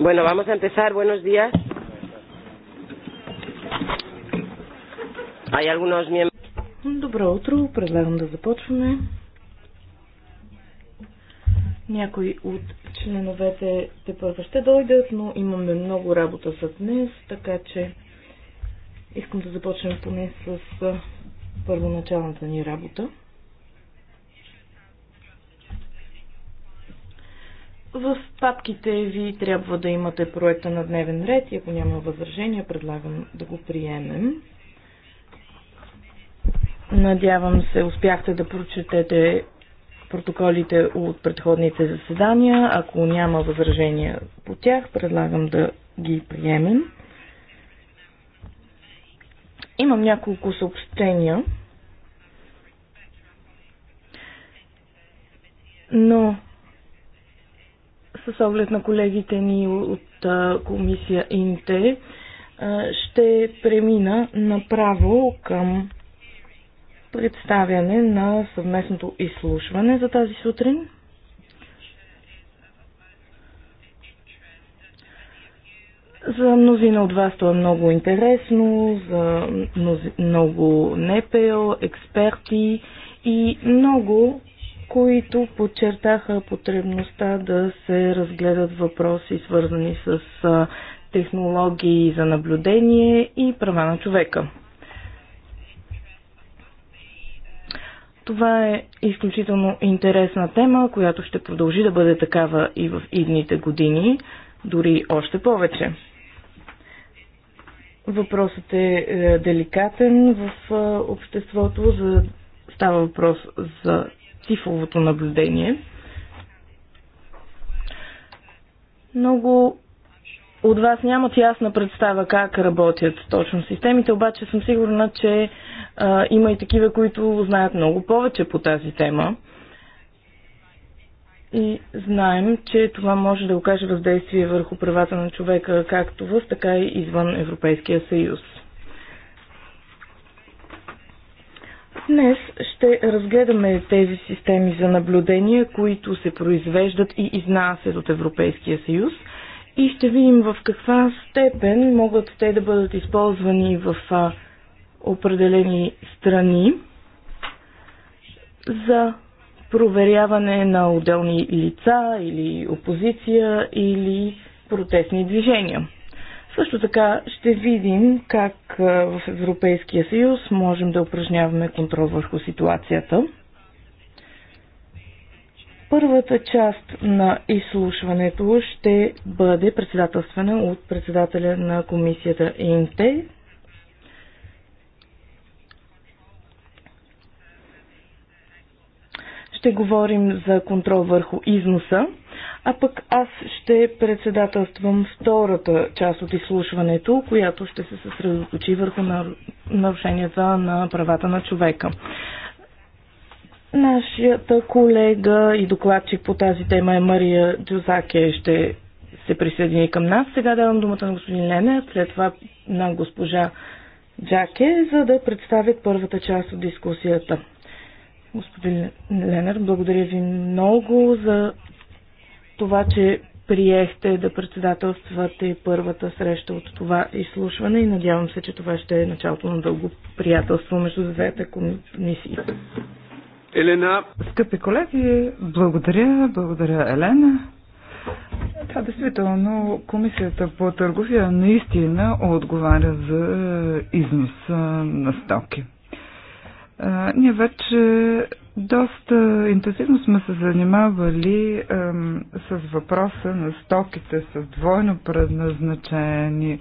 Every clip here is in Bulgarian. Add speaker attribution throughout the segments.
Speaker 1: Bueno, vamos a empezar. Buenos días. Hay algunos miembros.
Speaker 2: Добро утро, предлагам да започваме. Някой от Членовете те първо ще дойдат, но имаме много работа за днес, така че искам да започнем поне с първоначалната ни работа. В папките ви трябва да имате проекта на дневен ред и ако няма възражения, предлагам да го приемем. Надявам се, успяхте да прочетете протоколите от предходните заседания. Ако няма възражения по тях, предлагам да ги приемем. Имам няколко съобщения, но с оглед на колегите ни от комисия ИНТЕ ще премина направо към представяне на съвместното изслушване за тази сутрин. За мнозина от вас това е много интересно, за много НПО, експерти и много, които подчертаха потребността да се разгледат въпроси, свързани с технологии за наблюдение и права на човека. Това е изключително интересна тема, която ще продължи да бъде такава и в идните години, дори още повече. Въпросът е, е деликатен в е, обществото. За... Става въпрос за тифовото наблюдение. Много от вас нямат ясна представа как работят точно системите, обаче съм сигурна, че а, има и такива, които знаят много повече по тази тема. И знаем, че това може да окаже въздействие върху правата на човека както в, така и извън Европейския съюз. Днес ще разгледаме тези системи за наблюдения, които се произвеждат и изнасят от Европейския съюз – и ще видим в каква степен могат те да бъдат използвани в определени страни за проверяване на отделни лица или опозиция или протестни движения. Също така ще видим как в Европейския съюз можем да упражняваме контрол върху ситуацията. Първата част на изслушването ще бъде председателствана от председателя на комисията ИНТЕ. Ще говорим за контрол върху износа, а пък аз ще председателствам втората част от изслушването, която ще се съсредоточи върху нарушенията на правата на човека. Нашата колега и докладчик по тази тема е Мария Джозаке. Ще се присъедини към нас. Сега давам думата на господин Лене, след това на госпожа Джаке, за да представят първата част от дискусията. Господин Ленер, благодаря ви много за това, че приехте да председателствате първата среща от това изслушване и надявам се, че това ще е началото на дълго приятелство между двете комисии. Елена. Скъпи колеги, благодаря, благодаря
Speaker 3: Елена. Да, действително, комисията по търговия наистина отговаря за износ на стоки. ние вече доста интензивно сме се занимавали ем, с въпроса на стоките с двойно предназначени. е,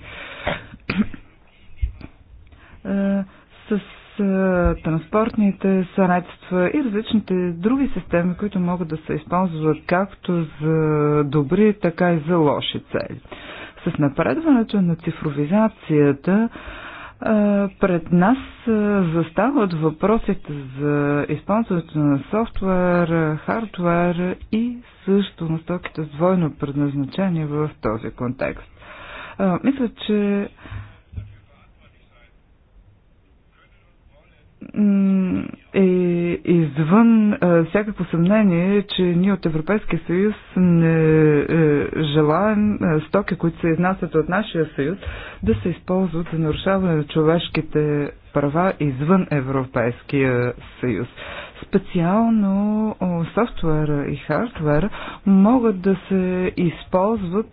Speaker 3: с е, транспортните средства и различните други системи, които могат да се използват както за добри, така и за лоши цели. С напредването на цифровизацията е, пред нас е, застават въпросите за използването на софтуер, хардуер и също на стоките с двойно предназначение в този контекст. Мисля, че е извън е, всякакво съмнение, че ние от Европейския съюз не е, желаем е, стоки, които се изнасят от нашия съюз, да се използват за нарушаване на човешките права извън Европейския съюз. Специално софтуера и хардуера могат да се използват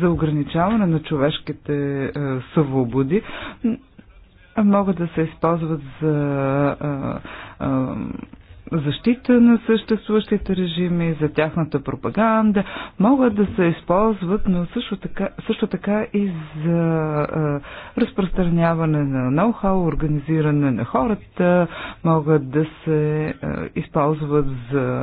Speaker 3: за ограничаване на човешките свободи, могат да се използват за а, а, защита на съществуващите режими, за тяхната пропаганда, могат да се използват, но също така, също така и за а, разпространяване на ноу-хау, организиране на хората, могат да се а, използват за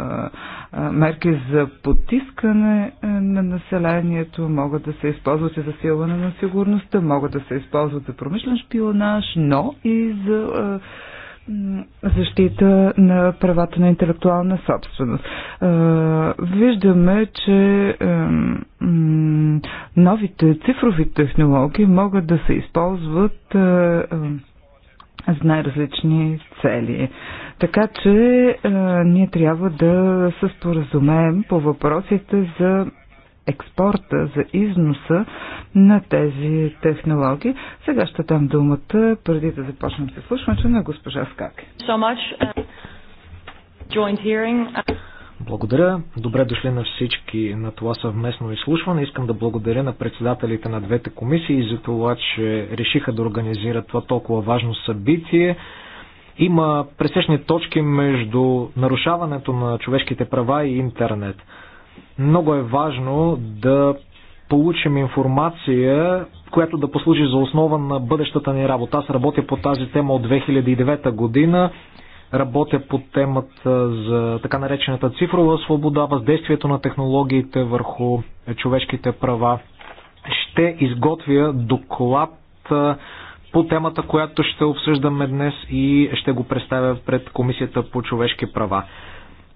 Speaker 3: а, мерки за потискане на населението, могат да се използват и за силване на сигурността, могат да се използват за промишлен шпионаж, но и за а, защита на правата на интелектуална собственост. Е, виждаме, че е, новите цифрови технологии могат да се използват е, с най-различни цели. Така че ние трябва да се споразумеем по въпросите за експорта, за износа на тези технологии. Сега ще дам думата, преди да започнем с слушването на госпожа Скаки.
Speaker 2: So uh,
Speaker 4: благодаря. Добре дошли на всички на това съвместно изслушване. Искам да благодаря на председателите на двете комисии за това, че решиха да организират това толкова важно събитие. Има пресечни точки между нарушаването на човешките права и интернет. Много е важно да получим информация, която да послужи за основа на бъдещата ни работа. Аз работя по тази тема от 2009 година. Работя по темата за така наречената цифрова свобода, въздействието на технологиите върху човешките права. Ще изготвя доклад по темата, която ще обсъждаме днес и ще го представя пред Комисията по човешки права.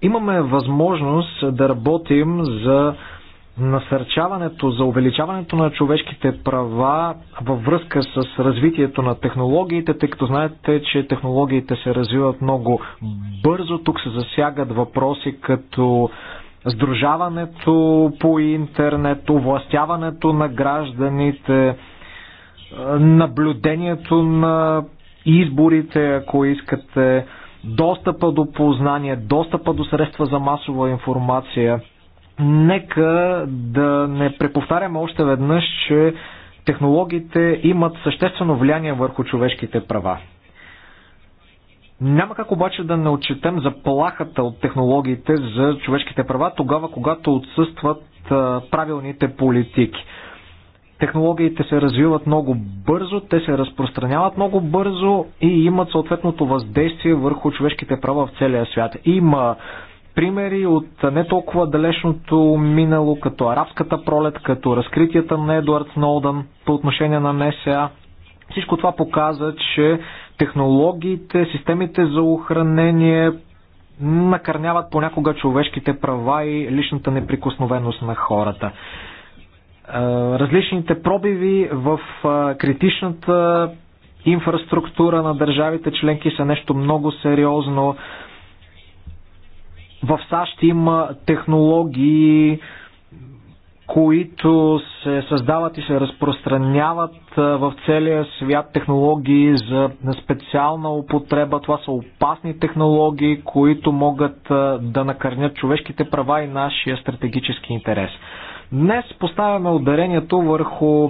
Speaker 4: Имаме възможност да работим за насърчаването, за увеличаването на човешките права във връзка с развитието на технологиите, тъй като знаете, че технологиите се развиват много бързо. Тук се засягат въпроси като сдружаването по интернет, овластяването на гражданите, наблюдението на изборите, ако искате, достъпа до познание, достъпа до средства за масова информация. Нека да не преповтаряме още веднъж, че технологиите имат съществено влияние върху човешките права. Няма как обаче да не отчетем заплахата от технологиите за човешките права тогава, когато отсъстват правилните политики. Технологиите се развиват много бързо, те се разпространяват много бързо и имат съответното въздействие върху човешките права в целия свят. Има примери от не толкова далечното минало, като арабската пролет, като разкритията на Едуард Сноудън по отношение на НСА. Всичко това показва, че технологиите, системите за охранение накърняват понякога човешките права и личната неприкосновеност на хората различните пробиви в критичната инфраструктура на държавите членки са нещо много сериозно. В САЩ има технологии, които се създават и се разпространяват в целия свят технологии за специална употреба. Това са опасни технологии, които могат да накърнят човешките права и нашия стратегически интерес. Днес поставяме ударението върху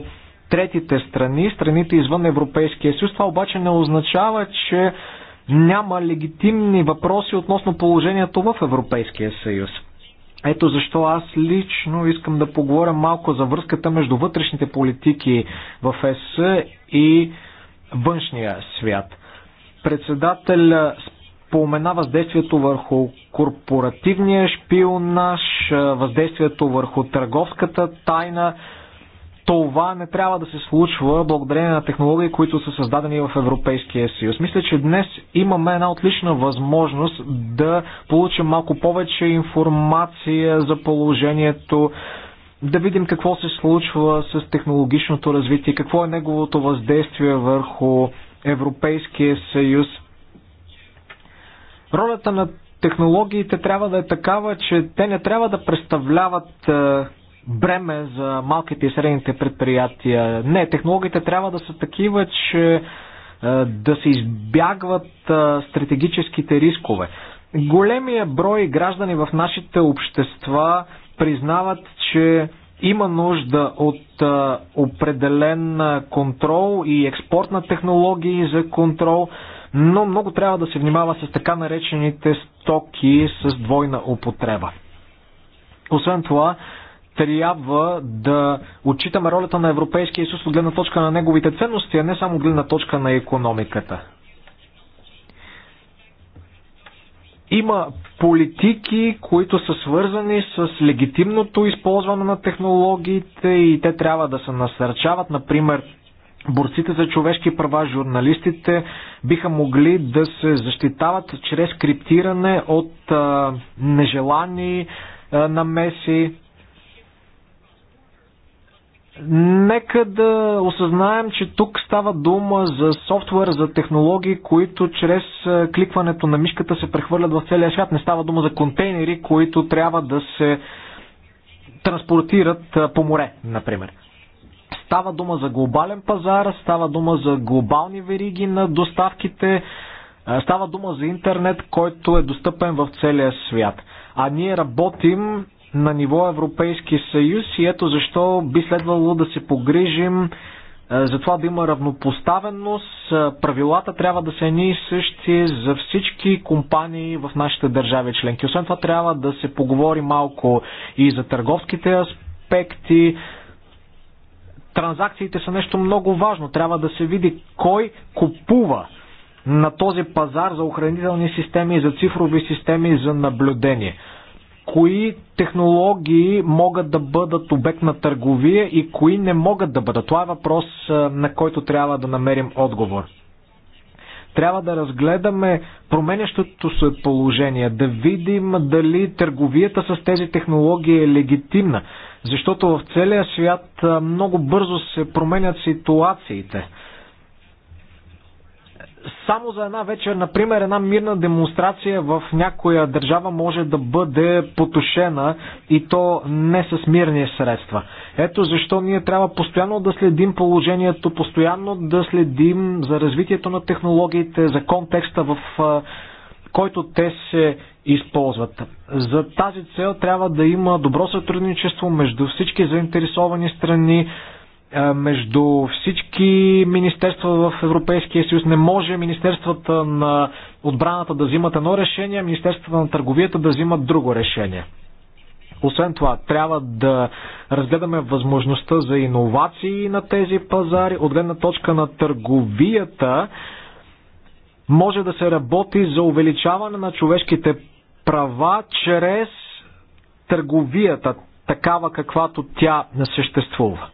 Speaker 4: третите страни, страните извън Европейския съюз. Това обаче не означава, че няма легитимни въпроси относно положението в Европейския съюз. Ето защо аз лично искам да поговоря малко за връзката между вътрешните политики в ЕС и външния свят. Председател спомена въздействието върху корпоративния шпионаж, въздействието върху търговската тайна. Това не трябва да се случва благодарение на технологии, които са създадени в Европейския съюз. Мисля, че днес имаме една отлична възможност да получим малко повече информация за положението, да видим какво се случва с технологичното развитие, какво е неговото въздействие върху Европейския съюз. Ролята на технологиите трябва да е такава, че те не трябва да представляват е, бреме за малките и средните предприятия. Не, технологиите трябва да са такива, че е, да се избягват е, стратегическите рискове. Големия брой граждани в нашите общества признават, че има нужда от определен контрол и експорт на технологии за контрол но много трябва да се внимава с така наречените стоки с двойна употреба. Освен това, трябва да отчитаме ролята на Европейския съюз от гледна точка на неговите ценности, а не само от гледна точка на економиката. Има политики, които са свързани с легитимното използване на технологиите и те трябва да се насърчават, например борците за човешки права, журналистите биха могли да се защитават чрез криптиране от а, нежелани а, намеси. Нека да осъзнаем, че тук става дума за софтуер, за технологии, които чрез кликването на мишката се прехвърлят в целия свят. Не става дума за контейнери, които трябва да се транспортират по море, например. Става дума за глобален пазар, става дума за глобални вериги на доставките, е, става дума за интернет, който е достъпен в целия свят. А ние работим на ниво Европейски съюз и ето защо би следвало да се погрижим е, за това да има равнопоставеност. Е, правилата трябва да са едни и същи за всички компании в нашите държави членки. Освен това трябва да се поговори малко и за търговските аспекти, транзакциите са нещо много важно. Трябва да се види кой купува на този пазар за охранителни системи, за цифрови системи, за наблюдение. Кои технологии могат да бъдат обект на търговия и кои не могат да бъдат? Това е въпрос, на който трябва да намерим отговор. Трябва да разгледаме променящото се положение, да видим дали търговията с тези технологии е легитимна защото в целия свят много бързо се променят ситуациите. Само за една вечер, например, една мирна демонстрация в някоя държава може да бъде потушена и то не с мирни средства. Ето защо ние трябва постоянно да следим положението, постоянно да следим за развитието на технологиите, за контекста в който те се използват. За тази цел трябва да има добро сътрудничество между всички заинтересовани страни, е, между всички министерства в Европейския съюз. Не може министерствата на отбраната да взимат едно решение, министерствата на търговията да взимат друго решение. Освен това, трябва да разгледаме възможността за иновации на тези пазари. От гледна точка на търговията, може да се работи за увеличаване на човешките права чрез търговията, такава каквато тя не съществува.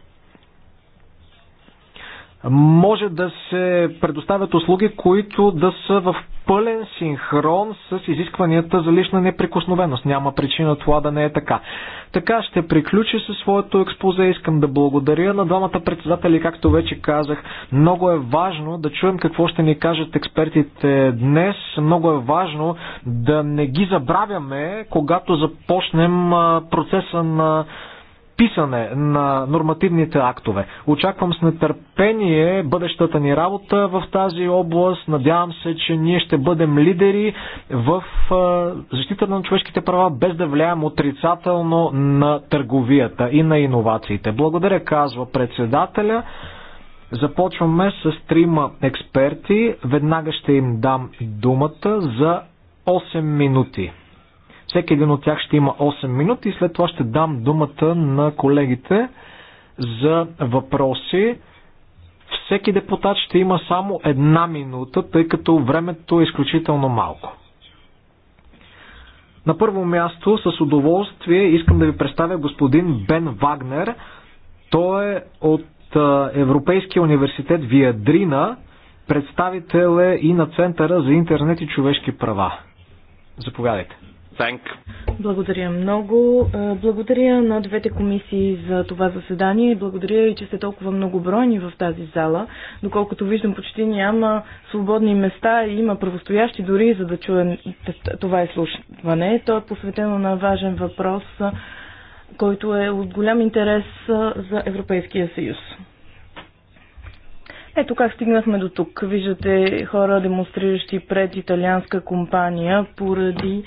Speaker 4: Може да се предоставят услуги, които да са в пълен синхрон с изискванията за лична неприкосновеност. Няма причина това да не е така. Така ще приключи със своето експозе. Искам да благодаря на двамата председатели, както вече казах. Много е важно да чуем какво ще ни кажат експертите днес. Много е важно да не ги забравяме, когато започнем процеса на писане на нормативните актове. Очаквам с нетърпение бъдещата ни работа в тази област. Надявам се, че ние ще бъдем лидери в защита на човешките права, без да влияем отрицателно на търговията и на иновациите. Благодаря, казва председателя. Започваме с трима експерти. Веднага ще им дам думата за 8 минути. Всеки един от тях ще има 8 минути и след това ще дам думата на колегите за въпроси. Всеки депутат ще има само една минута, тъй като времето е изключително малко. На първо място, с удоволствие, искам да ви представя господин Бен Вагнер. Той е от Европейския университет Виадрина, представител е и на Центъра за интернет и човешки права. Заповядайте. Thank.
Speaker 2: Благодаря много. Е, благодаря на двете комисии за това заседание и благодаря и, че сте толкова многобройни в тази зала. Доколкото виждам, почти няма свободни места и има правостоящи дори, за да чуем това изслушване. То е посветено на важен въпрос, който е от голям интерес е, за Европейския съюз. Ето как стигнахме до тук. Виждате хора, демонстриращи пред италианска компания поради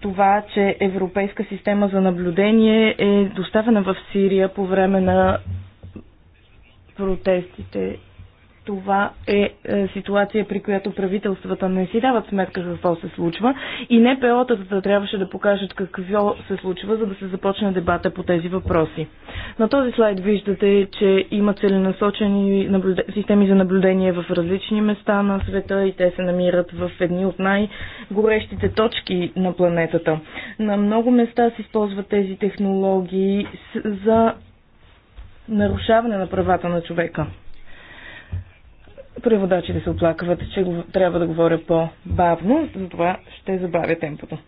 Speaker 2: това, че европейска система за наблюдение е доставена в Сирия по време на протестите това е, е ситуация, при която правителствата не си дават сметка какво се случва и НПО-тата трябваше да покажат какво се случва, за да се започне дебата по тези въпроси. На този слайд виждате, че има целенасочени наблюд... системи за наблюдение в различни места на света и те се намират в едни от най-горещите точки на планетата. На много места се използват тези технологии за нарушаване на правата на човека. Преводачите се оплакват, че трябва да говоря по-бавно, затова ще забавя темпото.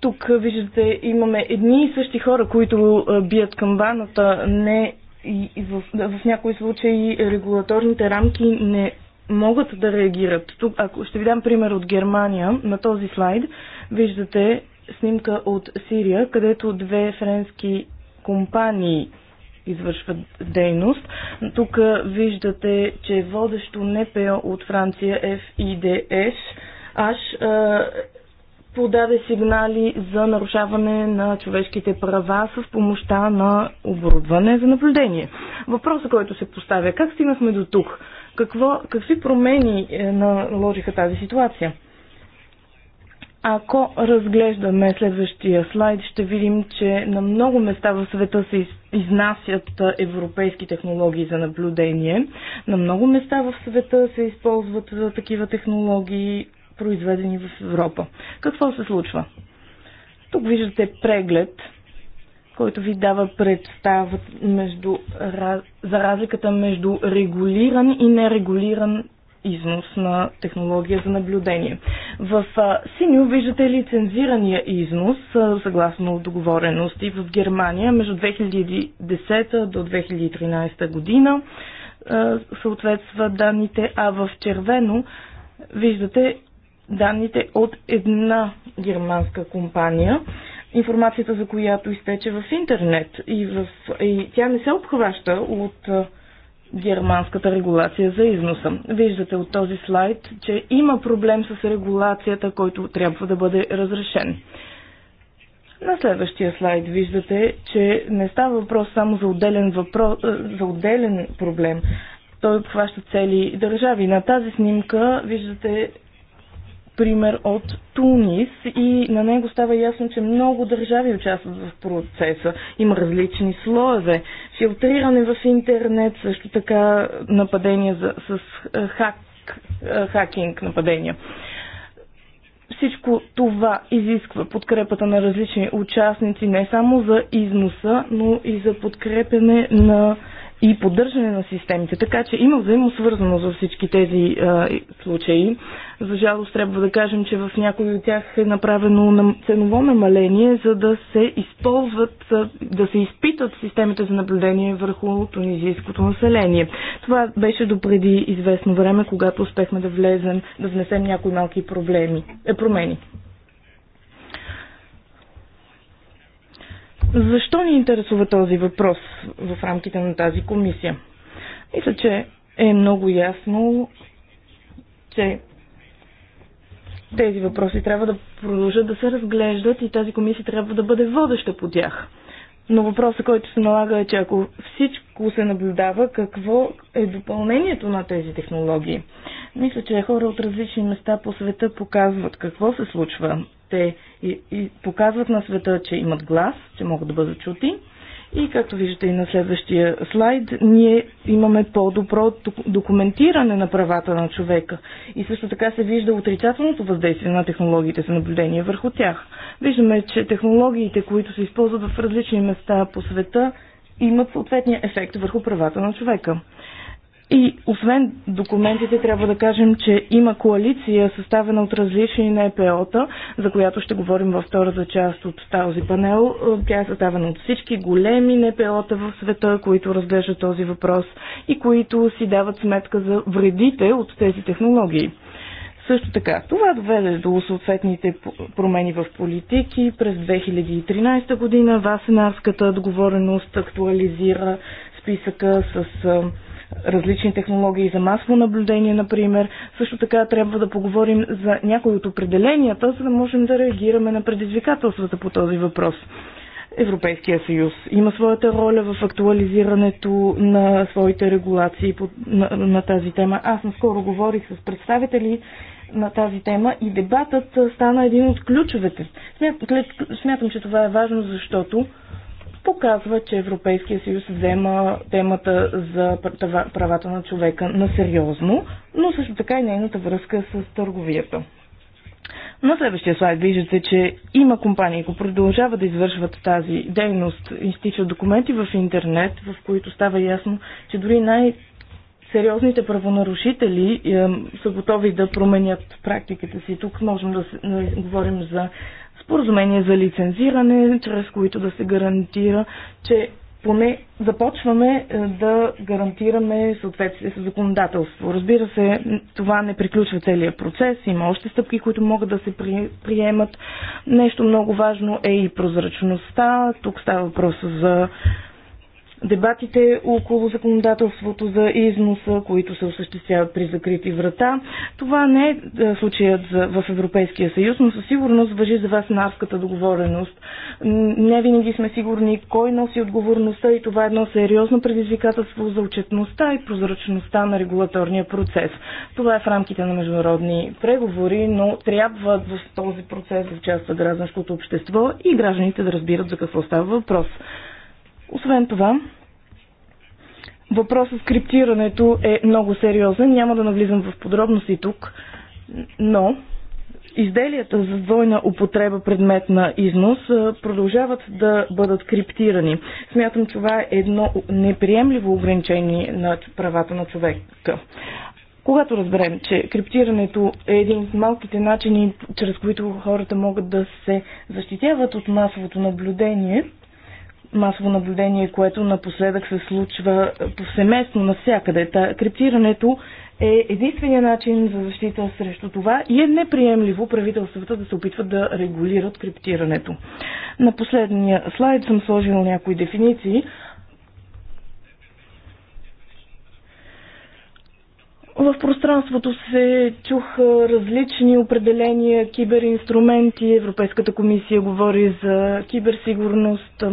Speaker 2: Тук, виждате, имаме едни и същи хора, които бият камбаната. Не, и, и в, в някои случаи регулаторните рамки не могат да реагират. Тук, ако ще ви дам пример от Германия, на този слайд виждате снимка от Сирия, където две френски компании извършват дейност. Тук виждате, че водещо НПО от Франция FIDS аж подаде сигнали за нарушаване на човешките права с помощта на оборудване за наблюдение. Въпросът, който се поставя, как стигнахме до тук? Какво, какви промени е, наложиха тази ситуация? Ако разглеждаме следващия слайд, ще видим, че на много места в света се изнасят европейски технологии за наблюдение. На много места в света се използват за такива технологии, произведени в Европа. Какво се случва? Тук виждате преглед, който ви дава представа между, за разликата между регулиран и нерегулиран износ на технология за наблюдение. В синьо виждате лицензирания износ съгласно договорености в Германия между 2010 до 2013 година съответства данните, а в червено виждате данните от една германска компания, информацията за която изтече в интернет и, в, и тя не се обхваща от германската регулация за износа. Виждате от този слайд, че има проблем с регулацията, който трябва да бъде разрешен. На следващия слайд виждате, че не става въпрос само за отделен, въпрос, е, за отделен проблем. Той обхваща цели държави. На тази снимка виждате пример от Тунис и на него става ясно, че много държави участват в процеса. Има различни слоеве. Филтриране в интернет, също така нападения за, с хак, хакинг нападения. Всичко това изисква подкрепата на различни участници, не само за износа, но и за подкрепене на и поддържане на системите. Така че има взаимосвързаност за всички тези а, случаи. За жалост трябва да кажем, че в някои от тях е направено на ценово намаление, за да се използват, да се изпитат системите за наблюдение върху тунизийското население. Това беше допреди известно време, когато успехме да влезем, да внесем някои малки проблеми, е, промени. Защо ни интересува този въпрос в рамките на тази комисия? Мисля, че е много ясно, че тези въпроси трябва да продължат да се разглеждат и тази комисия трябва да бъде водеща по тях. Но въпросът, който се налага е, че ако всичко се наблюдава, какво е допълнението на тези технологии? Мисля, че хора от различни места по света показват какво се случва. Те и, и показват на света, че имат глас, че могат да бъдат чути и както виждате и на следващия слайд, ние имаме по-добро документиране на правата на човека. И също така се вижда отрицателното въздействие на технологиите за наблюдение върху тях. Виждаме, че технологиите, които се използват в различни места по света, имат съответния ефект върху правата на човека. И освен документите, трябва да кажем, че има коалиция, съставена от различни НПО-та, за която ще говорим във втората част от този панел. Тя е съставена от всички големи НПО-та в света, които разглеждат този въпрос и които си дават сметка за вредите от тези технологии. Също така, това доведе до съответните промени в политики. През 2013 година Васенарската договореност актуализира списъка с различни технологии за масово наблюдение, например. Също така трябва да поговорим за някои от определенията, за да можем да реагираме на предизвикателствата по този въпрос. Европейския съюз има своята роля в актуализирането на своите регулации по, на, на тази тема. Аз наскоро говорих с представители на тази тема и дебатът стана един от ключовете. Смятам, че това е важно, защото показва, че Европейския съюз взема темата за правата на човека на сериозно, но също така и нейната връзка с търговията. На следващия слайд виждате, че има компании, които продължават да извършват тази дейност, изтичат документи в интернет, в които става ясно, че дори най- сериозните правонарушители е, са готови да променят практиката си. Тук можем да, да говорим за споразумение за лицензиране, чрез които да се гарантира, че поне започваме е, да гарантираме съответствие с законодателство. Разбира се, това не приключва целият процес, има още стъпки, които могат да се приемат. Нещо много важно е и прозрачността. Тук става въпрос за дебатите около законодателството за износа, които се осъществяват при закрити врата. Това не е, е случаят в Европейския съюз, но със сигурност въжи за вас навската договореност. Не винаги сме сигурни кой носи отговорността и това е едно сериозно предизвикателство за отчетността и прозрачността на регулаторния процес. Това е в рамките на международни преговори, но трябва в този процес да участва гражданското общество и гражданите да разбират за какво става въпрос. Освен това, въпросът с криптирането е много сериозен. Няма да навлизам в подробности тук, но изделията за двойна употреба предмет на износ продължават да бъдат криптирани. Смятам, че това е едно неприемливо ограничение на правата на човека. Когато разберем, че криптирането е един от малките начини, чрез които хората могат да се защитяват от масовото наблюдение, масово наблюдение, което напоследък се случва повсеместно навсякъде. Та, криптирането е единствения начин за защита срещу това и е неприемливо правителствата да се опитват да регулират криптирането. На последния слайд съм сложила някои дефиниции. В пространството се чуха различни определения, киберинструменти, Европейската комисия говори за киберсигурност,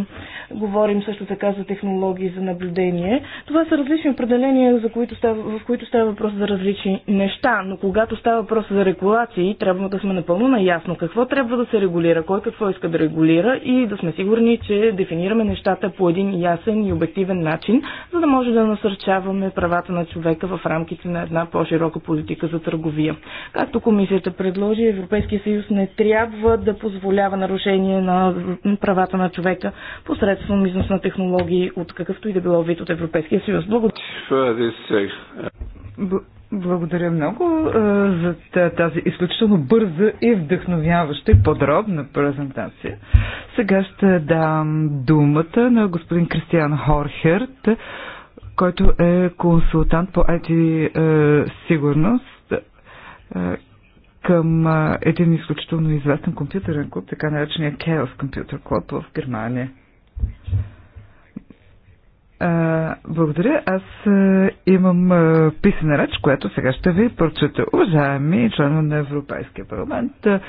Speaker 2: говорим също така за технологии за наблюдение. Това са различни определения, за които става, в които става въпрос за различни неща, но когато става въпрос за регулации, трябва да сме напълно наясно какво трябва да се регулира, кой какво иска да регулира и да сме сигурни, че дефинираме нещата по един ясен и обективен начин, за да може да насърчаваме правата на човека в рамките на една по-широка политика за търговия. Както комисията предложи, Европейския съюз не трябва да позволява нарушение на правата на човека посредством износ на технологии от какъвто и да било вид от Европейския съюз. Благодаря. Благодаря много за тази
Speaker 3: изключително бърза и вдъхновяваща и подробна презентация. Сега ще дам думата на господин Кристиан Хорхерт, който е консултант по IT е, сигурност е, към е, един изключително известен компютърен клуб, така наречения Chaos Computer Club в Германия. А, благодаря. Аз а, имам а, писана реч, която сега ще ви прочета. Уважаеми членове на Европейския парламент, а,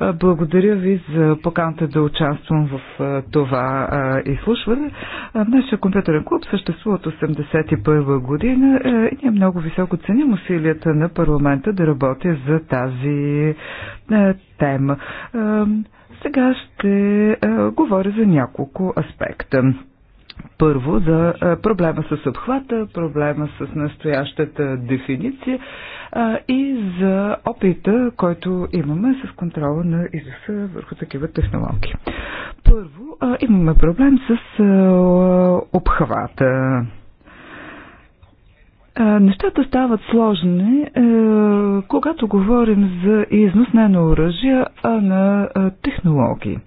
Speaker 3: а, благодаря ви за поканата да участвам в а, това а, изслушване. нашия компютърен клуб съществува от 1981 година а, и ние много високо ценим усилията на парламента да работи за тази а, тема. А, сега ще а, говоря за няколко аспекта първо за проблема с обхвата, проблема с настоящата дефиниция и за опита, който имаме с контрола на ИЗОСа върху такива технологии. Първо, имаме проблем с обхвата. Нещата стават сложни, когато говорим за износ не на оръжия, а на технологии.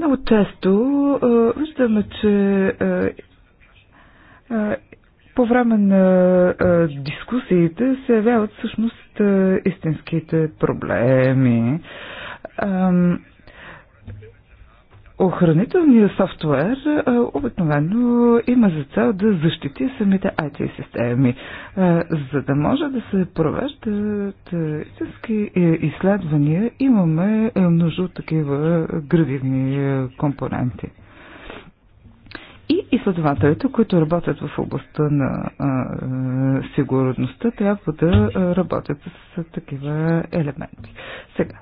Speaker 3: Много често виждаме, че по време на дискусиите се явяват всъщност истинските проблеми. Охранителният софтуер обикновено има за цел да защити самите IT системи, за да може да се провеждат истински е, изследвания. Имаме е, нужда от такива градивни е, компоненти. И изследователите, които работят в областта на сигурността, трябва да работят с такива елементи. Сега,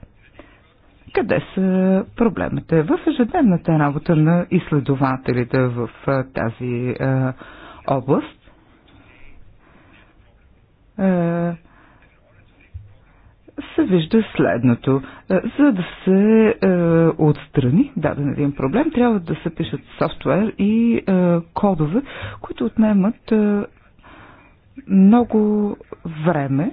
Speaker 3: къде са проблемите в ежедневната работа на изследователите в тази е, област. Е, се вижда следното. За да се е, отстрани даден един проблем, трябва да се пишат софтуер и е, кодове, които отнемат е, много време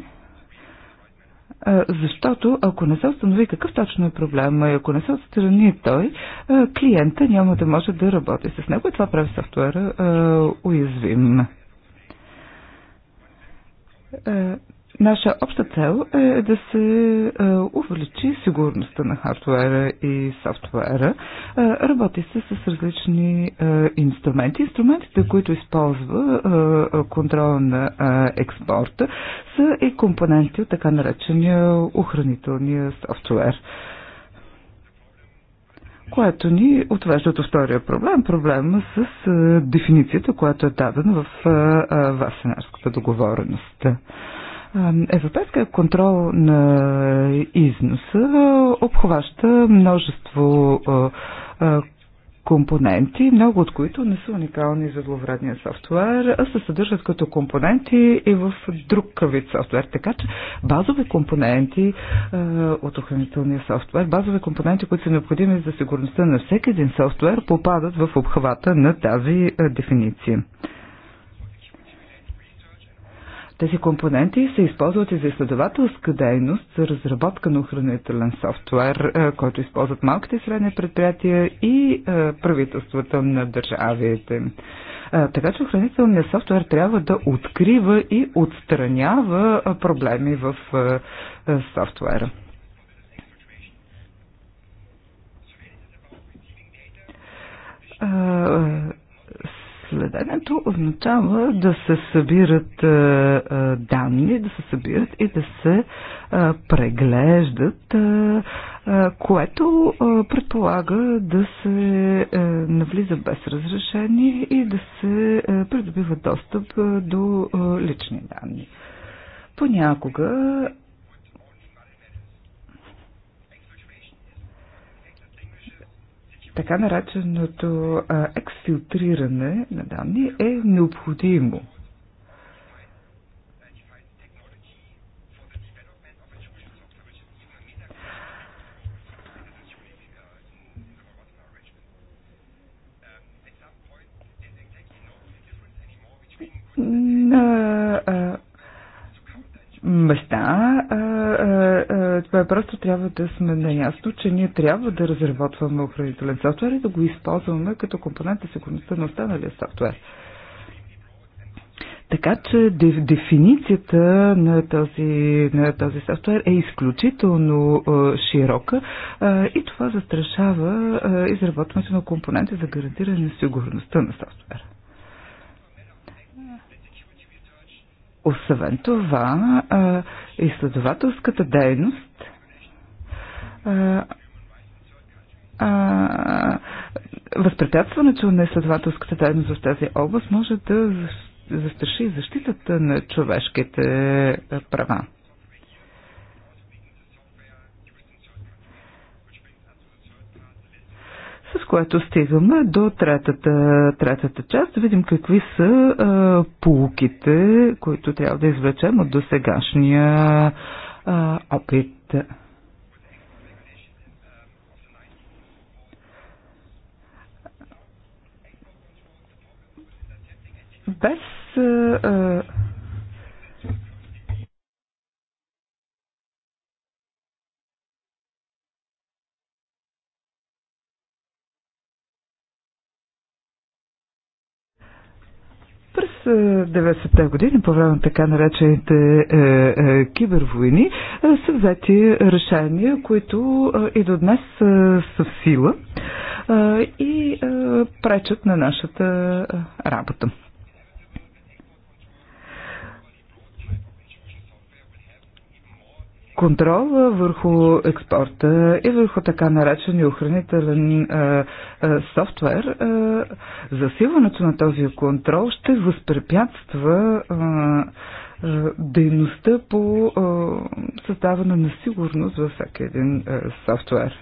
Speaker 3: защото ако не се установи какъв точно е проблема и ако не се отстрани той, клиента няма да може да работи с него и това прави софтуера уязвим. Наша обща цел е да се е, увеличи сигурността на хардуера и софтуера. Е, работи се с различни е, инструменти. Инструментите, които използва контрола на експорта, са и компоненти от така наречения охранителния софтуер което ни отвежда до втория проблем, проблема с дефиницията, която е дадена в Васенарската договореност. Европейския контрол на износа обхваща множество компоненти, много от които не са уникални за зловредния софтуер, а се съдържат като компоненти и в друг вид софтуер. Така че базови компоненти е, от охранителния софтуер, базови компоненти, които са необходими за сигурността на всеки един софтуер, попадат в обхвата на тази е, дефиниция. Тези компоненти се използват и за изследователска дейност, за разработка на охранителен софтуер, е, който използват малките и средни предприятия и е, правителствата на държавите. Е, така че охранителният софтуер трябва да открива и отстранява проблеми в софтуера. Uh следенето означава да се събират е, е, данни, да се събират и да се е, преглеждат, което предполага да се навлиза без разрешение и да се придобива достъп до лични данни. Понякога Така нареченото ексфилтриране на данни е необходимо. на места. Това е просто трябва да сме наясно, че ние трябва да разработваме охранителен софтуер и да го използваме като компонент за сигурността на останалия софтуер. Така че дефиницията на този, на този софтуер е изключително широка и това застрашава изработването на компоненти за гарантиране на сигурността на софтуера. Освен това, изследователската дейност а, възпрепятстването на изследователската дейност в тази област може да застраши защитата на човешките права. С което стигаме до третата, третата част, да видим какви са а, полуките, които трябва да извлечем от досегашния а, опит.
Speaker 1: Без а,
Speaker 3: 90-те години, по време на така наречените е, е, кибервойни, е, са взети решения, които е, и до днес е, са в сила е, и е, пречат на нашата е, работа. контрола върху експорта и върху така наречения охранителен а, е, а, е, софтуер, а, е, засилването на този контрол ще възпрепятства дейността по а, създаване на сигурност във всеки един а, софтуер.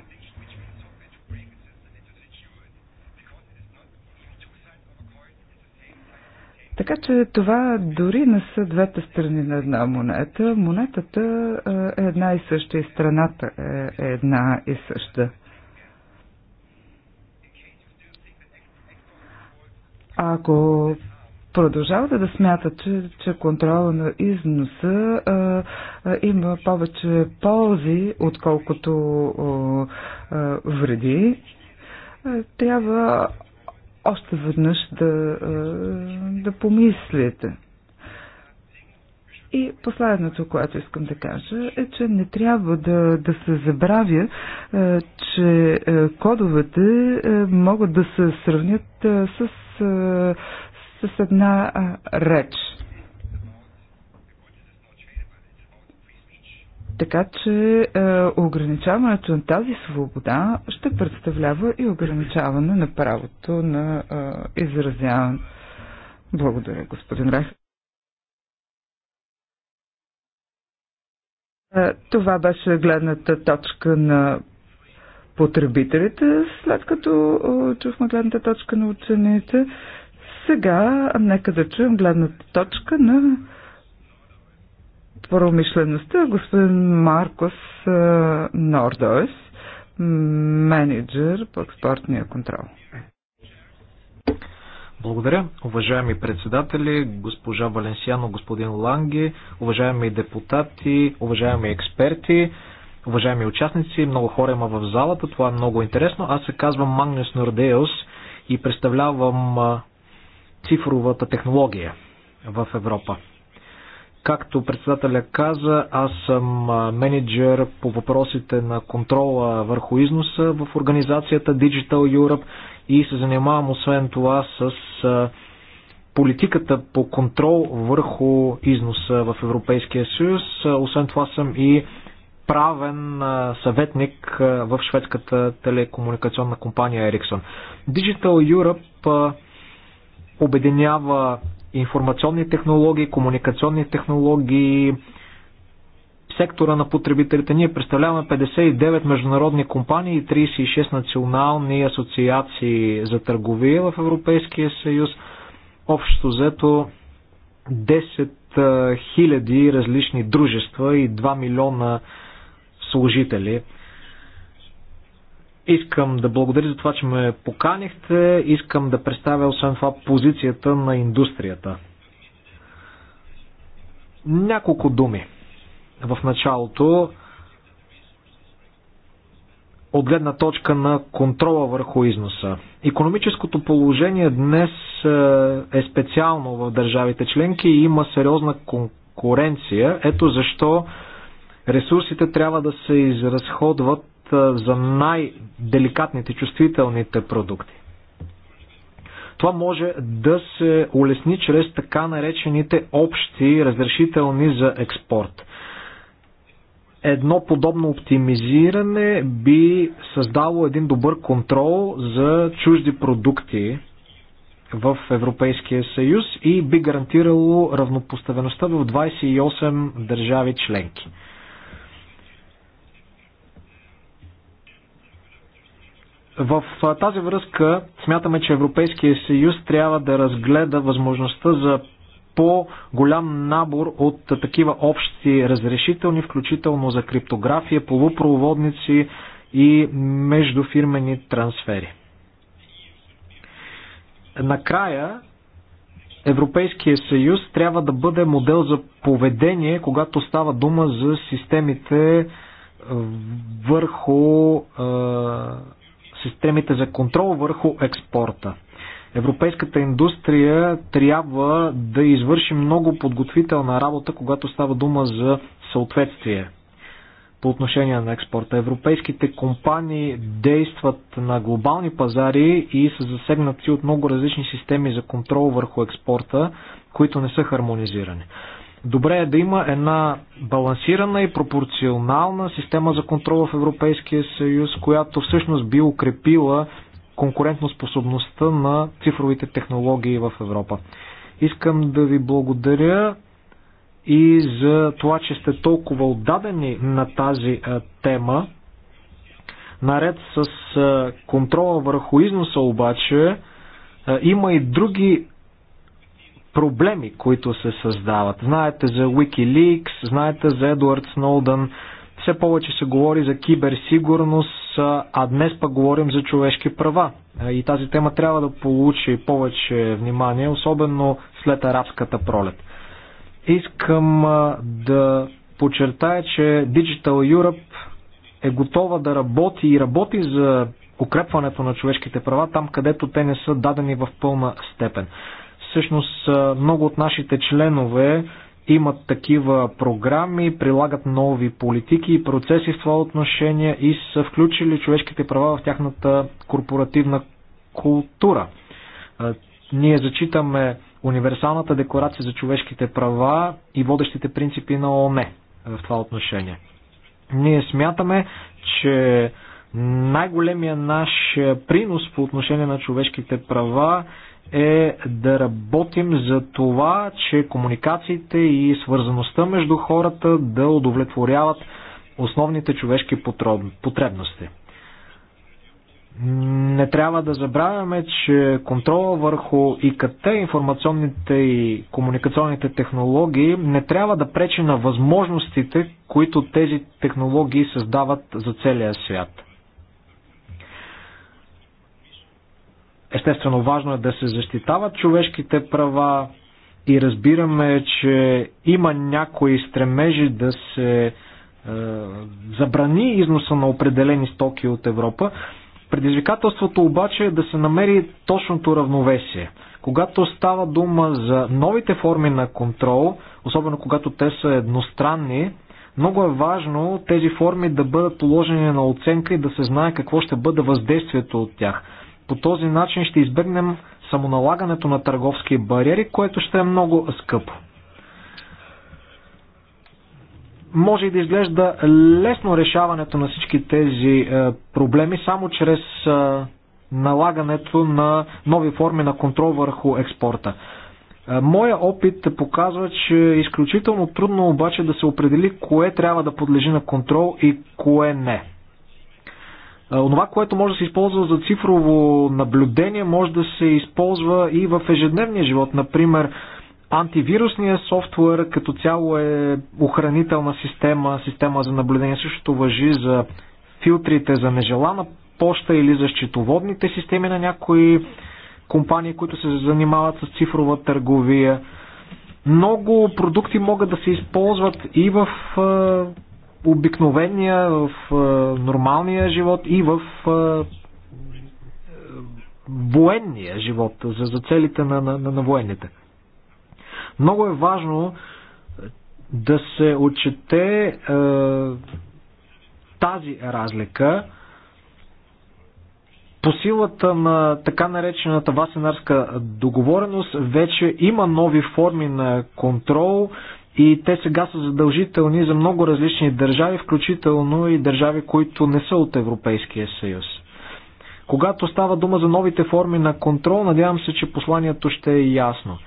Speaker 3: Така че това дори не са двете страни на една монета. Монетата е една и съща и страната е една и съща. Ако продължавате да смятате, че, че контрола на износа а, а, има повече ползи, отколкото а, а, вреди, а, трябва още веднъж да, да помислите. И последното, което искам да кажа, е, че не трябва да, да се забравя, че кодовете могат да се сравнят с, с една реч. Така че е, ограничаването на тази свобода ще представлява и ограничаване на правото на е, изразяване. Благодаря, господин Рах. Е, това беше гледната точка на потребителите, след като е, чухме гледната точка на учените. Сега нека да чуем гледната точка на промишлеността господин Маркос Нордойс, менеджер по
Speaker 4: експортния контрол. Благодаря, уважаеми председатели, госпожа Валенсиано, господин Ланги, уважаеми депутати, уважаеми експерти, уважаеми участници, много хора има в залата, това е много интересно. Аз се казвам Магнес Нордеус и представлявам цифровата технология в Европа. Както председателя каза, аз съм менеджер по въпросите на контрола върху износа в организацията Digital Europe и се занимавам освен това с политиката по контрол върху износа в Европейския съюз. Освен това съм и правен съветник в шведската телекомуникационна компания Ericsson. Digital Europe обединява информационни технологии, комуникационни технологии, сектора на потребителите. Ние представляваме 59 международни компании и 36 национални асоциации за търговия в Европейския съюз. Общо взето 10 000 различни дружества и 2 милиона служители Искам да благодаря за това, че ме поканихте. Искам да представя освен това позицията на индустрията. Няколко думи в началото от гледна точка на контрола върху износа. Економическото положение днес е, е специално в държавите членки и има сериозна конкуренция. Ето защо ресурсите трябва да се изразходват за най-деликатните, чувствителните продукти. Това може да се улесни чрез така наречените общи разрешителни за експорт. Едно подобно оптимизиране би създало един добър контрол за чужди продукти в Европейския съюз и би гарантирало равнопоставеността в 28 държави членки. В тази връзка смятаме, че Европейския съюз трябва да разгледа възможността за по-голям набор от такива общи разрешителни, включително за криптография, полупроводници и междуфирмени трансфери. Накрая, Европейския съюз трябва да бъде модел за поведение, когато става дума за системите върху системите за контрол върху експорта. Европейската индустрия трябва да извърши много подготвителна работа, когато става дума за съответствие по отношение на експорта. Европейските компании действат на глобални пазари и са засегнати от много различни системи за контрол върху експорта, които не са хармонизирани. Добре е да има една балансирана и пропорционална система за контрол в Европейския съюз, която всъщност би укрепила конкурентоспособността на цифровите технологии в Европа. Искам да ви благодаря и за това, че сте толкова отдадени на тази тема. Наред с контрола върху износа обаче, има и други проблеми, които се създават. Знаете за Wikileaks, знаете за Едуард Сноудън, все повече се говори за киберсигурност, а днес пък говорим за човешки права. И тази тема трябва да получи повече внимание, особено след арабската пролет. Искам да подчертая, че Digital Europe е готова да работи и работи за укрепването на човешките права там, където те не са дадени в пълна степен. Всъщност много от нашите членове имат такива програми, прилагат нови политики и процеси в това отношение и са включили човешките права в тяхната корпоративна култура. Ние зачитаме Универсалната декларация за човешките права и водещите принципи на ООН в това отношение. Ние смятаме, че най-големия наш принос по отношение на човешките права е да работим за това, че комуникациите и свързаността между хората да удовлетворяват основните човешки потребности. Не трябва да забравяме, че контрола върху ИКТ, информационните и комуникационните технологии, не трябва да пречи на възможностите, които тези технологии създават за целия свят. Естествено, важно е да се защитават човешките права и разбираме, че има някои стремежи да се е, забрани износа на определени стоки от Европа. Предизвикателството обаче е да се намери точното равновесие. Когато става дума за новите форми на контрол, особено когато те са едностранни, много е важно тези форми да бъдат положени на оценка и да се знае какво ще бъде въздействието от тях. По този начин ще избегнем самоналагането на търговски бариери, което ще е много скъпо. Може и да изглежда лесно решаването на всички тези е, проблеми само чрез е, налагането на нови форми на контрол върху експорта. Е, моя опит показва, че е изключително трудно обаче да се определи кое трябва да подлежи на контрол и кое не. Онова, което може да се използва за цифрово наблюдение, може да се използва и в ежедневния живот. Например, антивирусния софтуер като цяло е охранителна система, система за наблюдение. Същото въжи за филтрите за нежелана поща или за счетоводните системи на някои компании, които се занимават с цифрова търговия. Много продукти могат да се използват и в обикновения, в нормалния живот и в военния живот, за, за целите на, на, на военните. Много е важно да се отчете е, тази разлика по силата на така наречената Васенарска договореност вече има нови форми на контрол, е, и те сега са задължителни за много различни държави, включително и държави, които не са от Европейския съюз. Когато става дума за новите форми на контрол, надявам се, че посланието ще е ясно.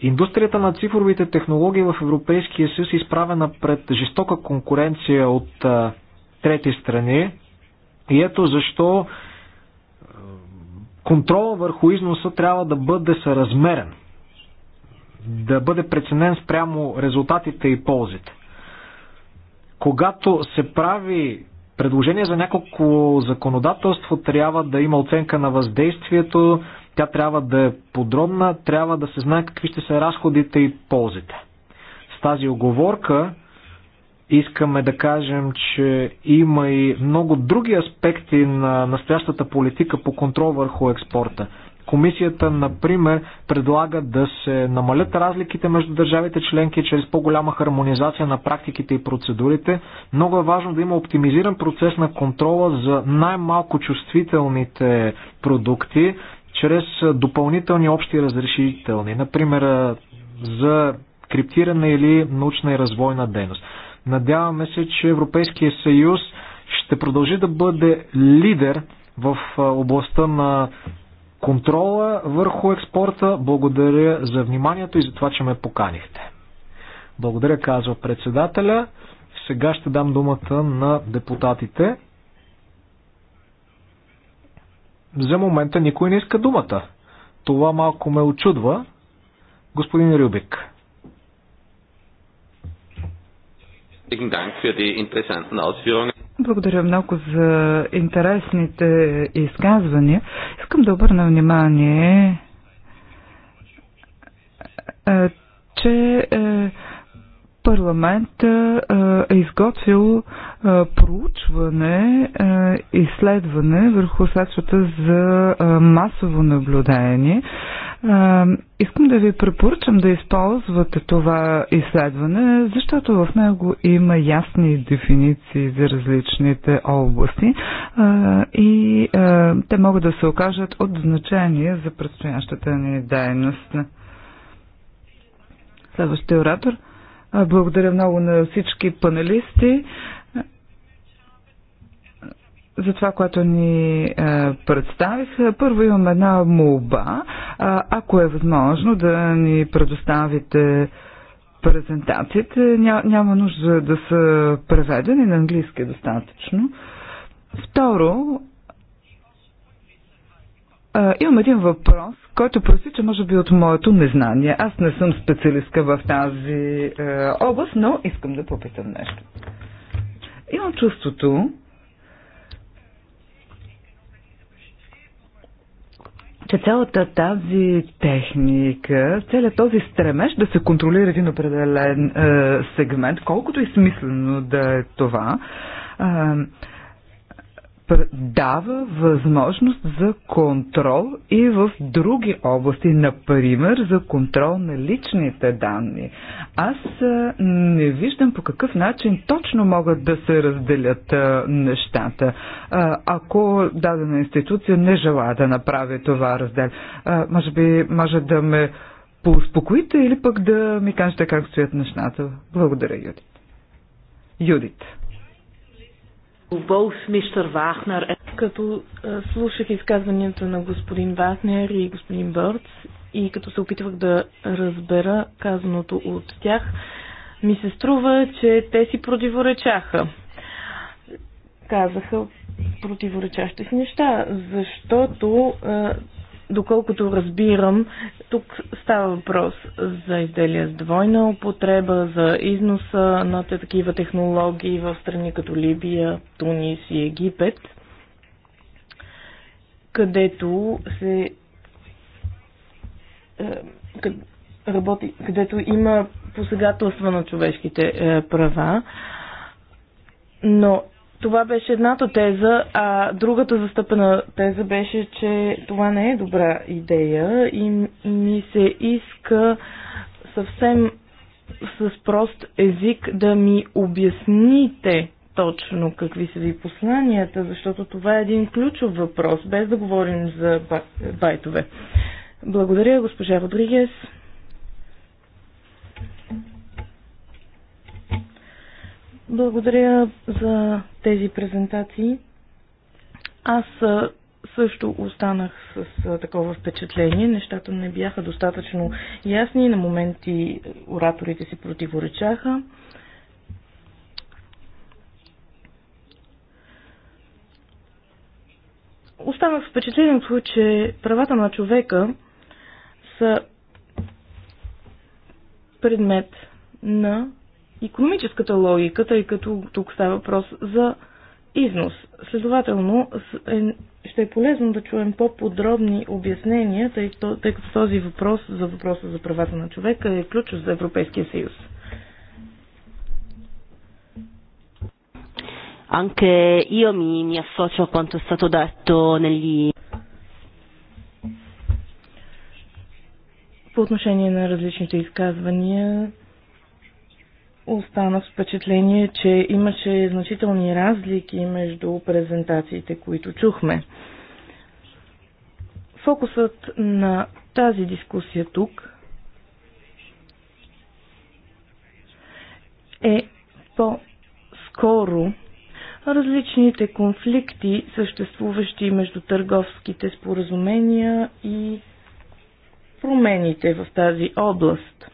Speaker 4: Индустрията на цифровите технологии в Европейския съюз е изправена пред жестока конкуренция от а, трети страни. И ето защо контрола върху износа трябва да бъде съразмерен да бъде преценен спрямо резултатите и ползите. Когато се прави предложение за няколко законодателство, трябва да има оценка на въздействието, тя трябва да е подробна, трябва да се знае какви ще са разходите и ползите. С тази оговорка искаме да кажем, че има и много други аспекти на настоящата политика по контрол върху експорта. Комисията, например, предлага да се намалят разликите между държавите членки чрез по-голяма хармонизация на практиките и процедурите. Много е важно да има оптимизиран процес на контрола за най-малко чувствителните продукти чрез допълнителни общи разрешителни, например за криптиране или научна и развойна дейност. Надяваме се, че Европейския съюз ще продължи да бъде лидер в областта на контрола върху експорта. Благодаря за вниманието и за това, че ме поканихте. Благодаря, казва председателя. Сега ще дам думата на депутатите. За момента никой не иска думата. Това малко ме очудва. Господин Рюбик.
Speaker 1: Благодаря за für
Speaker 4: благодаря много за
Speaker 3: интересните изказвания. Искам да обърна внимание, е, че е, парламент е, е изготвил проучване, изследване върху средствата за масово наблюдение. Искам да ви препоръчам да използвате това изследване, защото в него има ясни дефиниции за различните области и те могат да се окажат от значение за предстоящата ни дейност. Следващия оратор. Благодаря много на всички панелисти за това, което ни е, представих. Първо имам една молба, ако е възможно да ни предоставите презентациите. Ня, няма нужда да са преведени, на английски достатъчно. Второ, имам един въпрос, който че може би, от моето незнание. Аз не съм специалистка в тази е, област, но искам да попитам нещо. Имам чувството, че цялата тази техника, целият този стремеж да се контролира един определен е, сегмент, колкото и смислено да е това, е, дава възможност за контрол и в други области, например за контрол на личните данни. Аз не виждам по какъв начин точно могат да се разделят нещата, ако дадена институция не желая да направи това раздел. Може би може да ме поуспокоите или пък да ми кажете как стоят нещата. Благодаря, Юдит. Юдит.
Speaker 2: Като е, слушах изказването на господин Вахнер и господин Бърц и като се опитвах да разбера казаното от тях, ми се струва, че те си противоречаха. Казаха противоречащи си неща, защото е, Доколкото разбирам, тук става въпрос за изделия с двойна употреба, за износа на такива технологии в страни като Либия, Тунис и Египет, където се е, работи, където има посегателства на човешките е, права, но това беше едната теза, а другата застъпена теза беше, че това не е добра идея и ми се иска съвсем с прост език да ми обясните точно какви са ви посланията, защото това е един ключов въпрос, без да говорим за байтове. Благодаря, госпожа Родригес. Благодаря за тези презентации. Аз също останах с такова впечатление. Нещата не бяха достатъчно ясни. На моменти ораторите си противоречаха. Останах с впечатлението, че правата на човека са предмет на економическата логика, тъй като тук става въпрос за износ. Следователно, е, ще е полезно да чуем по-подробни обяснения, тъй, тъй като този въпрос за въпроса за правата на човека е ключов за Европейския съюз. Anche io mi, mi associo
Speaker 1: a quanto è stato detto negli...
Speaker 2: По отношение на различните изказвания, Остана с впечатление, че имаше значителни разлики между презентациите, които чухме. Фокусът на тази дискусия тук е по-скоро различните конфликти, съществуващи между търговските споразумения и промените в тази област.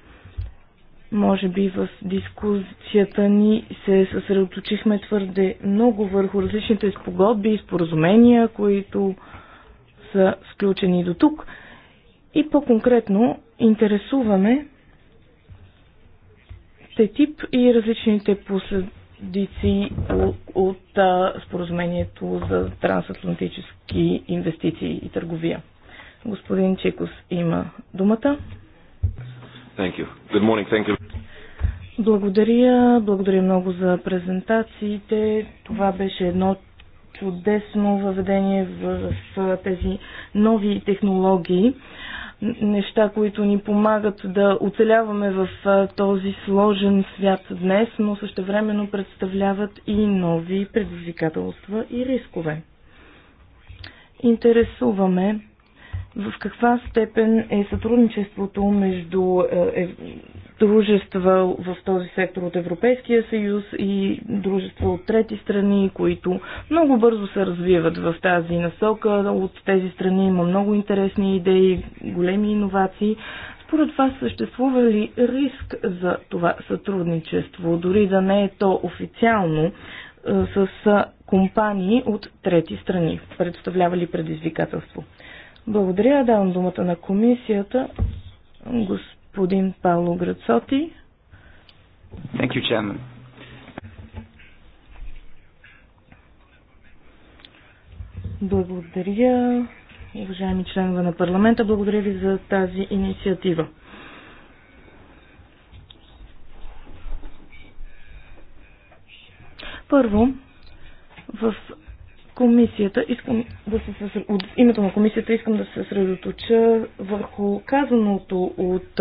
Speaker 2: Може би в дискусията ни се съсредоточихме твърде много върху различните спогодби и споразумения, които са сключени до тук. И по-конкретно интересуваме тип и различните последици от, от а, споразумението за трансатлантически инвестиции и търговия. Господин Чекос има думата.
Speaker 1: Thank you. Good morning. Thank you.
Speaker 2: Благодаря. Благодаря много за презентациите. Това беше едно чудесно въведение в, в тези нови технологии. Неща, които ни помагат да оцеляваме в този сложен свят днес, но същевременно представляват и нови предизвикателства и рискове. Интересуваме в каква степен е сътрудничеството между е, е, дружества в този сектор от Европейския съюз и дружества от трети страни, които много бързо се развиват в тази насока. От тези страни има много интересни идеи, големи иновации. Според вас съществува ли риск за това сътрудничество, дори да не е то официално, е, с компании от трети страни? Представлява ли предизвикателство? Благодаря. Давам думата на комисията. Господин Павло Грацоти. Thank you, Chairman. Благодаря, уважаеми членове на парламента. Благодаря ви за тази инициатива. Първо, в Комисията, искам да се, от името на комисията искам да се съсредоточа върху казаното от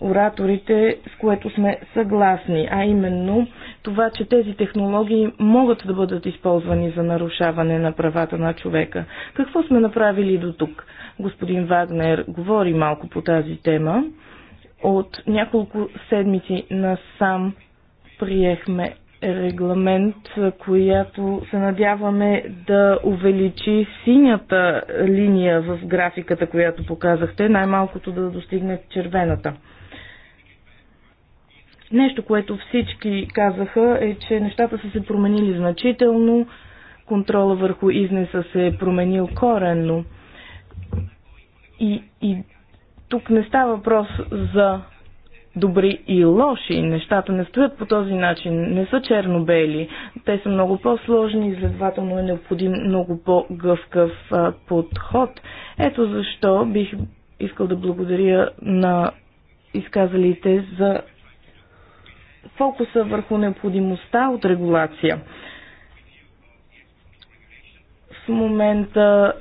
Speaker 2: ораторите, с което сме съгласни, а именно това, че тези технологии могат да бъдат използвани за нарушаване на правата на човека. Какво сме направили до тук? Господин Вагнер говори малко по тази тема. От няколко седмици насам приехме регламент, която се надяваме да увеличи синята линия в графиката, която показахте, най-малкото да достигне червената. Нещо, което всички казаха е, че нещата са се променили значително, контрола върху изнеса се е променил коренно. И, и тук не става въпрос за добри и лоши. Нещата не стоят по този начин, не са черно-бели. Те са много по-сложни и следователно е необходим много по-гъвкав подход. Ето защо бих искал да благодаря на изказалите за фокуса върху необходимостта от регулация. В момента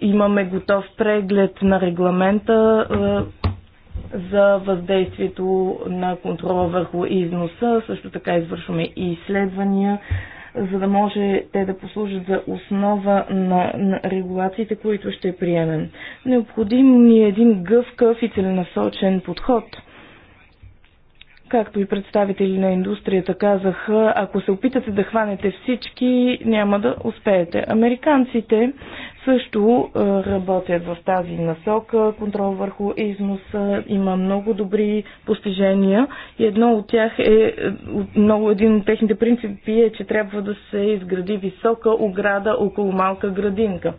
Speaker 2: имаме готов преглед на регламента, за въздействието на контрола върху износа. Също така извършваме и изследвания, за да може те да послужат за основа на, на регулациите, които ще приемем. Необходим ни е един гъвкав и целенасочен подход – както и представители на индустрията казаха, ако се опитате да хванете всички, няма да успеете. Американците също работят в тази насока. Контрол върху износа има много добри постижения и едно от тях е, много един от техните принципи е, че трябва да се изгради висока ограда около малка градинка.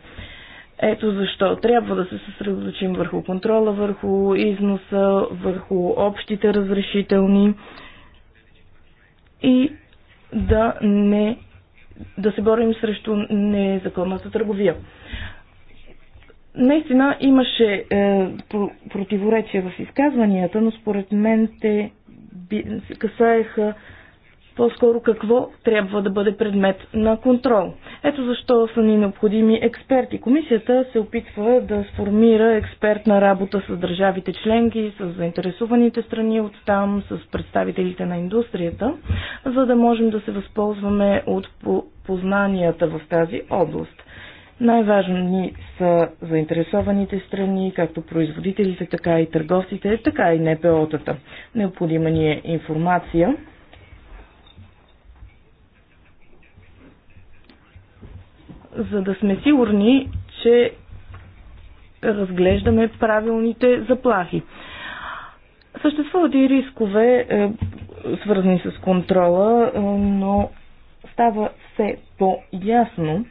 Speaker 2: Ето защо трябва да се съсредоточим върху контрола, върху износа, върху общите разрешителни и да не да се борим срещу незаконната търговия. Наистина имаше е, противоречия в изказванията, но според мен те касаеха по-скоро какво трябва да бъде предмет на контрол. Ето защо са ни необходими експерти. Комисията се опитва да сформира експертна работа с държавите членки, с заинтересуваните страни от там, с представителите на индустрията, за да можем да се възползваме от познанията в тази област. Най-важни са заинтересованите страни, както производителите, така и търговците, така и НПО-тата. Необходима ни е информация за да сме сигурни, че разглеждаме правилните заплахи. Съществуват и рискове, е, свързани с контрола, е, но става все по-ясно,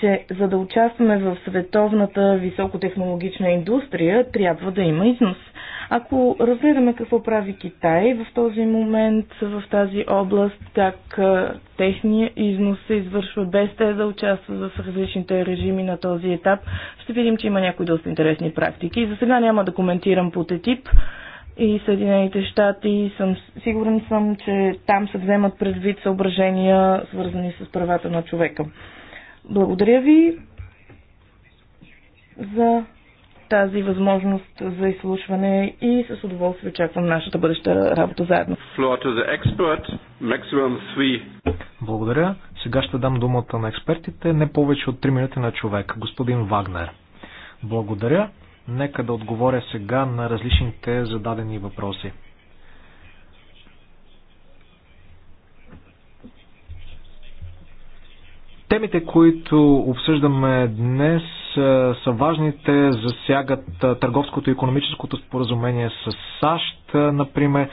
Speaker 2: че за да участваме в световната високотехнологична индустрия, трябва да има износ – ако разгледаме какво прави Китай в този момент, в тази област, как техния износ се извършва без те да участват в различните режими на този етап, ще видим, че има някои доста интересни практики. За сега няма да коментирам по тетип и Съединените щати. Съм, сигурен съм, че там се вземат предвид съображения, свързани с правата на човека. Благодаря ви за тази възможност за изслушване и с удоволствие очаквам нашата бъдеща работа заедно. Благодаря.
Speaker 4: Сега ще дам думата на експертите, не повече от 3 минути на човек. Господин Вагнер. Благодаря. Нека да отговоря сега на различните зададени въпроси. Темите, които обсъждаме днес, е, са, са важните, засягат е, търговското и економическото споразумение с САЩ, е, например.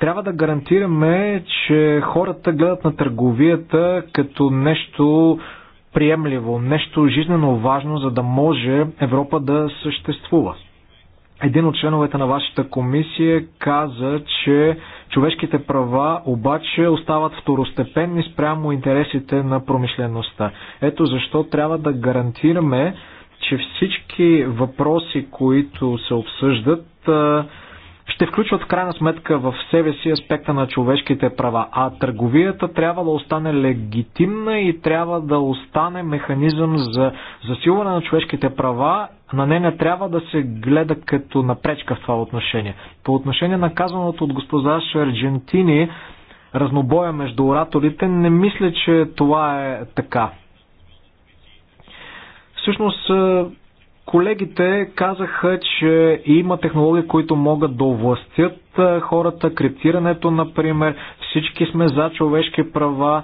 Speaker 4: Трябва да гарантираме, че хората гледат на търговията като нещо приемливо, нещо жизненно важно, за да може Европа да съществува един от членовете на вашата комисия каза, че човешките права обаче остават второстепенни спрямо интересите на промишлеността. Ето защо трябва да гарантираме, че всички въпроси, които се обсъждат, ще включват в крайна сметка в себе си аспекта на човешките права. А търговията трябва да остане легитимна и трябва да остане механизъм за засилване на човешките права. На нея не трябва да се гледа като напречка в това отношение. По отношение на казаното от госпожа Шерджентини, разнобоя между ораторите, не мисля, че това е така. Всъщност Колегите казаха, че има технологии, които могат да овластят хората, криптирането, например. Всички сме за човешки права.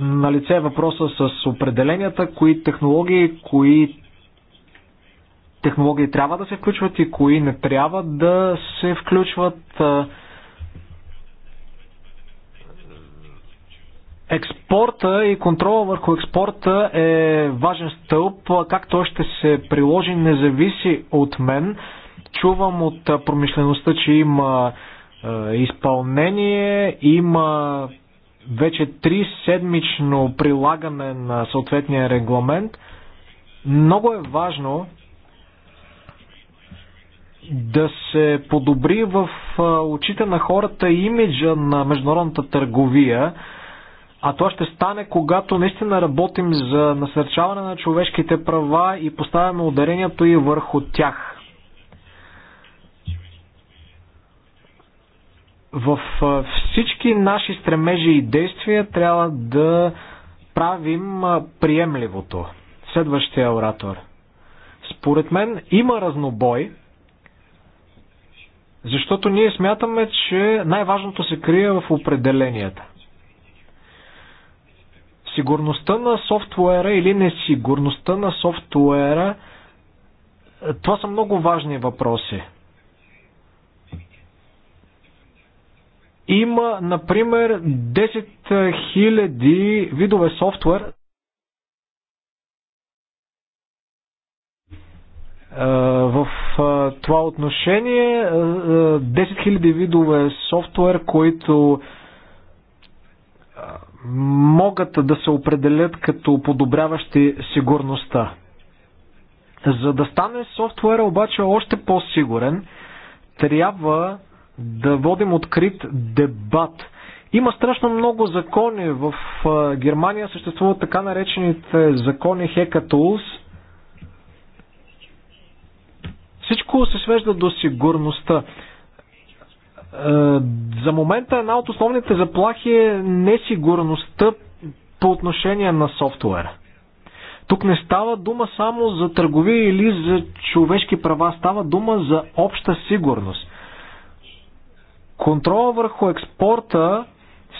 Speaker 4: На лице е въпроса с определенията, кои технологии, кои технологии трябва да се включват и кои не трябва да се включват. Експорта и контрола върху експорта е важен стълб. Как той ще се приложи не зависи от мен. Чувам от промишлеността, че има изпълнение, има вече три седмично прилагане на съответния регламент. Много е важно да се подобри в очите на хората имиджа на международната търговия. А това ще стане, когато наистина работим за насърчаване на човешките права и поставяме ударението и върху тях. В всички наши стремежи и действия трябва да правим приемливото. Следващия оратор. Според мен има разнобой, защото ние смятаме, че най-важното се крие в определенията сигурността на софтуера или несигурността на софтуера, това са много важни въпроси. Има, например, 10 000 видове софтуер. Е, в е, това отношение 10 е, 000 видове софтуер, които могат да се определят като подобряващи сигурността. За да стане софтуера обаче още по-сигурен, трябва да водим открит дебат. Има страшно много закони. В Германия съществуват така наречените закони Хекатулс. Всичко се свежда до сигурността. Е, за момента една от основните заплахи е несигурността по отношение на софтуера. Тук не става дума само за търговия или за човешки права, става дума за обща сигурност. Контрола върху експорта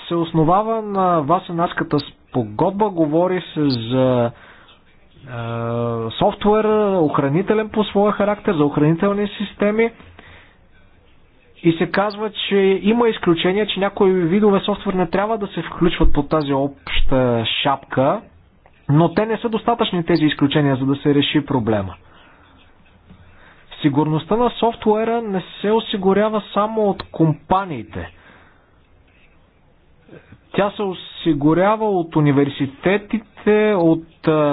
Speaker 4: се основава на Васенарската спогодба, говори се за е, софтуер, охранителен по своя характер, за охранителни системи. И се казва, че има изключение, че някои видове софтуер не трябва да се включват под тази обща шапка, но те не са достатъчни тези изключения, за да се реши проблема. Сигурността на софтуера не се осигурява само от компаниите. Тя се осигурява от университетите, от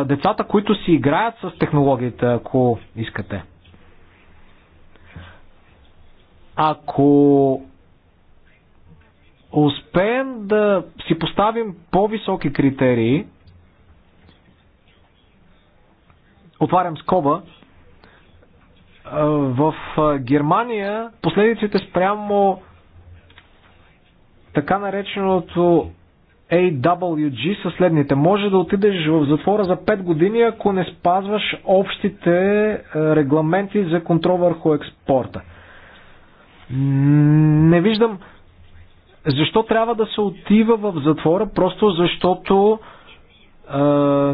Speaker 4: децата, които си играят с технологията, ако искате. Ако успеем да си поставим по-високи критерии, отварям скоба, в Германия последиците спрямо така нареченото AWG са следните. Може да отидеш в затвора за 5 години, ако не спазваш общите регламенти за контрол върху експорта. Не виждам защо трябва да се отива в затвора, просто защото е,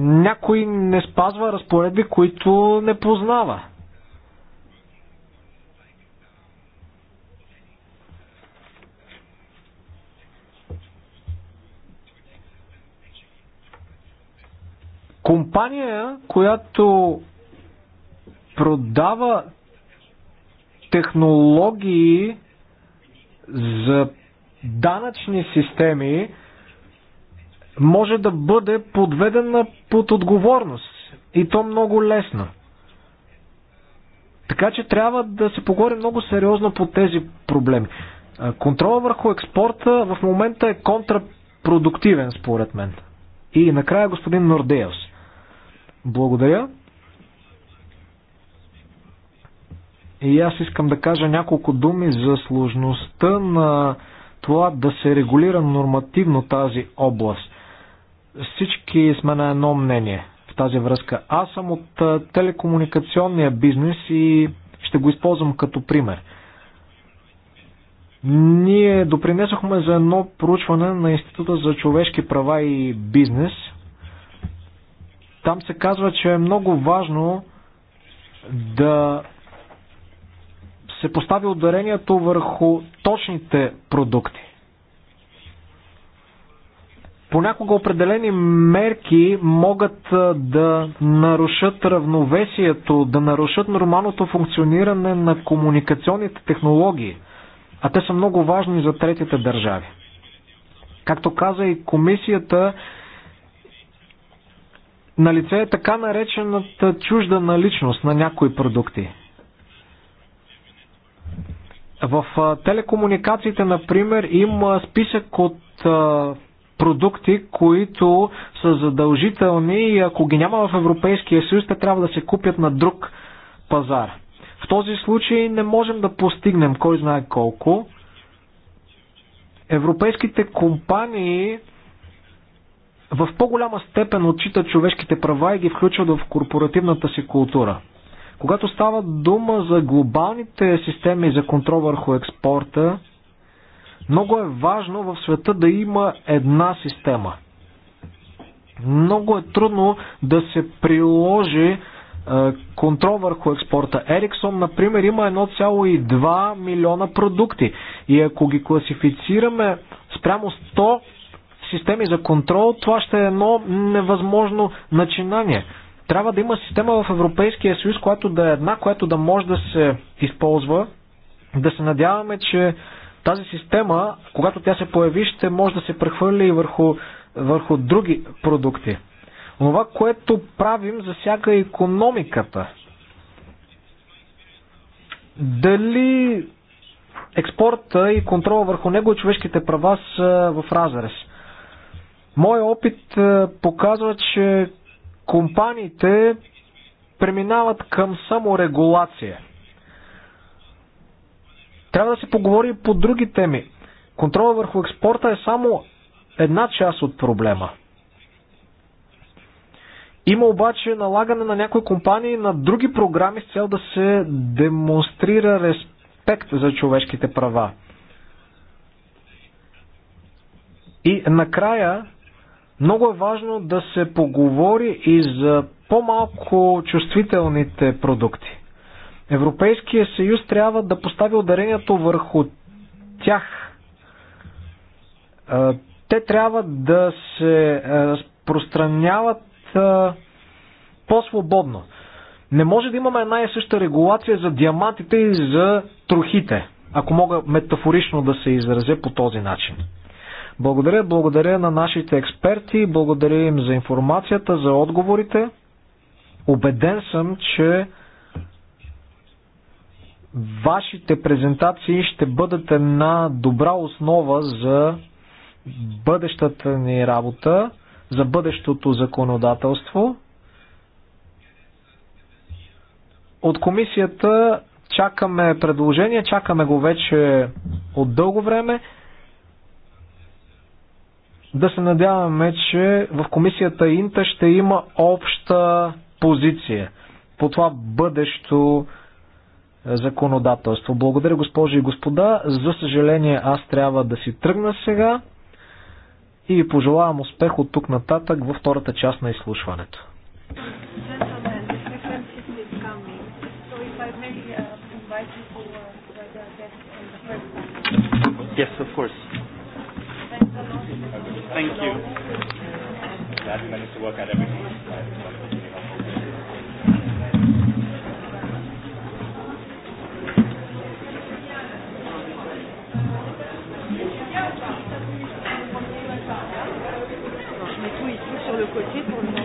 Speaker 4: някой не спазва разпоредби, които не познава. компания, която продава технологии за данъчни системи може да бъде подведена под отговорност. И то много лесно. Така че трябва да се поговори много сериозно по тези проблеми. Контрола върху експорта в момента е контрапродуктивен, според мен. И накрая господин Нордеус. Благодаря. И аз искам да кажа няколко думи за сложността на това да се регулира нормативно тази област. Всички сме на едно мнение в тази връзка. Аз съм от телекомуникационния бизнес и ще го използвам като пример. Ние допринесохме за едно проучване на Института за човешки права и бизнес. Там се казва, че е много важно да се постави ударението върху точните продукти. Понякога определени мерки могат да нарушат равновесието, да нарушат нормалното функциониране на комуникационните технологии, а те са много важни за третите държави. Както каза и комисията, на лице е така наречената чужда наличност на някои продукти – в телекомуникациите, например, има списък от продукти, които са задължителни и ако ги няма в Европейския съюз, те трябва да се купят на друг пазар. В този случай не можем да постигнем кой знае колко. Европейските компании в по-голяма степен отчитат човешките права и ги включват в корпоративната си култура. Когато става дума за глобалните системи за контрол върху експорта, много е важно в света да има една система. Много е трудно да се приложи е, контрол върху експорта. Ериксон, например, има 1,2 милиона продукти. И ако ги класифицираме спрямо 100 системи за контрол, това ще е едно невъзможно начинание. Трябва да има система в Европейския съюз, която да е една, която да може да се използва. Да се надяваме, че тази система, когато тя се появи, ще може да се прехвърли и върху, върху други продукти. Това, което правим, засяга економиката. Дали експорта и контрола върху него и човешките права са в разрез. Моя опит е, показва, че компаниите преминават към саморегулация. Трябва да се поговори по други теми. Контрола върху експорта е само една част от проблема. Има обаче налагане на някои компании на други програми с цел да се демонстрира респект за човешките права. И накрая много е важно да се поговори и за по-малко чувствителните продукти. Европейския съюз трябва да постави ударението върху тях. Те трябва да се разпространяват по-свободно. Не може да имаме една и съща регулация за диамантите и за трохите, ако мога метафорично да се изразя по този начин. Благодаря, благодаря на нашите експерти, благодаря им за информацията, за отговорите. Обеден съм, че вашите презентации ще бъдат една добра основа за бъдещата ни работа, за бъдещото законодателство. От комисията чакаме предложение, чакаме го вече от дълго време. Да се надяваме, че в комисията Инта ще има обща позиция по това бъдещо законодателство. Благодаря, госпожи и господа. За съжаление, аз трябва да си тръгна сега и ви пожелавам успех от тук нататък във втората част на изслушването.
Speaker 1: Yes, of course. Thank you. That managed to work out everything. le côté pour le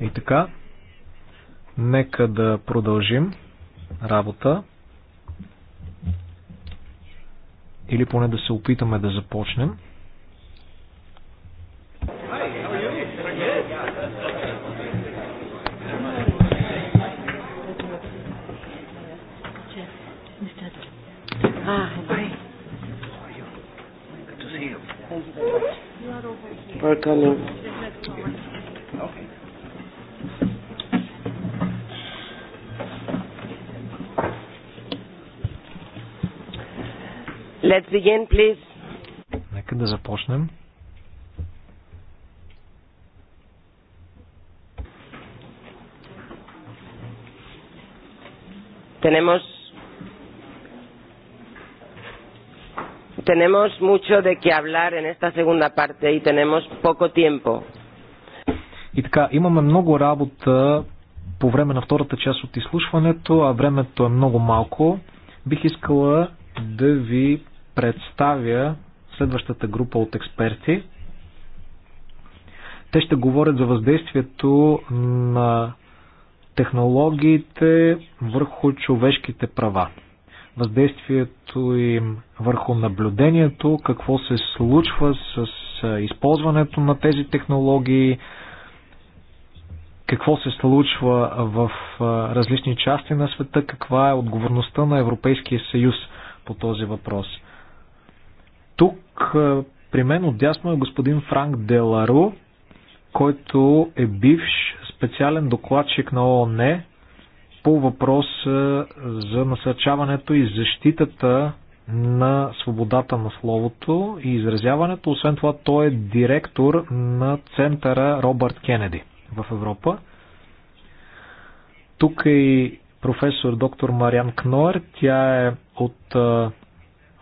Speaker 4: И така, нека да продължим работа. Или поне да се опитаме да започнем. Let's
Speaker 1: begin, please.
Speaker 4: Нека да започнем.
Speaker 1: Tenemos tenemos mucho de qué hablar en esta segunda parte y tenemos poco tiempo.
Speaker 4: И така, имаме много работа по време на втората част от изслушването, а времето е много малко. Бих искала да ви представя следващата група от експерти. Те ще говорят за въздействието на технологиите върху човешките права. Въздействието им върху наблюдението, какво се случва с използването на тези технологии, какво се случва в различни части на света, каква е отговорността на Европейския съюз по този въпрос при мен отдясно е господин Франк Деларо, който е бивш специален докладчик на ООН по въпрос за насърчаването и защитата на свободата на словото и изразяването. Освен това, той е директор на центъра Робърт Кенеди в Европа. Тук е и професор доктор Мариан Кноер. Тя е от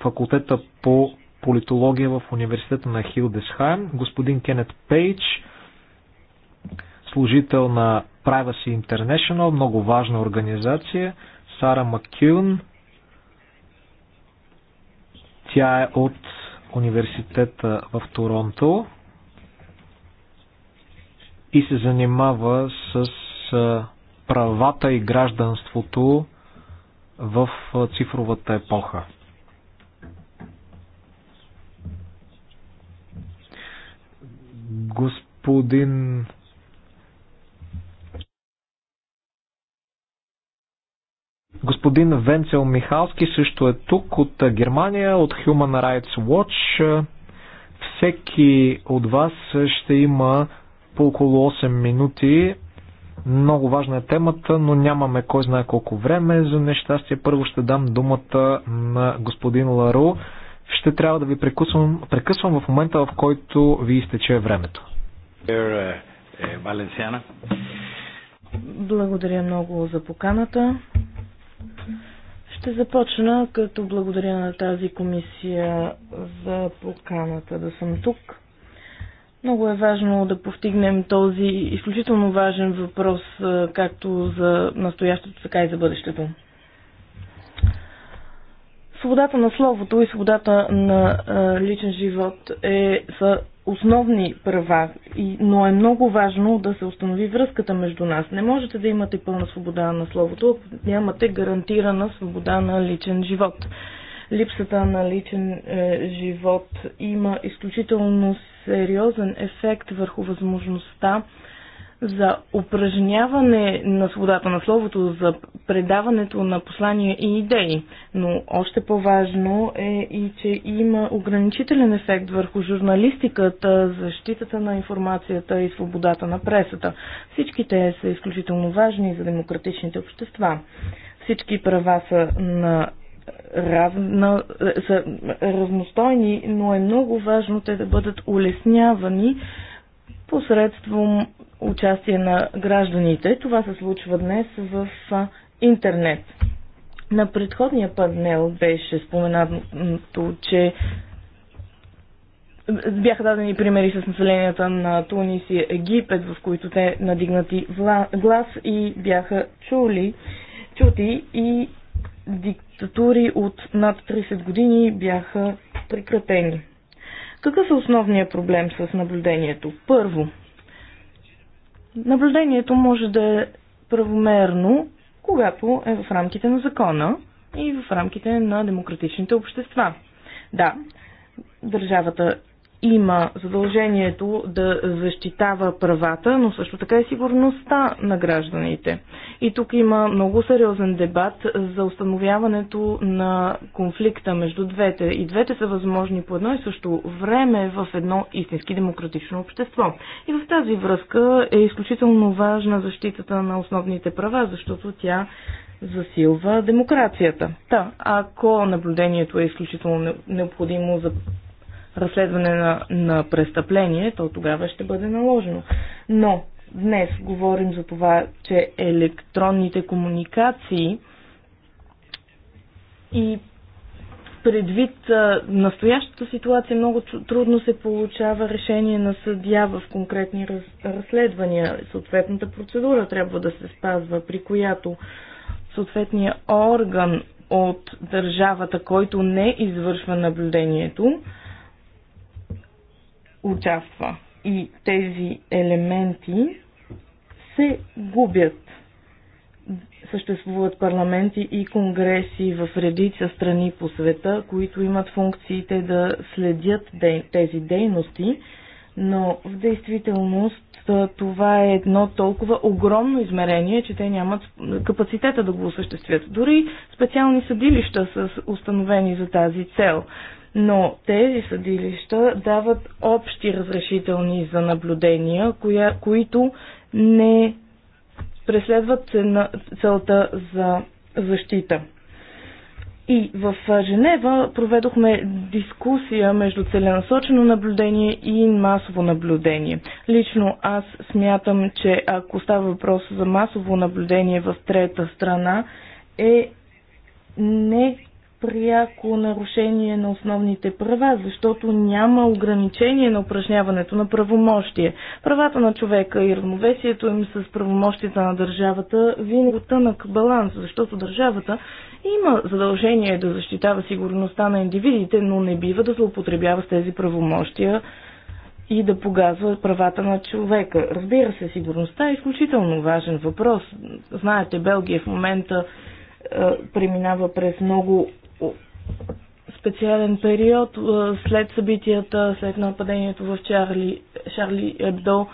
Speaker 4: факултета по политология в университета на Хилдесхайм, господин Кенет Пейдж, служител на Privacy International, много важна организация, Сара Макюн, тя е от университета в Торонто и се занимава с правата и гражданството в цифровата епоха. господин Господин Венцел Михалски също е тук от Германия, от Human Rights Watch. Всеки от вас ще има по около 8 минути. Много важна е темата, но нямаме кой знае колко време. За нещастие първо ще дам думата на господин Ларо ще трябва да ви прекъсвам, прекъсвам в момента, в който ви изтече времето.
Speaker 2: Благодаря много за поканата. Ще започна като благодаря на тази комисия за поканата да съм тук. Много е важно да постигнем този изключително важен въпрос, както за настоящето, така и за бъдещето. Свободата на словото и свободата на а, личен живот е, са основни права, но е много важно да се установи връзката между нас. Не можете да имате пълна свобода на словото, ако нямате гарантирана свобода на личен живот. Липсата на личен е, живот има изключително сериозен ефект върху възможността за упражняване на свободата на словото, за предаването на послания и идеи. Но още по-важно е и, че има ограничителен ефект върху журналистиката, защитата на информацията и свободата на пресата. Всички те са изключително важни за демократичните общества. Всички права са на равна, са равностойни, но е много важно те да бъдат улеснявани посредством участие на гражданите. Това се случва днес в интернет. На предходния панел беше споменато, че бяха дадени примери с населенията на Тунис и Египет, в които те надигнати глас и бяха чули, чути и диктатури от над 30 години бяха прекратени. Какъв е основният проблем с наблюдението? Първо, Наблюдението може да е правомерно, когато е в рамките на закона и в рамките на демократичните общества. Да, държавата има задължението да защитава правата, но също така и сигурността на гражданите. И тук има много сериозен дебат за установяването на конфликта между двете. И двете са възможни по едно и също време в едно истински демократично общество. И в тази връзка е изключително важна защитата на основните права, защото тя засилва демокрацията. Та, ако наблюдението е изключително необходимо за разследване на, на престъпление, то тогава ще бъде наложено. Но днес говорим за това, че електронните комуникации и предвид а, настоящата ситуация много трудно се получава решение на съдя в конкретни раз, разследвания. Съответната процедура трябва да се спазва, при която съответният орган от държавата, който не извършва наблюдението, участва. И тези елементи се губят. Съществуват парламенти и конгреси в редица страни по света, които имат функциите да следят тези дейности, но в действителност това е едно толкова огромно измерение, че те нямат капацитета да го осъществят. Дори специални съдилища са установени за тази цел но тези съдилища дават общи разрешителни за наблюдения, коя, които не преследват целта за защита. И в Женева проведохме дискусия между целенасочено наблюдение и масово наблюдение. Лично аз смятам, че ако става въпрос за масово наблюдение в трета страна, е не пряко нарушение на основните права, защото няма ограничение на упражняването на правомощие. Правата на човека и равновесието им с правомощията на държавата винаги тънък баланс, защото държавата има задължение да защитава сигурността на индивидите, но не бива да злоупотребява с тези правомощия и да погазва правата на човека. Разбира се, сигурността е изключително важен въпрос. Знаете, Белгия в момента е, преминава през много специален период след събитията, след нападението в Чарли, Шарли Ебдо,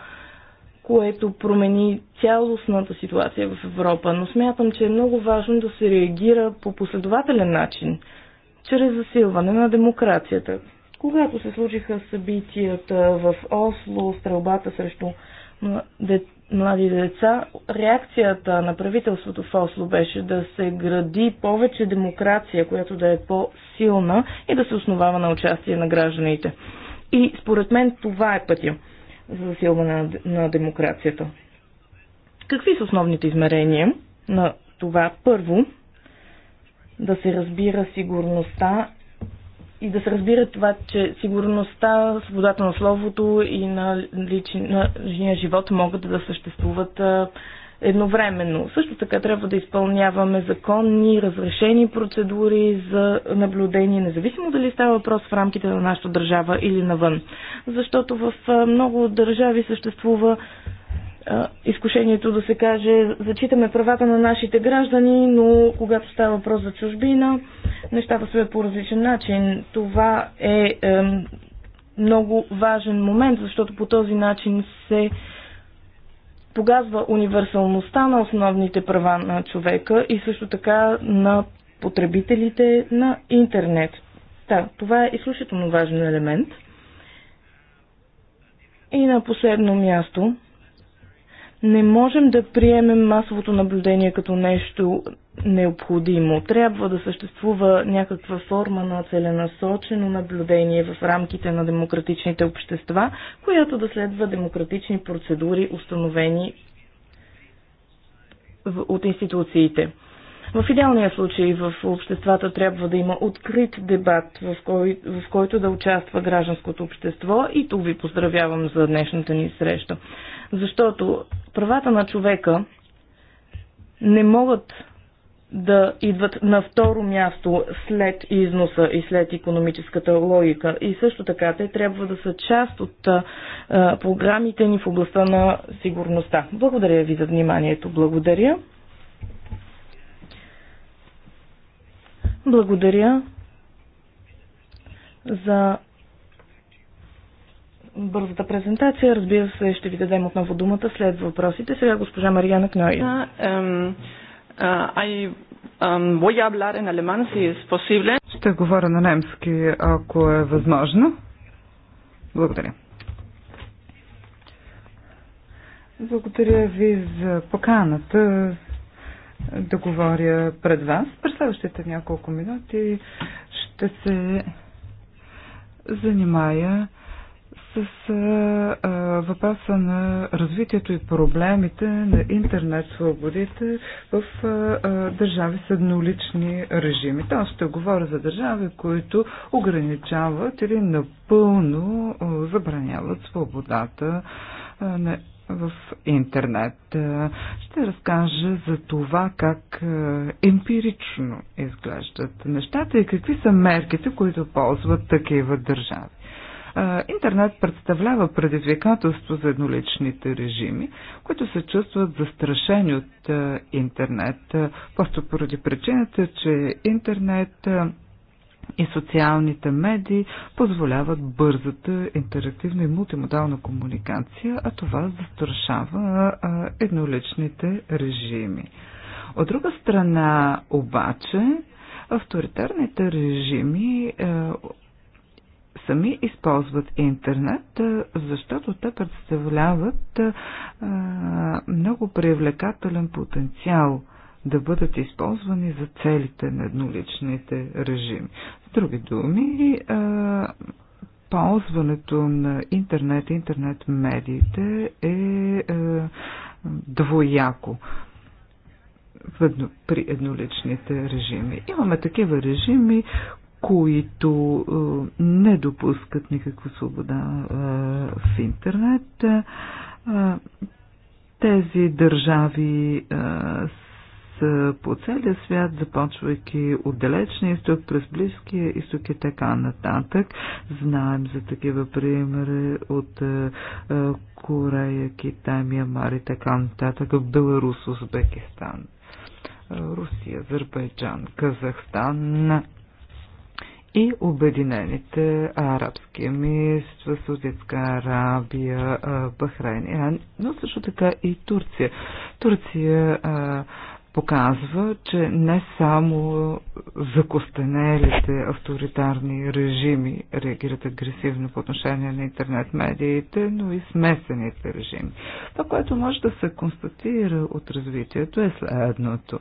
Speaker 2: което промени цялостната ситуация в Европа. Но смятам, че е много важно да се реагира по последователен начин, чрез засилване на демокрацията. Когато се случиха събитията в Осло, стрелбата срещу млади деца, реакцията на правителството в Осло беше да се гради повече демокрация, която да е по-силна и да се основава на участие на гражданите. И според мен това е пътя за засилване на демокрацията. Какви са основните измерения на това? Първо, да се разбира сигурността и да се разбира това, че сигурността, свободата на словото и на личния живот могат да съществуват едновременно. Също така трябва да изпълняваме законни, разрешени процедури за наблюдение, независимо дали става въпрос в рамките на нашата държава или навън. Защото в много държави съществува изкушението да се каже, зачитаме правата на нашите граждани, но когато става въпрос за чужбина, нещата стоят по различен начин. Това е, е много важен момент, защото по този начин се погазва универсалността на основните права на човека и също така на потребителите на интернет. Да, това е изключително важен елемент. И на последно място, не можем да приемем масовото наблюдение като нещо необходимо. Трябва да съществува някаква форма на целенасочено наблюдение в рамките на демократичните общества, която да следва демократични процедури, установени от институциите. В идеалния случай в обществата трябва да има открит дебат, в, кой, в който да участва гражданското общество и тук ви поздравявам за днешната ни среща. Защото правата на човека не могат да идват на второ място след износа и след економическата логика. И също така те трябва да са част от а, програмите ни в областта на сигурността. Благодаря ви за вниманието. Благодаря. Благодаря за бързата презентация. Разбира се, ще ви дадем отново думата след въпросите. Сега госпожа Марияна Кной. Е,
Speaker 3: е ще говоря на немски, ако е възможно. Благодаря. Благодаря ви за поканата да говоря пред вас. През следващите няколко минути ще се занимая с а, въпроса на развитието и проблемите на интернет свободите в а, а, държави с еднолични режими. Там ще говоря за държави, които ограничават или напълно а, забраняват свободата а, не, в интернет. Ще разкажа за това как емпирично изглеждат нещата и какви са мерките, които ползват такива държави. Интернет представлява предизвикателство за едноличните режими, които се чувстват застрашени от интернет, просто поради причината, че интернет и социалните медии позволяват бързата, интерактивна и мултимодална комуникация, а това застрашава едноличните режими. От друга страна обаче, авторитарните режими сами използват интернет, защото те представляват много привлекателен потенциал да бъдат използвани за целите на едноличните режими. С други думи, ползването на интернет, интернет медиите е двояко при едноличните режими. Имаме такива режими, които а, е, не допускат никаква свобода а, е, в интернет. А, е, тези държави е, са по целия свят, започвайки от далечния изток през Близкия изток и така нататък. Знаем за такива примери от а, Корея, Китай, Миямар и така нататък, в Беларус, Узбекистан. Русия, Азербайджан, Казахстан, и Обединените арабски емирства, Саудитска Арабия, Бахрайн, но също така и Турция. Турция а, показва, че не само закостенелите авторитарни режими реагират агресивно по отношение на интернет медиите, но и смесените режими. Това, което може да се констатира от развитието е следното.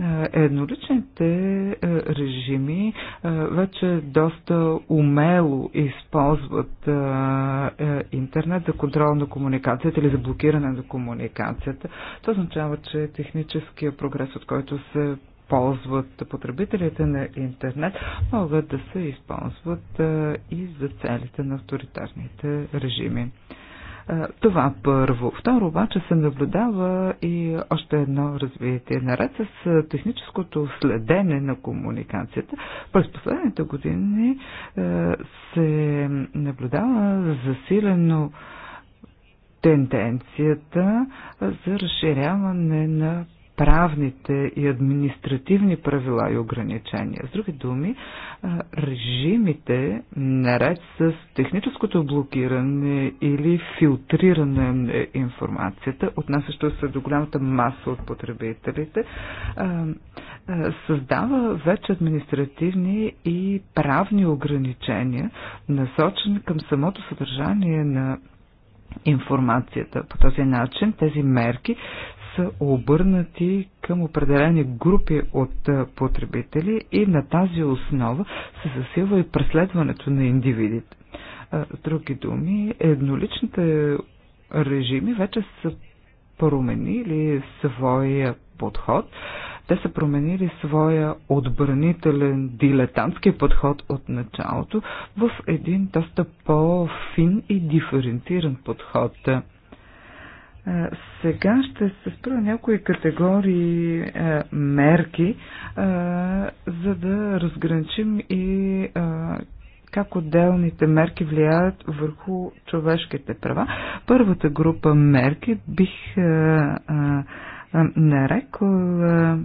Speaker 3: Е, едноличните е, режими е, вече доста умело използват интернет за контрол на комуникацията или за блокиране на комуникацията. Това означава, че техническия прогрес, от който се ползват потребителите на интернет, могат да се използват и за целите на авторитарните режими. Е, това първо. Второ обаче се наблюдава и още едно развитие. Наред с е, техническото следене на комуникацията, през последните години е, се наблюдава засилено тенденцията за разширяване на правните и административни правила и ограничения. С други думи, режимите, наред с техническото блокиране или филтриране на информацията, отнасящо се до голямата маса от потребителите, създава вече административни и правни ограничения, насочени към самото съдържание на информацията. По този начин тези мерки са обърнати към определени групи от потребители и на тази основа се засилва и преследването на индивидите. С други думи, едноличните режими вече са променили своя подход. Те са променили своя отбранителен дилетантски подход от началото в един доста по-фин и диференциран подход. Сега ще се спра някои категории мерки, за да разграничим и как отделните мерки влияят върху човешките права. Първата група мерки бих нарекла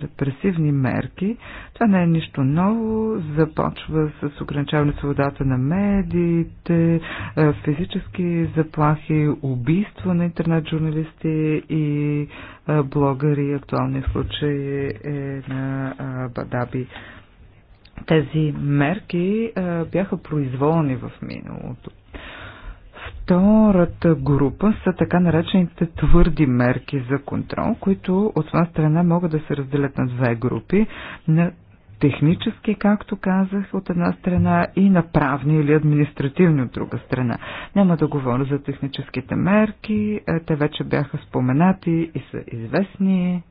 Speaker 3: репресивни мерки. Това не е нищо ново. Започва с ограничаване свободата на медиите, физически заплахи, убийства на интернет журналисти и блогъри. Актуалният случай е на Бадаби. Тези мерки бяха произволни в миналото. Втората група са така наречените твърди мерки за контрол, които от своя страна могат да се разделят на две групи. На технически, както казах, от една страна и на правни или административни от друга страна. Няма да говоря за техническите мерки, е, те вече бяха споменати и са известни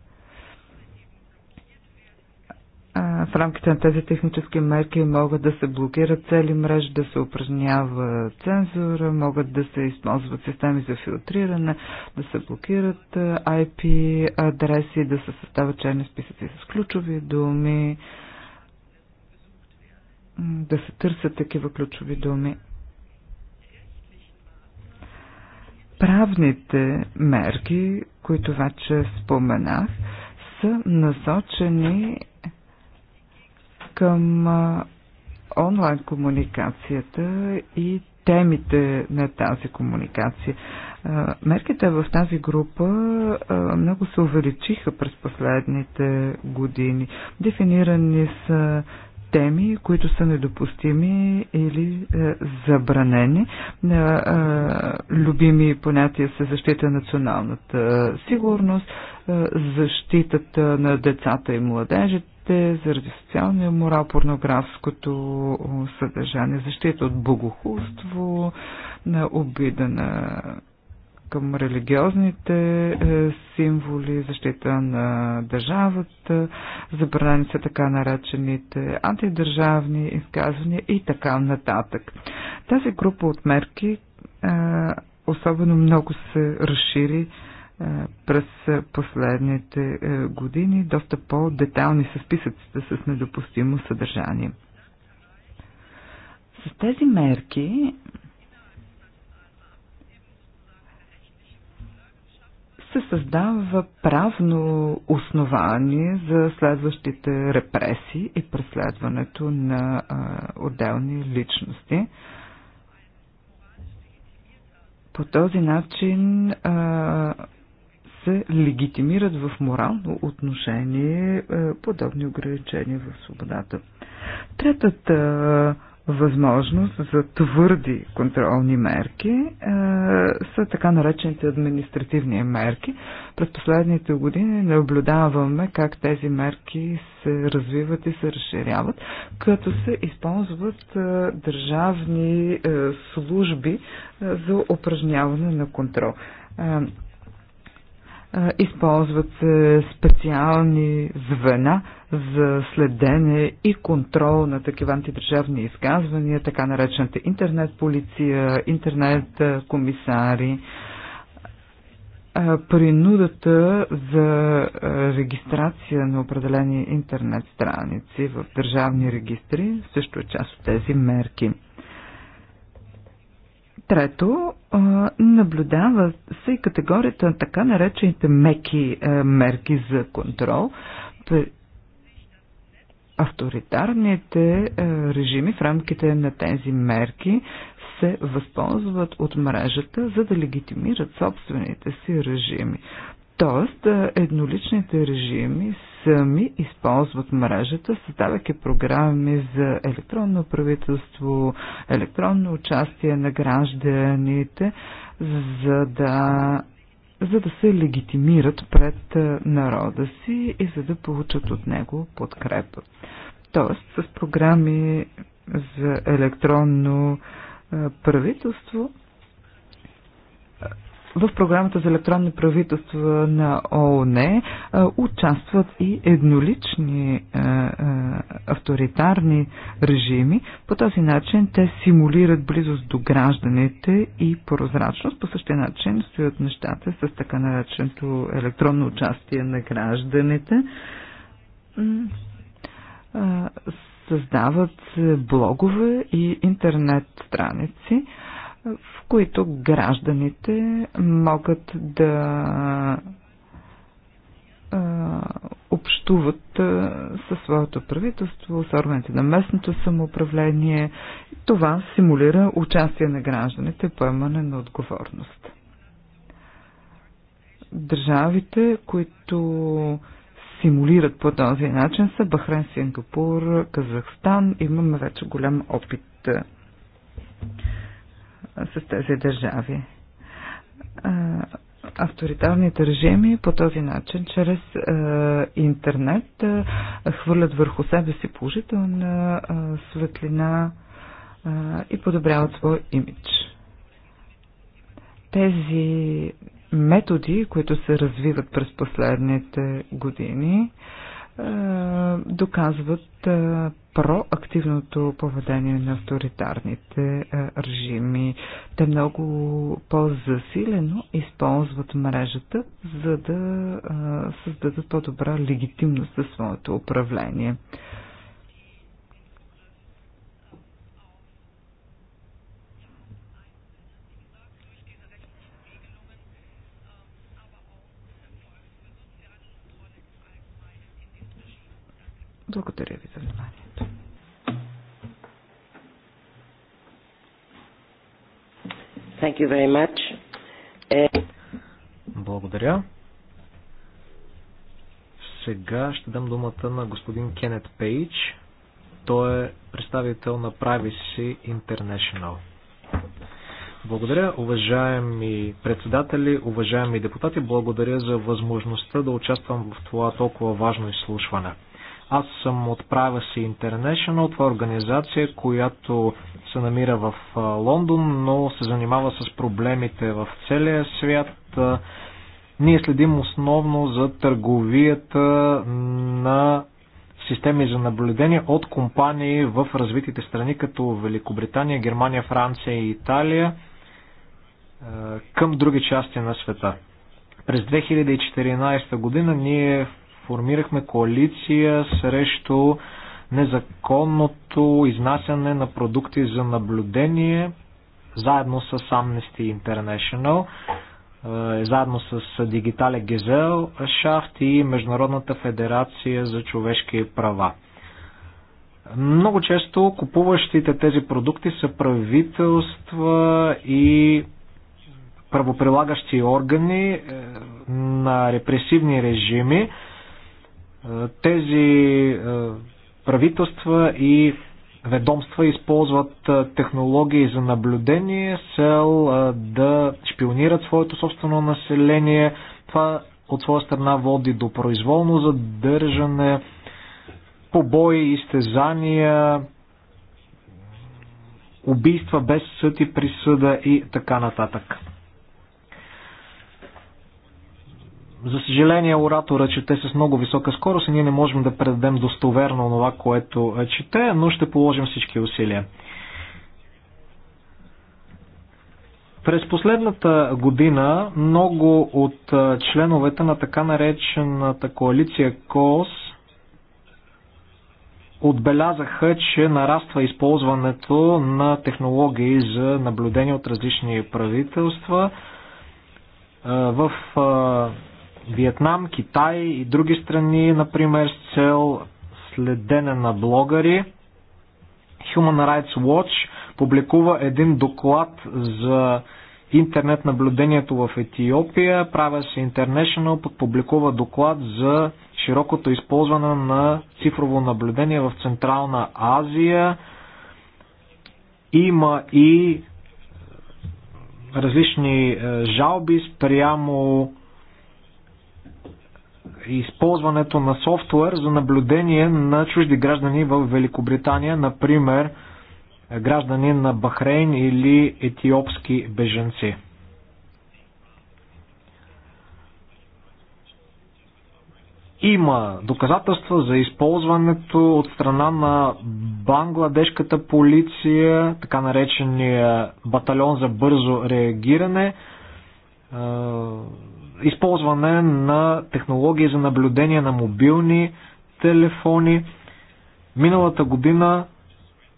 Speaker 3: в рамките на тези технически мерки могат да се блокират цели мрежи, да се упражнява цензура, могат да се използват системи за филтриране, да се блокират IP адреси, да се съставят черни списъци с ключови думи, да се търсят такива ключови думи. Правните мерки, които вече споменах, са насочени към онлайн комуникацията и темите на тази комуникация. Мерките в тази група много се увеличиха през последните години. Дефинирани са теми, които са недопустими или е, забранени. Е, е, любими понятия са защита на националната сигурност, е, защитата на децата и младежите, жените, заради социалния морал, порнографското съдържание, защита от богохулство, на обида на към религиозните е, символи, защита на държавата, забранени са така наречените антидържавни изказвания и така нататък. Тази група от мерки е, особено много се разшири през последните години, доста по-детални са списъците с недопустимо съдържание. С тези мерки се създава правно основание за следващите репресии и преследването на а, отделни личности. По този начин а, се легитимират в морално отношение е, подобни ограничения в свободата. Третата е, възможност за твърди контролни мерки е, са така наречените административни мерки. През последните години наблюдаваме как тези мерки се развиват и се разширяват, като се използват е, държавни е, служби е, за упражняване на контрол. Е, Използват се специални звена за следене и контрол на такива антидържавни изказвания, така наречената интернет полиция, интернет комисари. Принудата за регистрация на определени интернет страници в държавни регистри също е част от тези мерки. Трето, наблюдава се и категорията на така наречените меки е, мерки за контрол. Авторитарните е, режими в рамките на тези мерки се възползват от мрежата, за да легитимират собствените си режими. Тоест, е, едноличните режими сами използват мрежата, създавайки програми за електронно правителство, електронно участие на гражданите, за да за да се легитимират пред народа си и за да получат от него подкрепа. Тоест, с програми за електронно правителство в програмата за електронни правителства на ООН е, участват и еднолични е, е, авторитарни режими. По този начин те симулират близост до гражданите и прозрачност. По същия начин стоят нещата с така нареченото електронно участие на гражданите създават блогове и интернет страници в които гражданите могат да общуват със своето правителство, с органите на местното самоуправление. Това симулира участие на гражданите, поемане на отговорност. Държавите, които симулират по този начин са Бахрен, Сингапур, Казахстан. Имаме вече голям опит с тези държави. Авторитарните режими по този начин, чрез интернет, хвърлят върху себе си положителна светлина и подобряват своя имидж. Тези методи, които се развиват през последните години, е, доказват е, проактивното поведение на авторитарните е, режими. Те много по-засилено използват мрежата, за да създадат по-добра легитимност за своето управление.
Speaker 1: Благодаря ви за вниманието. Thank you very much. Е,
Speaker 4: Благодаря. Сега ще дам думата на господин Кенет Пейдж. Той е представител на Privacy International. Благодаря, уважаеми председатели, уважаеми депутати. Благодаря за възможността да участвам в това толкова важно изслушване. Аз съм от Privacy International, това е организация, която се намира в Лондон, но се занимава с проблемите в целия свят. Ние следим основно за търговията на системи за наблюдение от компании в развитите страни, като Великобритания, Германия, Франция и Италия, към други части на света. През 2014 година ние Формирахме коалиция срещу незаконното изнасяне на продукти за наблюдение заедно с Amnesty International, е, заедно с Дигитале Гезел Шафт и Международната федерация за човешки права. Много често купуващите тези продукти са правителства и правоприлагащи органи е, на репресивни режими. Е, тези е, правителства и ведомства използват е, технологии за наблюдение с цел да шпионират своето собствено население. Това от своя страна води до произволно задържане, побои, изтезания, убийства без съд и присъда и така нататък. За съжаление, оратора чете с много висока скорост и ние не можем да предадем достоверно това, което е чете, но ще положим всички усилия. През последната година много от членовете на така наречената коалиция КОС отбелязаха, че нараства използването на технологии за наблюдение от различни правителства. В Виетнам, Китай и други страни, например, с цел следене на блогъри. Human Rights Watch публикува един доклад за интернет наблюдението в Етиопия. Правя се International пък публикува доклад за широкото използване на цифрово наблюдение в Централна Азия. Има и различни е, жалби спрямо използването на софтуер за наблюдение на чужди граждани в Великобритания, например граждани на Бахрейн или етиопски беженци. Има доказателства за използването от страна на бангладешката полиция, така наречения батальон за бързо реагиране, използване на технологии за наблюдение на мобилни телефони. Миналата година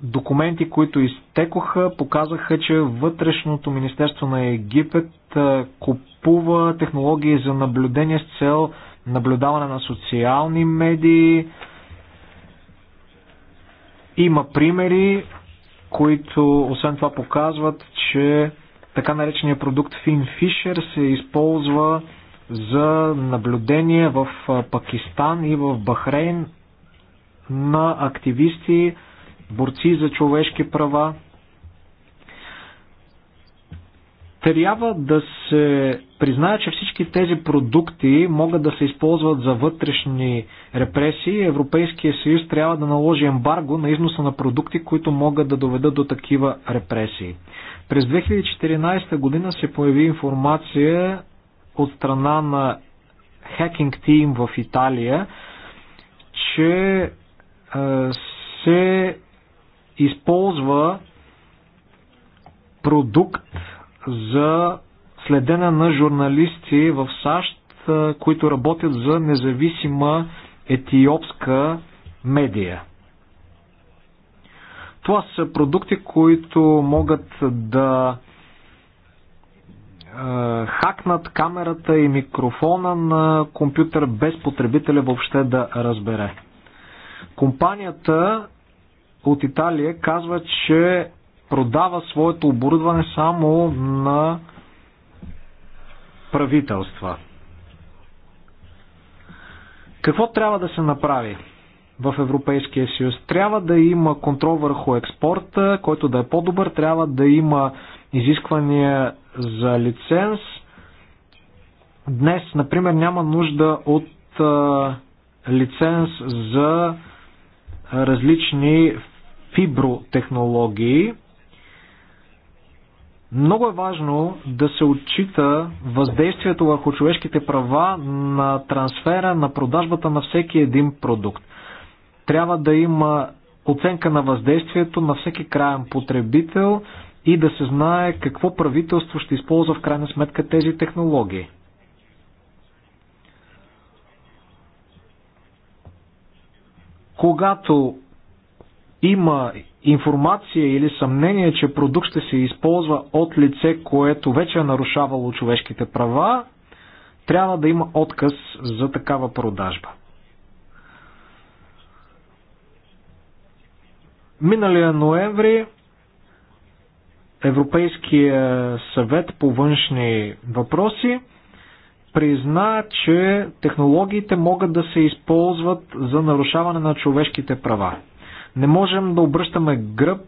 Speaker 4: документи, които изтекоха, показаха, че Вътрешното министерство на Египет купува технологии за наблюдение с цел наблюдаване на социални медии. Има примери, които освен това показват, че така наречения продукт FinFisher се използва за наблюдение в Пакистан и в Бахрейн на активисти, борци за човешки права. Трябва да се признае, че всички тези продукти могат да се използват за вътрешни репресии. Европейския съюз трябва да наложи ембарго на износа на продукти, които могат да доведат до такива репресии. През 2014 година се появи информация от страна на Hacking Team в Италия, че се използва продукт за следена на журналисти в САЩ, които работят за независима етиопска медия. Това са продукти, които могат да хакнат камерата и микрофона на компютър без потребителя въобще да разбере. Компанията от Италия казва, че продава своето оборудване само на правителства. Какво трябва да се направи? в Европейския съюз. Трябва да има контрол върху експорта, който да е по-добър, трябва да има изисквания за лиценз. Днес, например, няма нужда от лиценз за различни фибротехнологии. Много е важно да се отчита въздействието върху човешките права на трансфера, на продажбата на всеки един продукт. Трябва да има оценка на въздействието на всеки краен потребител и да се знае какво правителство ще използва в крайна сметка тези технологии. Когато има информация или съмнение, че продукт ще се използва от лице, което вече е нарушавало човешките права, трябва да има отказ за такава продажба. Миналия ноември Европейския съвет по външни въпроси призна, че технологиите могат да се използват за нарушаване на човешките права. Не можем да обръщаме гръб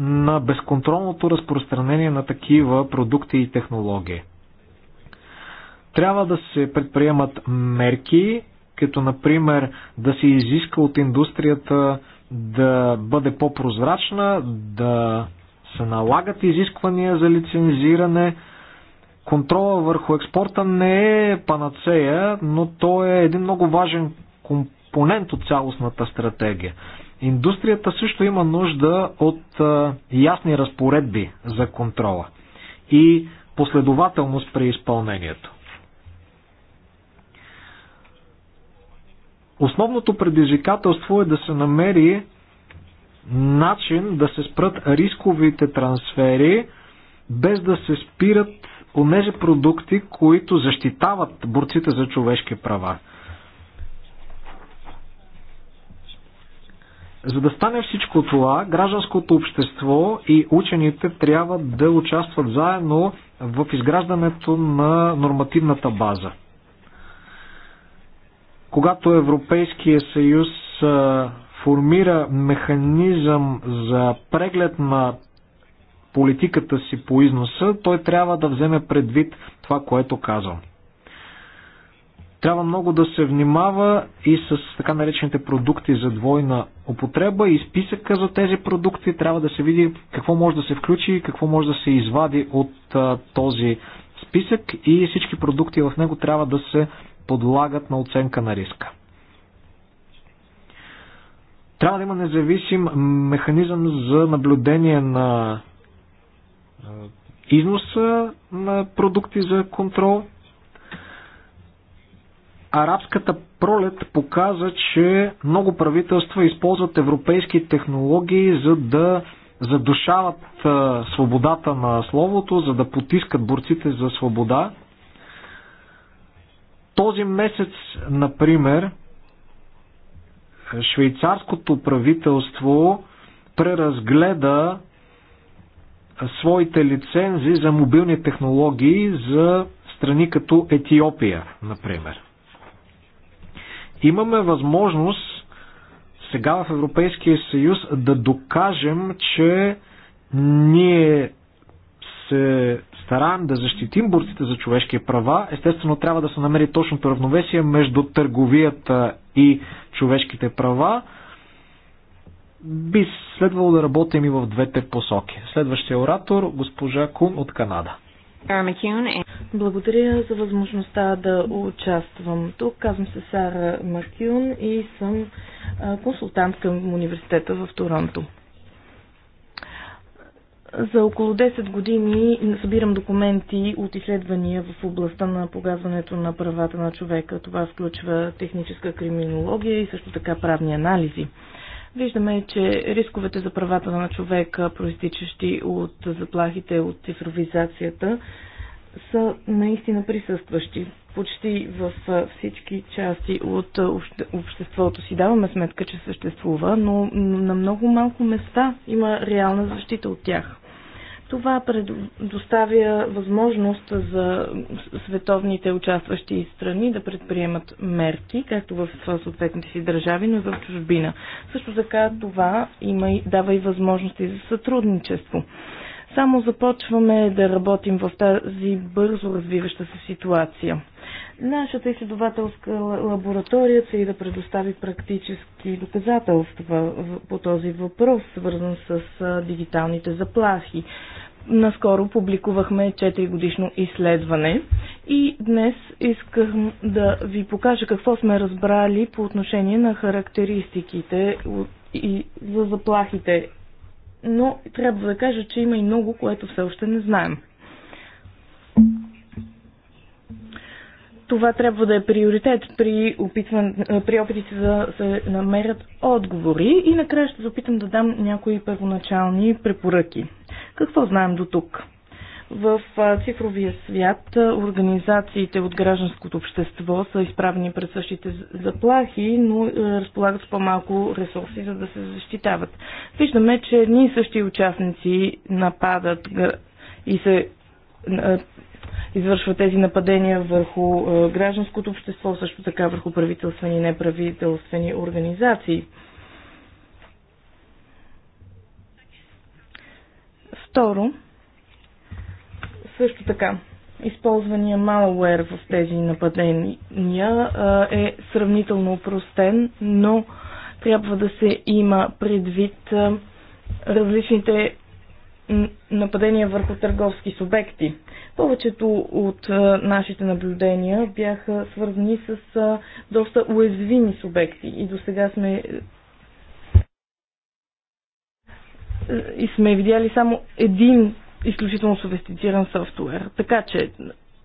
Speaker 4: на безконтролното разпространение на такива продукти и технологии. Трябва да се предприемат мерки, като например да се изиска от индустрията да бъде по-прозрачна, да се налагат изисквания за лицензиране. Контрола върху експорта не е панацея, но то е един много важен компонент от цялостната стратегия. Индустрията също има нужда от ясни разпоредби за контрола и последователност при изпълнението. Основното предизвикателство е да се намери начин да се спрат рисковите трансфери, без да се спират онези продукти, които защитават борците за човешки права. За да стане всичко това, гражданското общество и учените трябва да участват заедно в изграждането на нормативната база. Когато Европейския съюз формира механизъм за преглед на политиката си по износа, той трябва да вземе предвид това, което казвам. Трябва много да се внимава и с така наречените продукти за двойна употреба и списъка за тези продукти. Трябва да се види какво може да се включи и какво може да се извади от а, този списък и всички продукти в него трябва да се подлагат на оценка на риска. Трябва да има независим механизъм за наблюдение на износа на продукти за контрол. Арабската пролет показа, че много правителства използват европейски технологии, за да задушават свободата на словото, за да потискат борците за свобода. Този месец, например, швейцарското правителство преразгледа своите лицензи за мобилни технологии за страни като Етиопия, например. Имаме възможност сега в Европейския съюз да докажем, че ние се стараем да защитим борците за човешки права, естествено трябва да се намери точното равновесие между търговията и човешките права. Би следвало да работим и в двете посоки. Следващия оратор, госпожа Кун от Канада.
Speaker 2: Благодаря за възможността да участвам тук. Казвам се Сара Макюн и съм консултант към университета в Торонто. За около 10 години събирам документи от изследвания в областта на погазването на правата на човека. Това включва техническа криминология и също така правни анализи. Виждаме, че рисковете за правата на човека, проистичащи от заплахите от цифровизацията, са наистина присъстващи почти в всички части от обществото си. Даваме сметка, че съществува, но на много малко места има реална защита от тях. Това предоставя възможност за световните участващи страни да предприемат мерки, както в съответните си държави, но и в чужбина. Също така това има и, дава и възможности за сътрудничество. Само започваме да работим в тази бързо развиваща се ситуация. Нашата изследователска лаборатория цели да предостави практически доказателства по този въпрос, свързан с дигиталните заплахи. Наскоро публикувахме 4 годишно изследване и днес искам да ви покажа какво сме разбрали по отношение на характеристиките и за заплахите. Но трябва да кажа, че има и много, което все още не знаем това трябва да е приоритет при, опитван, при опитите да се намерят отговори и накрая ще се опитам да дам някои първоначални препоръки. Какво знаем до тук? В цифровия свят организациите от гражданското общество са изправени пред същите заплахи, но разполагат с по-малко ресурси, за да се защитават. Виждаме, че едни и същи участници нападат и се извършва тези нападения върху е, гражданското общество, също така върху правителствени и неправителствени организации. Второ, също така, използвания malware в тези нападения е сравнително упростен, но трябва да се има предвид е, различните нападения върху търговски субекти. Повечето от нашите наблюдения бяха свързани с доста уязвими субекти и до сега сме и сме видяли само един изключително софистициран софтуер. Така че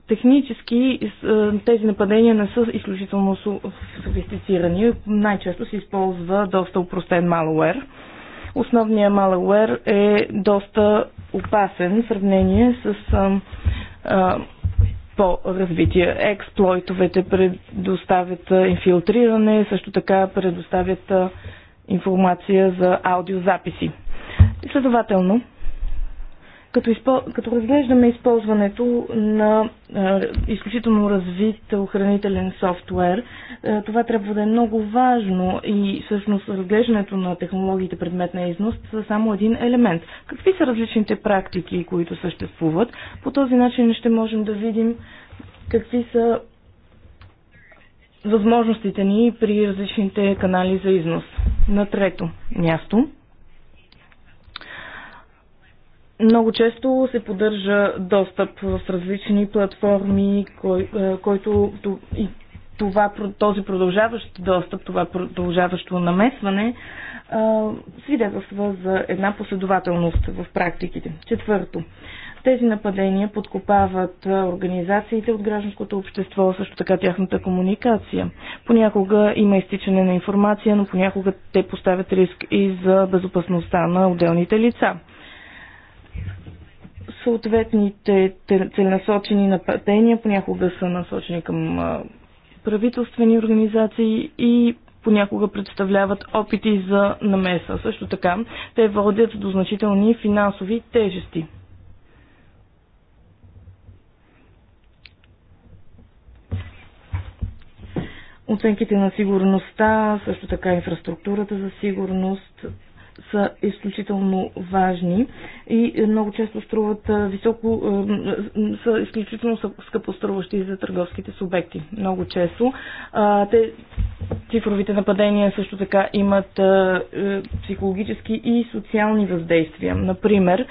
Speaker 2: технически тези нападения не са изключително софистицирани. Най-често се използва доста упростен малуер. Основния malware е доста опасен в сравнение с по-развитие. Експлойтовете предоставят инфилтриране, също така предоставят информация за аудиозаписи. Следователно, като, изпо... като разглеждаме използването на а, изключително развит охранителен софтуер, а, това трябва да е много важно и всъщност разглеждането на технологиите предмет на износ са само един елемент. Какви са различните практики, които съществуват? По този начин ще можем да видим какви са възможностите ни при различните канали за износ. На трето място – много често се поддържа достъп в различни платформи, кой, е, който и това, този продължаващ достъп, това продължаващо намесване е, свидетелства за една последователност в практиките. Четвърто, тези нападения подкопават е, организациите от гражданското общество, също така тяхната комуникация. Понякога има изтичане на информация, но понякога те поставят риск и за безопасността на отделните лица. Съответните целенасочени нападения понякога са насочени към правителствени организации и понякога представляват опити за намеса. Също така, те водят до значителни финансови тежести. Оценките на сигурността, също така инфраструктурата за сигурност, са изключително важни и много често струват високо, са изключително скъпоструващи за търговските субекти. Много често. Те, цифровите нападения също така имат е, психологически и социални въздействия. Например,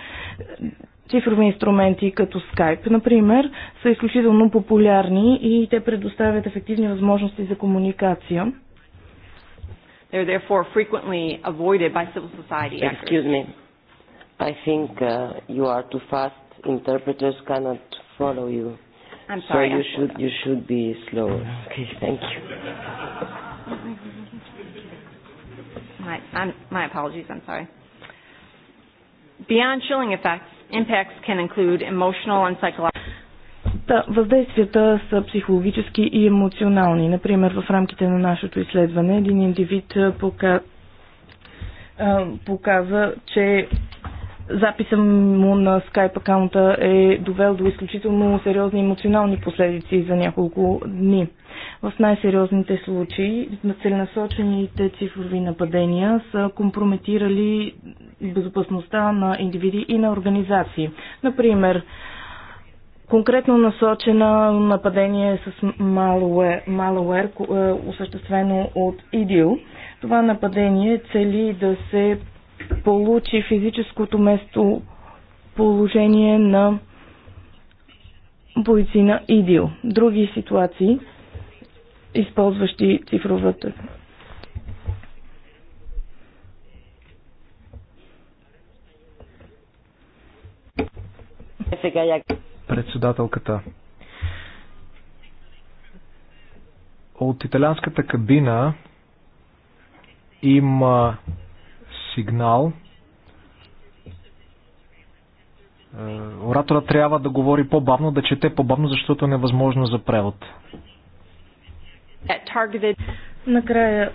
Speaker 2: цифрови инструменти като Skype, например, са изключително популярни и те предоставят ефективни възможности за комуникация
Speaker 1: They're therefore frequently avoided by civil society actors. Excuse me. I think uh, you are too fast. Interpreters cannot follow you. I'm sorry. So you should you should be slower. Okay, thank you. My I'm, my apologies. I'm sorry. Beyond chilling effects, impacts can include emotional and psychological
Speaker 2: да, въздействията са психологически и емоционални. Например, в рамките на нашето изследване един индивид пока... показа, че записа му на Skype акаунта е довел до изключително сериозни емоционални последици за няколко дни. В най-сериозните случаи на целенасочените цифрови нападения са компрометирали безопасността на индивиди и на организации. Например, конкретно насочена нападение с malware, malware е, осъществено от ИДИЛ. Това нападение цели да се получи физическото место положение на бойци на ИДИЛ. Други ситуации, използващи цифровата
Speaker 1: сега я
Speaker 4: Председателката. От италианската кабина има сигнал. Е, Оратора трябва да говори по-бавно, да чете по-бавно, защото е невъзможно за превод.
Speaker 2: Накрая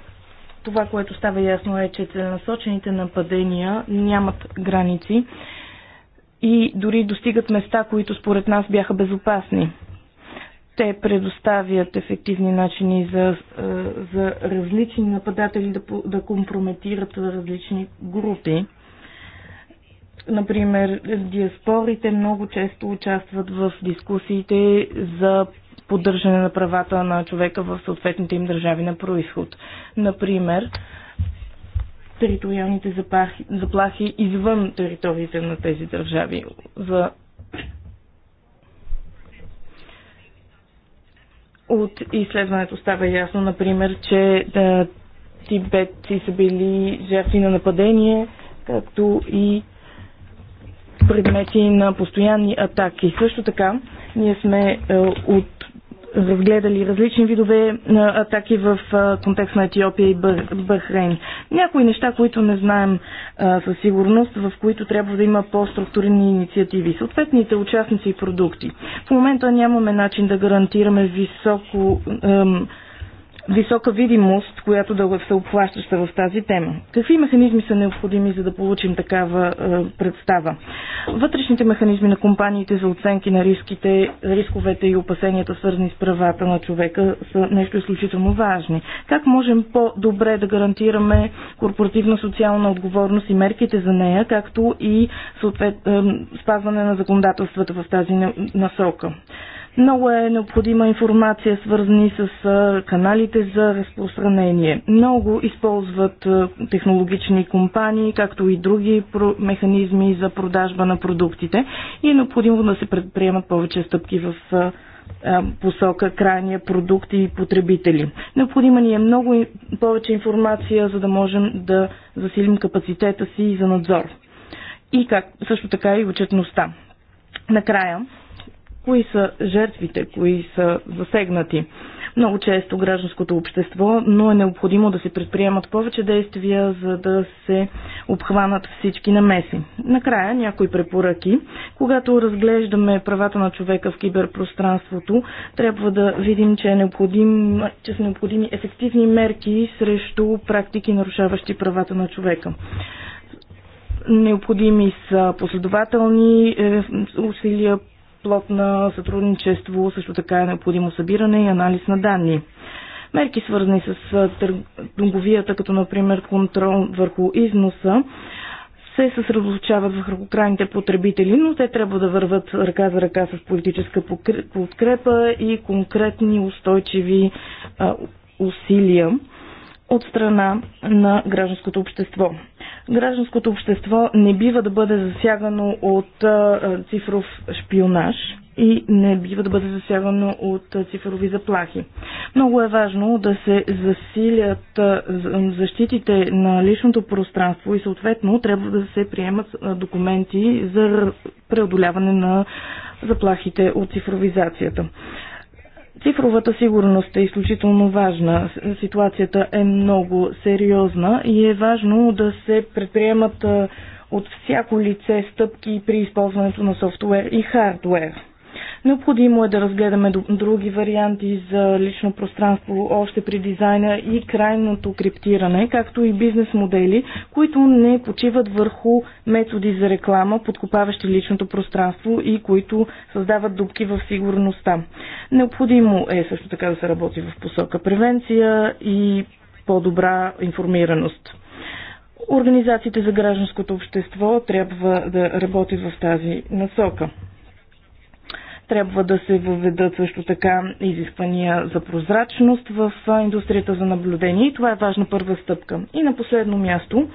Speaker 2: това, което става ясно е, че целенасочените нападения нямат граници и дори достигат места, които според нас бяха безопасни. Те предоставят ефективни начини за, е, за различни нападатели да, да компрометират различни групи. Например, диаспорите много често участват в дискусиите за поддържане на правата на човека в съответните им държави на происход. Например, териториалните запахи, заплахи извън териториите на тези държави за От изследването става ясно, например, че да, е, тибетци са били жертви на нападение, както и предмети на постоянни атаки. Също така, ние сме е, от разгледали различни видове атаки в контекст на Етиопия и Бахрейн. Някои неща, които не знаем със сигурност, в които трябва да има по-структурни инициативи. Съответните участници и продукти. В момента нямаме начин да гарантираме високо А, висока видимост, която да се обхващаща в тази тема. Какви механизми са необходими, за да получим такава е, представа? Вътрешните механизми на компаниите за оценки на риските, рисковете и опасенията, свързани с правата на човека, са нещо изключително важни. Как можем по-добре да гарантираме корпоративна социална отговорност и мерките за нея, както и съответ, е, спазване на законодателствата в тази насока? Много е необходима информация, свързани с каналите за разпространение. Много използват технологични компании, както и други механизми за продажба на продуктите и е необходимо да се предприемат повече стъпки в посока крайния продукт и потребители. Необходима ни е много повече информация, за да можем да засилим капацитета си за надзор. И как, също така и отчетността. Накрая, кои са жертвите, кои са засегнати. Много често гражданското общество, но е необходимо да се предприемат повече действия, за да се обхванат всички намеси. Накрая някои препоръки. Когато разглеждаме правата на човека в киберпространството, трябва да видим, че, е необходим, че са необходими ефективни мерки срещу практики, нарушаващи правата на човека. Необходими са последователни е, усилия плод на сътрудничество, също така е необходимо събиране и анализ на данни. Мерки свързани с търговията, като например контрол върху износа, се съсредоточават върху крайните потребители, но те трябва да върват ръка за ръка с политическа подкрепа и конкретни устойчиви усилия от страна на гражданското общество. Гражданското общество не бива да бъде засягано от цифров шпионаж и не бива да бъде засягано от цифрови заплахи. Много е важно да се засилят защитите на личното пространство и съответно трябва да се приемат документи за преодоляване на заплахите от цифровизацията. Цифровата сигурност е изключително важна. Ситуацията е много сериозна и е важно да се предприемат от всяко лице стъпки при използването на софтуер и хардуер. Необходимо е да разгледаме други варианти за лично пространство още при дизайна и крайното криптиране, както и бизнес модели, които не почиват върху методи за реклама, подкопаващи личното пространство и които създават дубки в сигурността. Необходимо е също така да се работи в посока превенция и по-добра информираност. Организациите за гражданското общество трябва да работят в тази насока. Трябва да се въведат също така изисквания за прозрачност в индустрията за наблюдение и това е важна първа стъпка. И на последно място,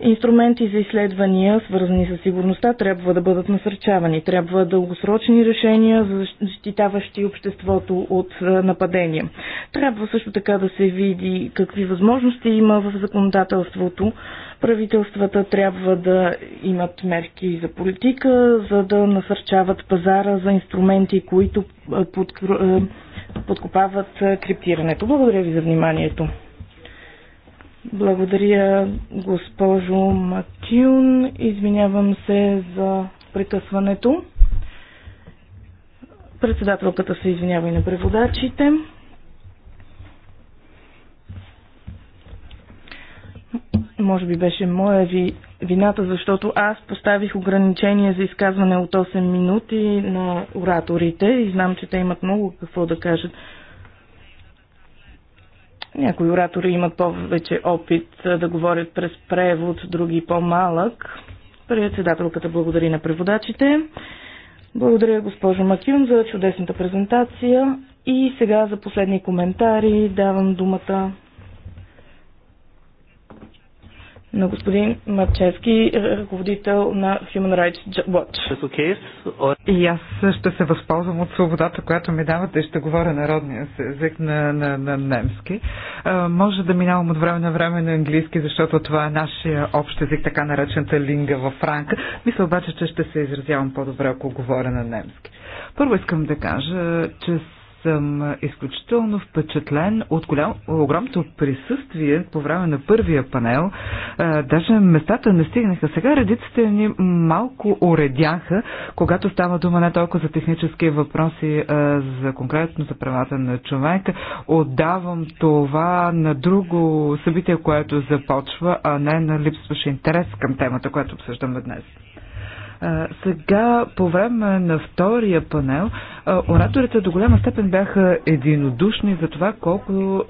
Speaker 2: инструменти за изследвания, свързани с сигурността, трябва да бъдат насърчавани. Трябва дългосрочни решения, защитаващи обществото от нападения. Трябва също така да се види какви възможности има в законодателството, Правителствата трябва да имат мерки за политика, за да насърчават пазара за инструменти, които подкопават криптирането. Благодаря ви за вниманието. Благодаря, госпожо Матюн. Извинявам се за прекъсването. Председателката се извинява и на преводачите. Може би беше моя ви вината, защото аз поставих ограничение за изказване от 8 минути на ораторите и знам, че те имат много какво да кажат. Някои оратори имат повече опит да говорят през превод, други по-малък. Председателката благодари на преводачите. Благодаря, госпожо Макион, за чудесната презентация. И сега за последни коментари давам думата на господин Марчевски, е, ръководител на Human Rights Watch. И аз
Speaker 3: ще се възползвам от свободата, която ми давате и ще говоря народния си език на, на, на немски. А, е, може да минавам от време на време на английски, защото това е нашия общ език, така наречената линга във франка. Мисля обаче, че ще се изразявам по-добре, ако говоря на немски. Първо искам да кажа, че съм изключително впечатлен от голям, огромното присъствие по време на първия панел. Даже местата не стигнаха. Сега редиците ни малко уредяха, когато става дума не толкова за технически въпроси, а за конкретно за правата на човека. Отдавам това на друго събитие, което започва, а не на липсващ интерес към темата, която обсъждаме днес. Сега, по време на втория панел, ораторите до голяма степен бяха единодушни за това колко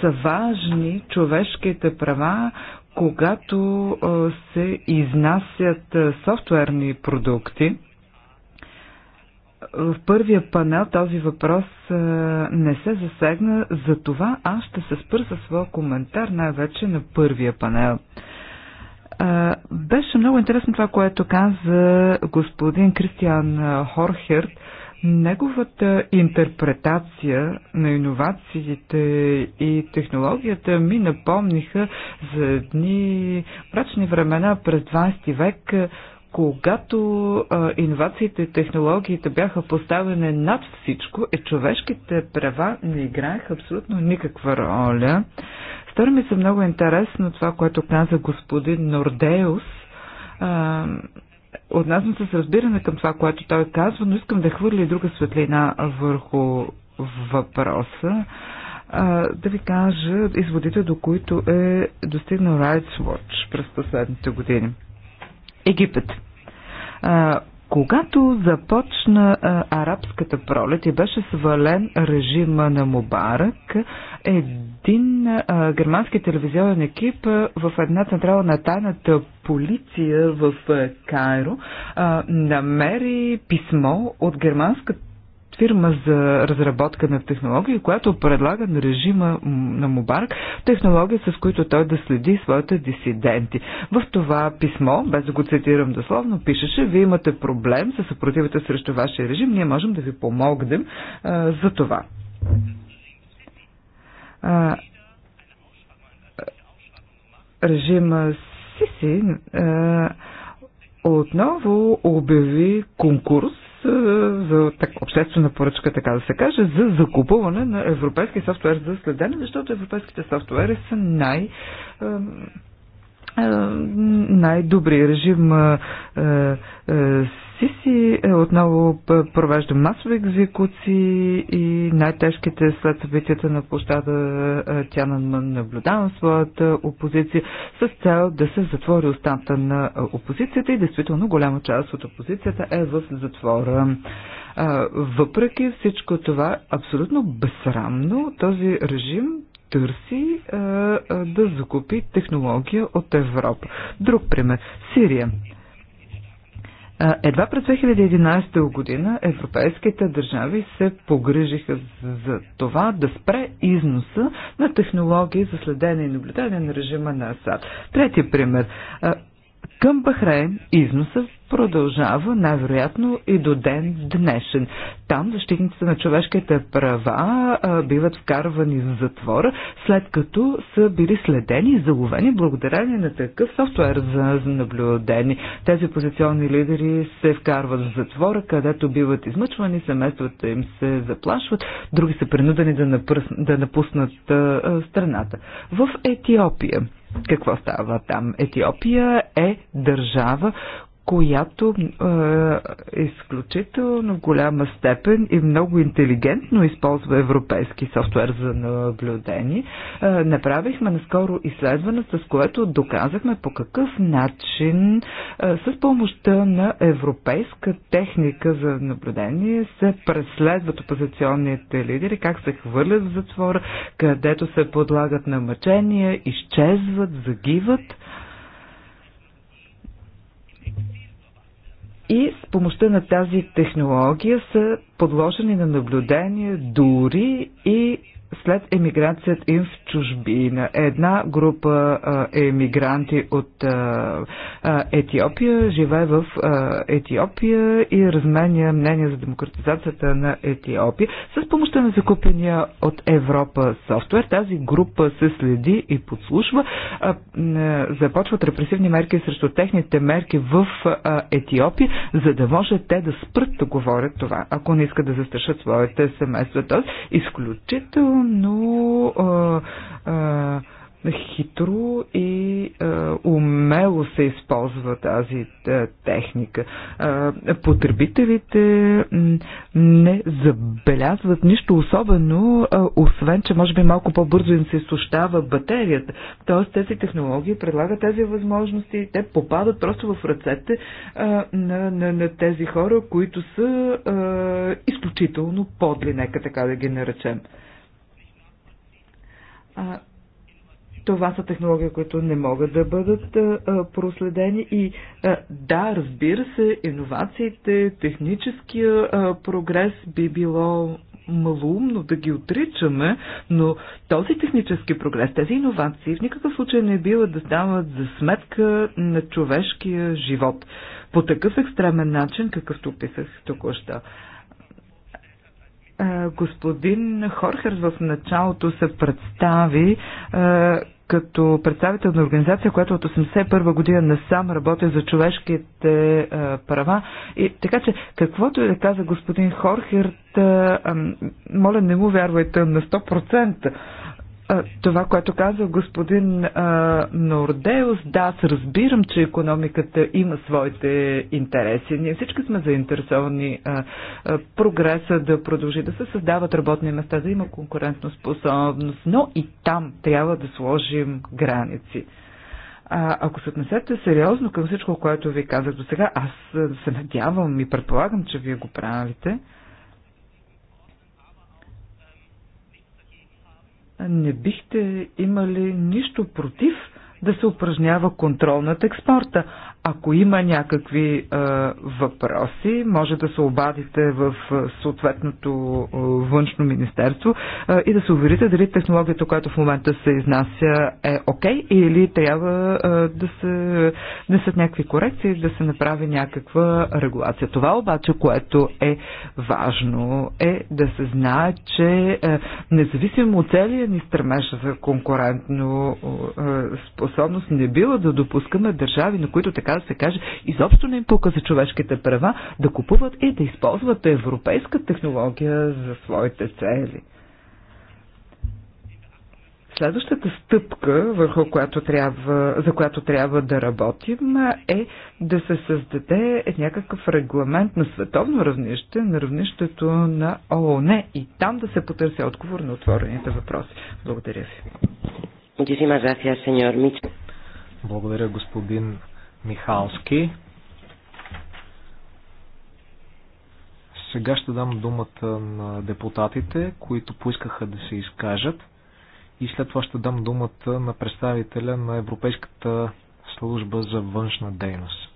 Speaker 3: са важни човешките права, когато се изнасят софтуерни продукти. В първия панел този въпрос не се засегна, за това аз ще се спърза своя коментар най-вече на първия панел. Беше много интересно това, което каза господин Кристиан Хорхерт. Неговата интерпретация на иновациите и технологията ми напомниха за едни мрачни времена през 20 век, когато а, и технологиите бяха поставени над всичко, е човешките права не играеха абсолютно никаква роля. Стори ми се много интересно това, което каза господин Нордеус. Отнасям се с разбиране към това, което той казва, но искам да хвърля и друга светлина върху въпроса. А, да ви кажа изводите, до които е достигнал Rights Watch през последните години. Египет. А, когато започна а, арабската пролет и беше свален режима на Мубарак, един а, германски телевизионен екип а, в една централа на тайната полиция в а, Кайро а, намери писмо от германската фирма за разработка на технологии, която предлага на режима на Мубарк технологии, с които той да следи своите дисиденти. В това писмо, без да го цитирам дословно, пишеше, вие имате проблем с съпротивата срещу вашия режим, ние можем да ви помогнем а, за това. А, режима Сиси а, отново обяви конкурс е, за так, обществена поръчка, така да се каже, за закупуване на европейски софтуер за следене, защото европейските софтуери са най- е, най-добрия режим е, е, Сиси отново провежда масови екзекуции и най-тежките след събитията на площада Тянанмън наблюдава своята опозиция с цел да се затвори устата на опозицията и действително голяма част от опозицията е в затвора. Въпреки всичко това, абсолютно безсрамно този режим търси а, е, а, е, да закупи технология от Европа. Друг пример. Сирия. Е, едва през 2011 година европейските държави се погрижиха за това да спре износа на технологии за следение и наблюдение на режима на Асад. Третия пример. Към Бахрейн износа продължава най-вероятно и до ден днешен. Там защитниците на човешките права а, биват вкарвани в затвора, след като са били следени и заловени благодарение на такъв софтуер за, наблюдени. наблюдение. Тези позиционни лидери се вкарват в затвора, където биват измъчвани, семействата им се заплашват, други са принудени да, напръс, да напуснат а, страната. В Етиопия какво става там? Етиопия е държава, която е, е изключително в голяма степен и много интелигентно използва европейски софтуер за наблюдение. Е, направихме наскоро изследване, с което доказахме по какъв начин е, с помощта на европейска техника за наблюдение се преследват опозиционните лидери, как се хвърлят в затвора, където се подлагат на мъчения, изчезват, загиват. и с помощта на тази технология са подложени на наблюдение дори и след емиграцията им в чужбина. Една група емигранти от Етиопия живее в Етиопия и разменя мнение за демократизацията на Етиопия. С помощта на закупения от Европа софтуер тази група се следи и подслушва. Започват репресивни мерки срещу техните мерки в Етиопия, за да може те да спрат да говорят това, ако не искат да застрашат своите семейства. Тоест, изключително но а, а, хитро и а, умело се използва тази а, техника. А, потребителите не забелязват нищо особено, а, освен, че може би малко по-бързо им се изсощава батерията. Тоест тези технологии предлагат тези възможности, те попадат просто в ръцете а, на, на, на тези хора, които са а, изключително подли, нека така да ги наречем това са технологии, които не могат да бъдат проследени и да, разбира се, иновациите, техническия прогрес би било малумно да ги отричаме, но този технически прогрес, тези иновации в никакъв случай не бива да стават за сметка на човешкия живот. По такъв екстремен начин, какъвто описах току-що господин Хорхер в началото се представи като представител на организация, която от 1981 година насам работи за човешките права. И, така че, каквото и да каза господин Хорхерт, моля не му вярвайте на 100%. Това, което каза господин а, Нордеус, да, аз разбирам, че економиката има своите интереси. Ние всички сме заинтересовани а, а, прогреса да продължи, да се създават работни места, да има конкурентна способност, но и там трябва да сложим граници. А, ако се отнесете сериозно към всичко, което ви казах до сега, аз се надявам и предполагам, че вие го правите, не бихте имали нищо против да се упражнява контрол над експорта. Ако има някакви е, въпроси, може да се обадите в съответното е, външно министерство е, и да се уверите дали технологията, която в момента се изнася е окей okay, или трябва е, да се внесат някакви корекции, да се направи някаква регулация. Това обаче, което е важно, е да се знае, че е, независимо от целия ни стремеж за конкурентно е, способност, не било да допускаме държави, на които така така да се каже, изобщо не им пука за човешките права, да купуват и да използват европейска технология за своите цели. Следващата стъпка, върху която трябва, за която трябва да работим, е да се създаде някакъв регламент на световно равнище, на равнището на ООН и там да се
Speaker 4: потърси отговор на отворените въпроси. Благодаря ви. Благодаря, господин Михалски. Сега ще дам думата на депутатите, които поискаха да се изкажат и след това ще дам думата на представителя на Европейската служба за външна дейност.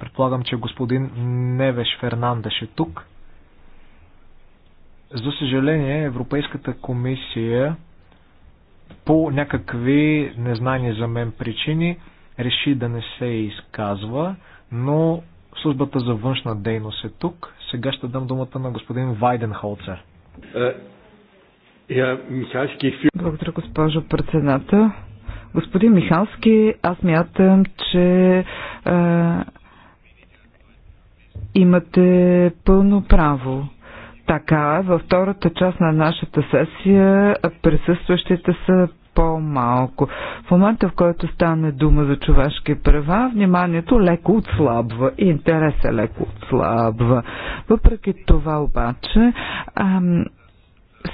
Speaker 4: Предполагам, че господин Невеш Фернандеш е тук. За съжаление, Европейската комисия по някакви незнания за мен причини реши да не се изказва, но службата за външна дейност е тук. Сега ще дам думата на господин Вайденхолцер. Е, Благодаря, госпожо председател.
Speaker 3: Господин Михалски, аз мятам, че е, имате пълно право. Така, е. във втората част на нашата сесия присъстващите са по-малко. В момента, в който стане дума за човешки права, вниманието леко отслабва и интереса леко отслабва. Въпреки това обаче, ам,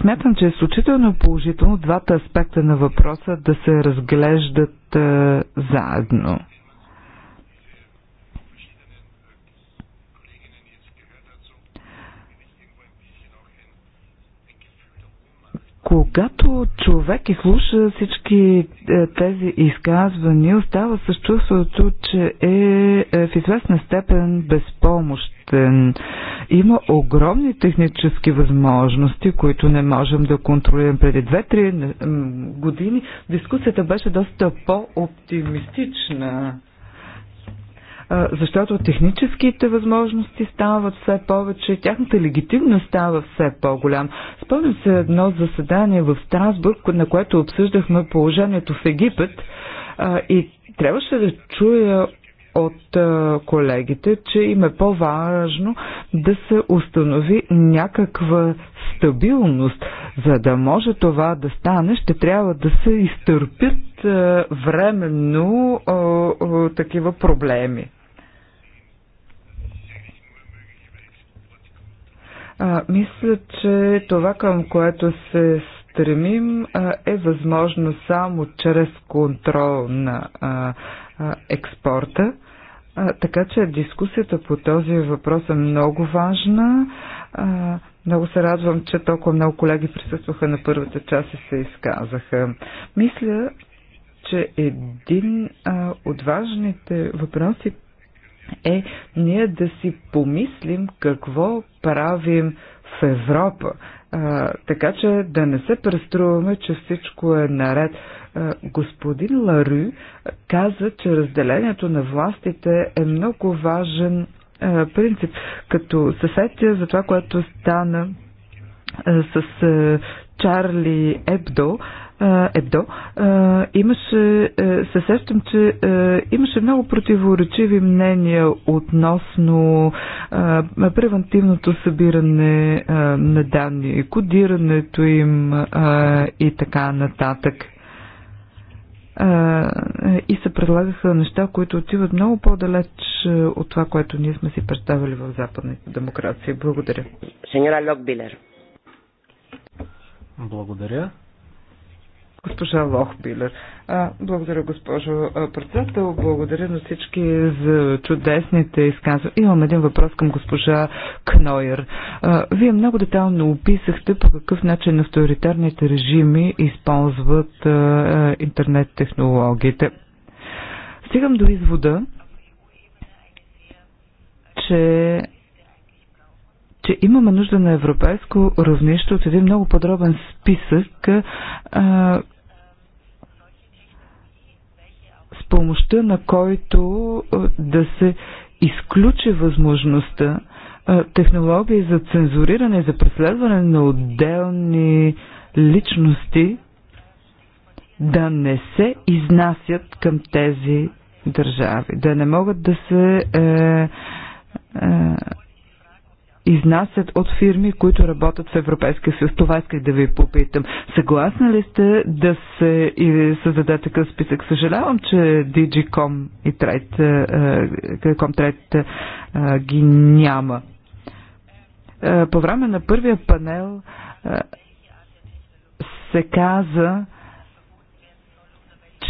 Speaker 3: смятам, че е изключително положително двата аспекта на въпроса да се разглеждат а, заедно. Когато човек изслуша е всички е, тези изказвания, остава с чувството, че е, е в известна степен безпомощен. Има огромни технически възможности, които не можем да контролираме. Преди 2-3 години дискусията беше доста по-оптимистична защото техническите възможности стават все повече, тяхната легитимност става все по-голям. Спомням се едно заседание в Страсбург, на което обсъждахме положението в Египет и трябваше да чуя от колегите, че им е по-важно да се установи някаква стабилност. За да може това да стане, ще трябва да се изтърпят временно такива проблеми. А, мисля, че това, към което се стремим, а, е възможно само чрез контрол на а, а, експорта. А, така че дискусията по този въпрос е много важна. А, много се радвам, че толкова много колеги присъстваха на първата част и се изказаха. Мисля, че един а, от важните въпроси, е ние да си помислим какво правим в Европа. А, така че да не се преструваме, че всичко е наред. А, господин Ларю каза, че разделението на властите е много важен а, принцип, като съсетия за това, което стана а, с а, Чарли Ебдо. А, Ебдо, имаше, е, се сещам, че е, имаше много противоречиви мнения относно превентивното събиране на данни, кодирането им и така нататък и се предлагаха неща, които отиват много по-далеч е, от това, което ние сме си представили в западните демокрации. Благодаря.
Speaker 1: Сеньора Локбилер.
Speaker 4: Благодаря госпожа Лохбилер.
Speaker 3: Благодаря, госпожо председател. Благодаря на всички за чудесните изказвания. Имам един въпрос към госпожа Кнойер. Вие много детално описахте по какъв начин авторитарните режими използват интернет технологиите. Стигам до извода, че че имаме нужда на европейско равнище от един много подробен списък, а, помощта на който да се изключи възможността технологии за цензуриране, за преследване на отделни личности да не се изнасят към тези държави, да не могат да се е, е, изнасят от фирми, които работят в Европейския съюз. Това исках да ви попитам. Съгласна ли сте да се или създаде такъв списък? Съжалявам, че DigiCom и Trade.com е, е, е, ги няма. По време на първия панел се каза,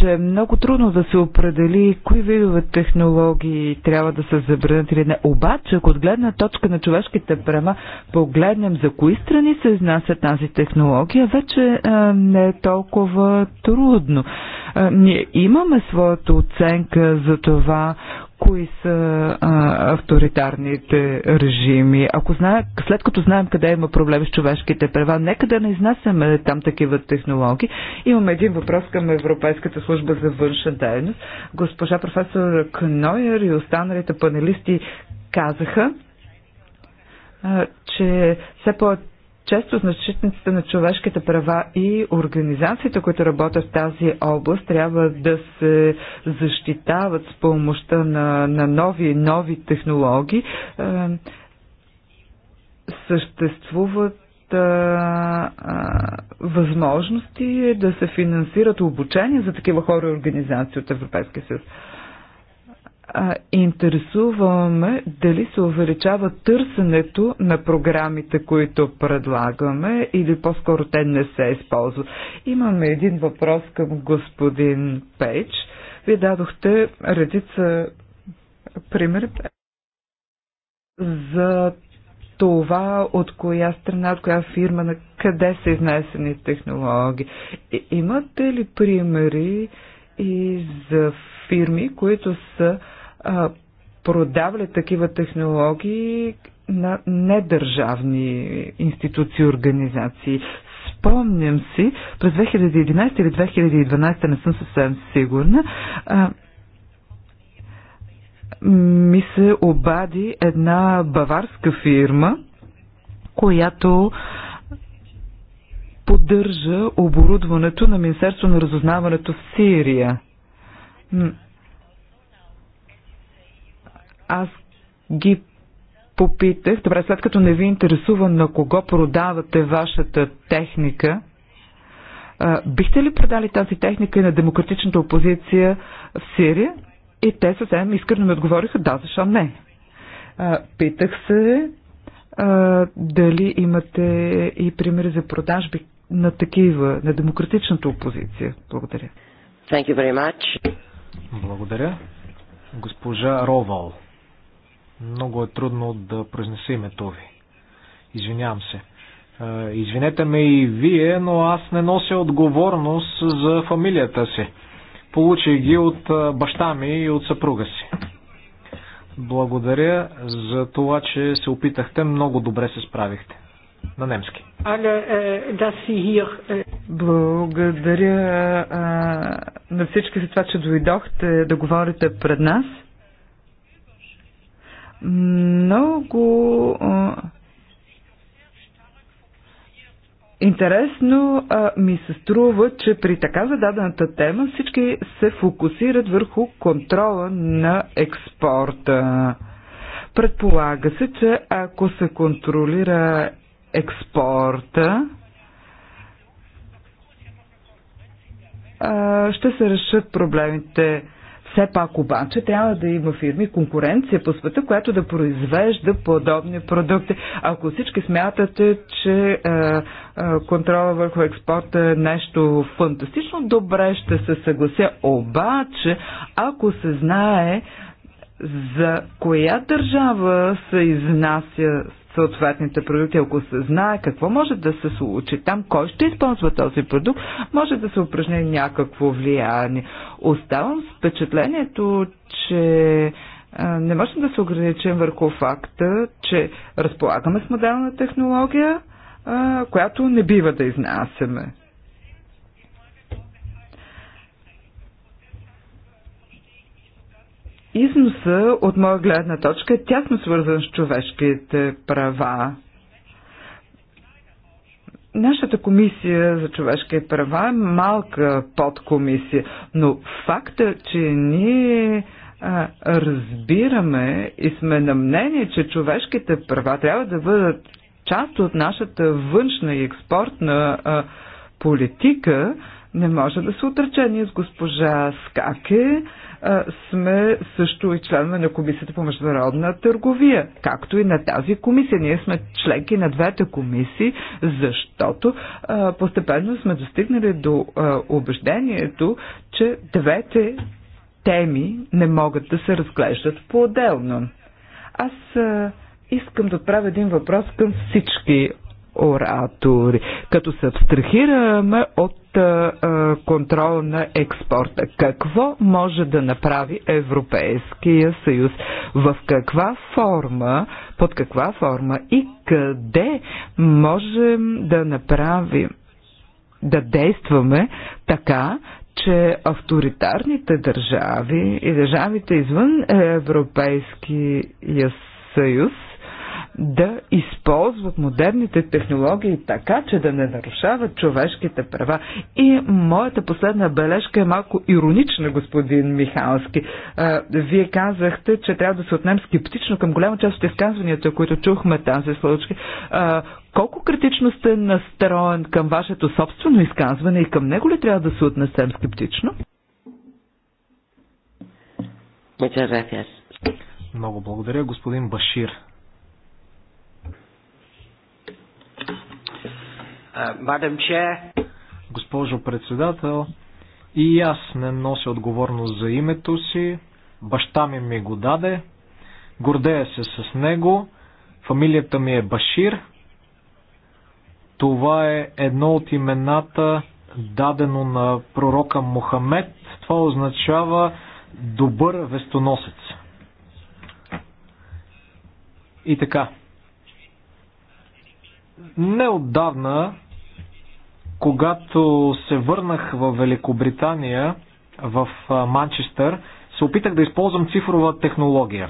Speaker 3: че е много трудно да се определи кои видове технологии трябва да се забранят или не. Обаче, ако от гледна точка на човешките права погледнем за кои страни се изнасят тази технология, вече а, не е толкова трудно. А, ние имаме своята оценка за това, кои са а, авторитарните режими. Ако знае, след като знаем къде има проблем с човешките права, нека да не изнасяме там такива технологии. Имаме един въпрос към Европейската служба за външна дейност. Госпожа професор Кнойер и останалите панелисти казаха, а, че все по често защитниците на човешките права и организациите, които работят в тази област, трябва да се защитават с помощта на, на нови нови технологии. Е, съществуват а, а, възможности да се финансират обучение за такива хора и организации от Европейския съюз интересуваме дали се увеличава търсенето на програмите, които предлагаме, или по-скоро те не се използват. Имаме един въпрос към господин Пейдж. Вие дадохте редица пример за това от коя страна, от коя фирма, на къде са изнесени технологии. Имате ли примери и за фирми, които са продавали такива технологии на недържавни институции и организации. Спомням си, през 2011 или 2012, не съм съвсем сигурна, а, ми се обади една баварска фирма, която поддържа оборудването на Министерство на разузнаването в Сирия. Аз ги попитах, добре, след като не ви интересува на кого продавате вашата техника, бихте ли продали тази техника на демократичната опозиция в Сирия? И те съвсем искрено ми отговориха, да, защо не? Питах се дали имате и примери за продажби на такива, на демократичната опозиция. Благодаря.
Speaker 4: Thank you very much. Благодаря. Госпожа Ровал. Много е трудно да произнеса името ви. Извинявам се. Извинете ме и вие, но аз не нося отговорност за фамилията си. Получих ги от баща ми и от съпруга си. Благодаря за това, че се опитахте. Много добре се справихте. На немски.
Speaker 3: Е, е. Благодаря на всички за това, че дойдохте да говорите пред нас. Много интересно а, ми се струва, че при така зададената тема всички се фокусират върху контрола на експорта. Предполага се, че ако се контролира експорта, ще се решат проблемите все пак обаче трябва да има фирми, конкуренция по света, която да произвежда подобни продукти. Ако всички смятате, че е, е, контрола върху експорта е нещо фантастично, добре ще се съглася. Обаче, ако се знае за коя държава се изнася съответните продукти, ако се знае какво може да се случи там, кой ще използва този продукт, може да се упражне някакво влияние. Оставам с впечатлението, че не можем да се ограничим върху факта, че разполагаме с модерна технология, която не бива да изнасяме. износа, от моя гледна точка, е тясно свързан с човешките права. Нашата комисия за човешки права е малка подкомисия, но факта, че ние а, разбираме и сме на мнение, че човешките права трябва да бъдат част от нашата външна и експортна а, политика, не може да се отрече. Ние с госпожа Скаке сме също и членове на Комисията по международна търговия, както и на тази комисия. Ние сме членки на двете комисии, защото постепенно сме достигнали до убеждението, че двете теми не могат да се разглеждат по-отделно. Аз искам да отправя един въпрос към всички оратори, като се абстрахираме от контрол на експорта. Какво може да направи Европейския съюз? В каква форма, под каква форма и къде можем да направим, да действаме така, че авторитарните държави и държавите извън Европейския съюз да използват модерните технологии така, че да не нарушават човешките права. И моята последна бележка е малко иронична, господин Михалски. Вие казахте, че трябва да се отнем скептично към голяма част от изказванията, които чухме тази случка. Колко критично сте настроен към вашето собствено изказване и към него ли трябва да се отнесем скептично?
Speaker 4: Много благодаря, господин Башир. Госпожо председател, и аз не нося отговорност за името си. Баща ми ми го даде. Гордея се с него. Фамилията ми е Башир. Това е едно от имената дадено на пророка Мохамед. Това означава добър вестоносец. И така. Неотдавна когато се върнах в Великобритания, в Манчестър, се опитах да използвам цифрова технология.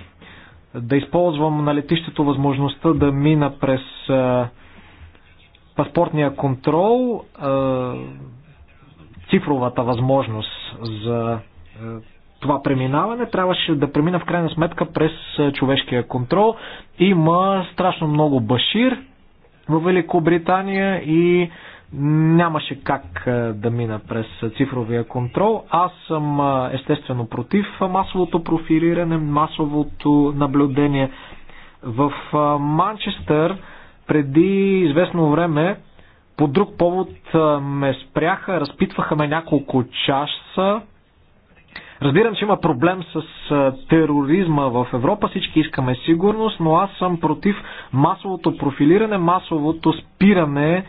Speaker 4: Да използвам на летището възможността да мина през паспортния контрол, цифровата възможност за това преминаване, трябваше да премина в крайна сметка през човешкия контрол. Има страшно много башир в Великобритания и нямаше как да мина през цифровия контрол. Аз съм естествено против масовото профилиране, масовото наблюдение. В Манчестър преди известно време по друг повод ме спряха, разпитваха ме няколко часа. Разбирам, че има проблем с тероризма в Европа, всички искаме сигурност, но аз съм против масовото профилиране, масовото спиране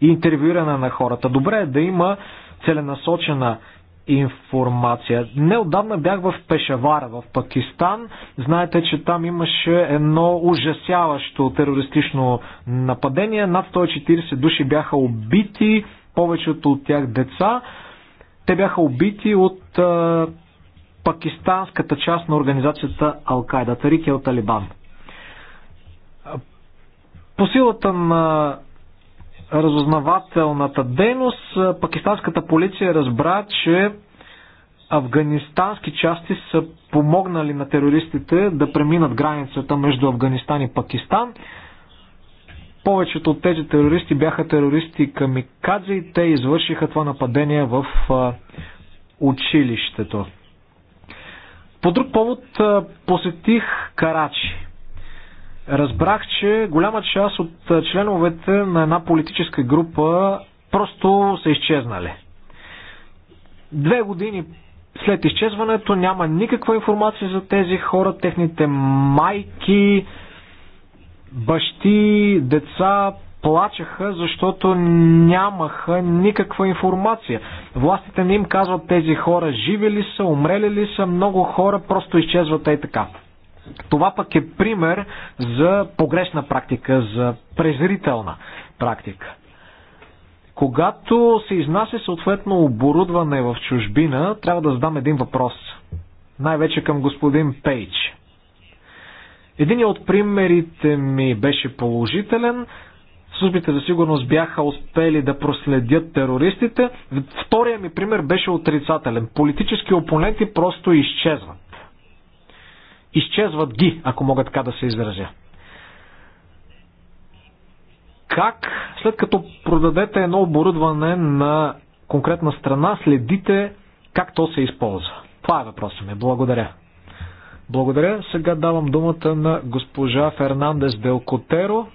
Speaker 4: интервюиране на хората. Добре е да има целенасочена информация. Неодавна бях в Пешавара, в Пакистан. Знаете, че там имаше едно ужасяващо терористично нападение. Над 140 души бяха убити, повечето от тях деца. Те бяха убити от е, пакистанската част на организацията Ал-Кайда, е от Талибан. По силата на разузнавателната дейност, пакистанската полиция разбра, че афганистански части са помогнали на терористите да преминат границата между Афганистан и Пакистан. Повечето от тези терористи бяха терористи камикадзе и те извършиха това нападение в училището. По друг повод посетих Карачи разбрах, че голяма част от членовете на една политическа група просто са изчезнали. Две години след изчезването няма никаква информация за тези хора, техните майки, бащи, деца плачеха, защото нямаха никаква информация. Властите не им казват тези хора живи ли са, умрели ли са, много хора просто изчезват и така. Това пък е пример за погрешна практика, за презрителна практика. Когато се изнася съответно оборудване в чужбина, трябва да задам един въпрос. Най-вече към господин Пейдж. Един от примерите ми беше положителен. Службите за сигурност бяха успели да проследят терористите. Втория ми пример беше отрицателен. Политически опоненти просто изчезват. Изчезват ги, ако мога така да се изразя. Как, след като продадете едно оборудване на конкретна страна, следите как то се използва? Това е въпросът ми. Благодаря. Благодаря. Сега давам думата на госпожа Фернандес Делкотеро.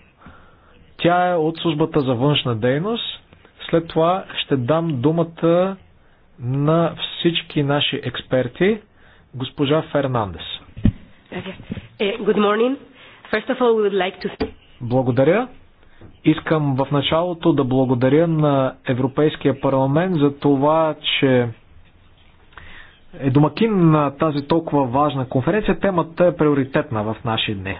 Speaker 4: Тя е от службата за външна дейност. След това ще дам думата на всички наши експерти. Госпожа Фернандес.
Speaker 1: Eh, good morning. First of all, we would like to...
Speaker 4: Благодаря. Искам в началото да благодаря на Европейския парламент за това, че е домакин на тази толкова важна конференция. Темата е приоритетна в наши дни.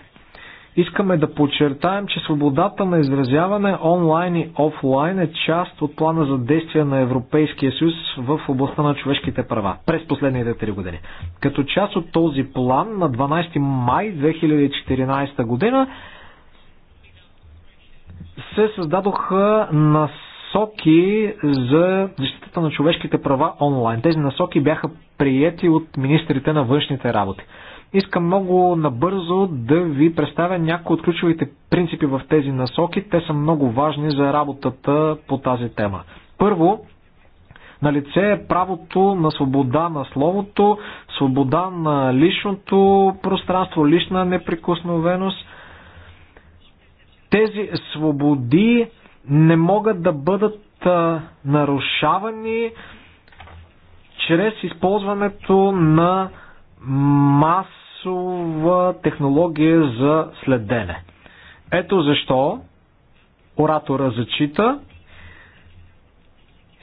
Speaker 4: Искаме да подчертаем, че свободата на изразяване онлайн и офлайн е част от плана за действие на Европейския съюз в областта на човешките права през последните три години. Като част от този план на 12 май 2014 година се създадоха насоки за защитата на човешките права онлайн. Тези насоки бяха приети от министрите на външните работи. Искам много набързо да ви представя някои от ключовите принципи в тези насоки. Те са много важни за работата по тази тема. Първо, на лице е правото на свобода на словото, свобода на личното пространство, лична неприкосновеност. Тези свободи не могат да бъдат нарушавани чрез използването на мас масова технология за следене. Ето защо оратора зачита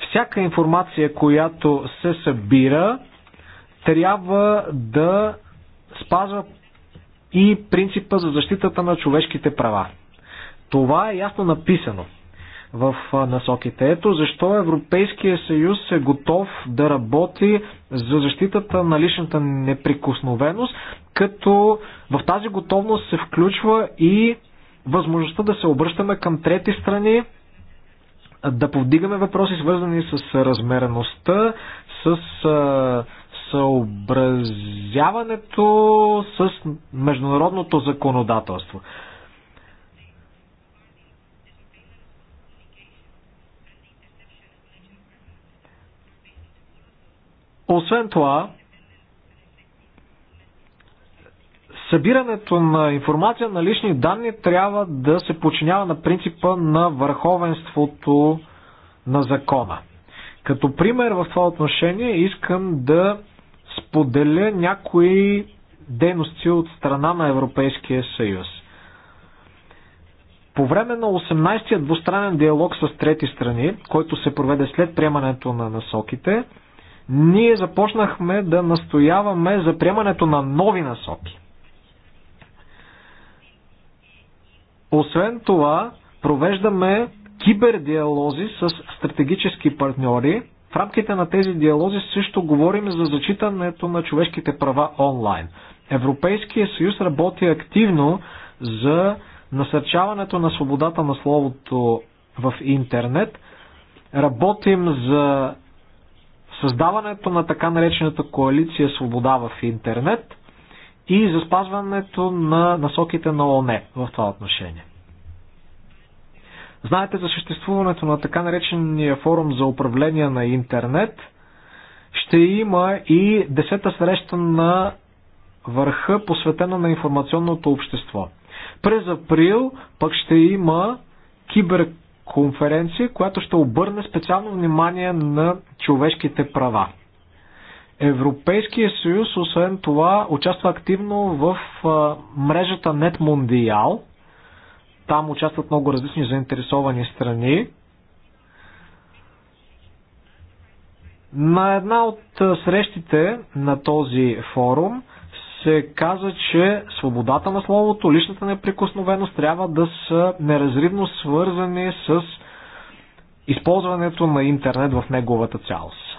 Speaker 4: всяка информация, която се събира, трябва да спазва и принципа за защитата на човешките права. Това е ясно написано в насоките. Ето защо Европейския съюз е готов да работи за защитата на личната неприкосновеност, като в тази готовност се включва и възможността да се обръщаме към трети страни, да повдигаме въпроси, свързани с размереността, с съобразяването с международното законодателство. Освен това, събирането на информация на лични данни трябва да се подчинява на принципа на върховенството на закона. Като пример в това отношение искам да споделя някои дейности от страна на Европейския съюз. По време на 18-я двустранен диалог с трети страни, който се проведе след приемането на насоките, ние започнахме да настояваме за приемането на нови насоки. Освен това, провеждаме кибердиалози с стратегически партньори. В рамките на тези диалози също говорим за зачитането на човешките права онлайн. Европейския съюз работи активно за насърчаването на свободата на словото в интернет. Работим за създаването на така наречената коалиция Свобода в интернет и за спазването на насоките на ОНЕ в това отношение. Знаете за съществуването на така наречения форум за управление на интернет. Ще има и десета среща на върха, посветена на информационното общество. През април пък ще има кибер конференция, която ще обърне специално внимание на човешките права. Европейския съюз, освен това, участва активно в мрежата Net Mondial. Там участват много различни заинтересовани страни. На една от срещите на този форум се каза, че свободата на словото, личната неприкосновеност трябва да са неразривно свързани с използването на интернет в неговата цялост.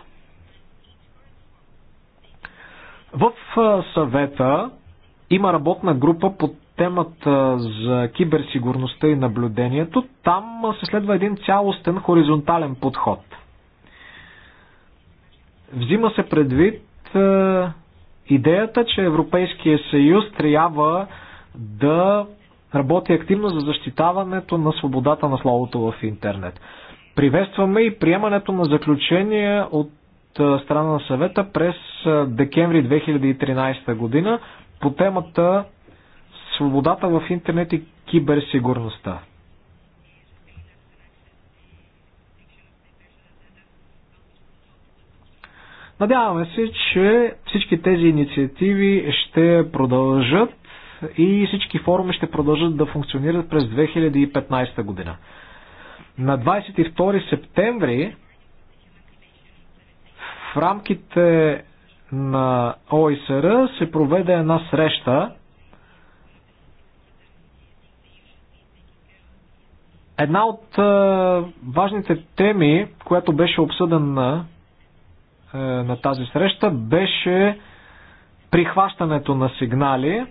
Speaker 4: В съвета има работна група по темата за киберсигурността и наблюдението. Там се следва един цялостен хоризонтален подход. Взима се предвид Идеята, че Европейския съюз трябва да работи активно за защитаването на свободата на словото в интернет. Приветстваме и приемането на заключение от страна на съвета през декември 2013 година по темата Свободата в интернет и киберсигурността. Надяваме се, че всички тези инициативи ще продължат и всички форуми ще продължат да функционират през 2015 година. На 22 септември в рамките на ОИСР се проведе една среща, Една от а, важните теми, която беше обсъдена е, на тази среща беше прихващането на сигнали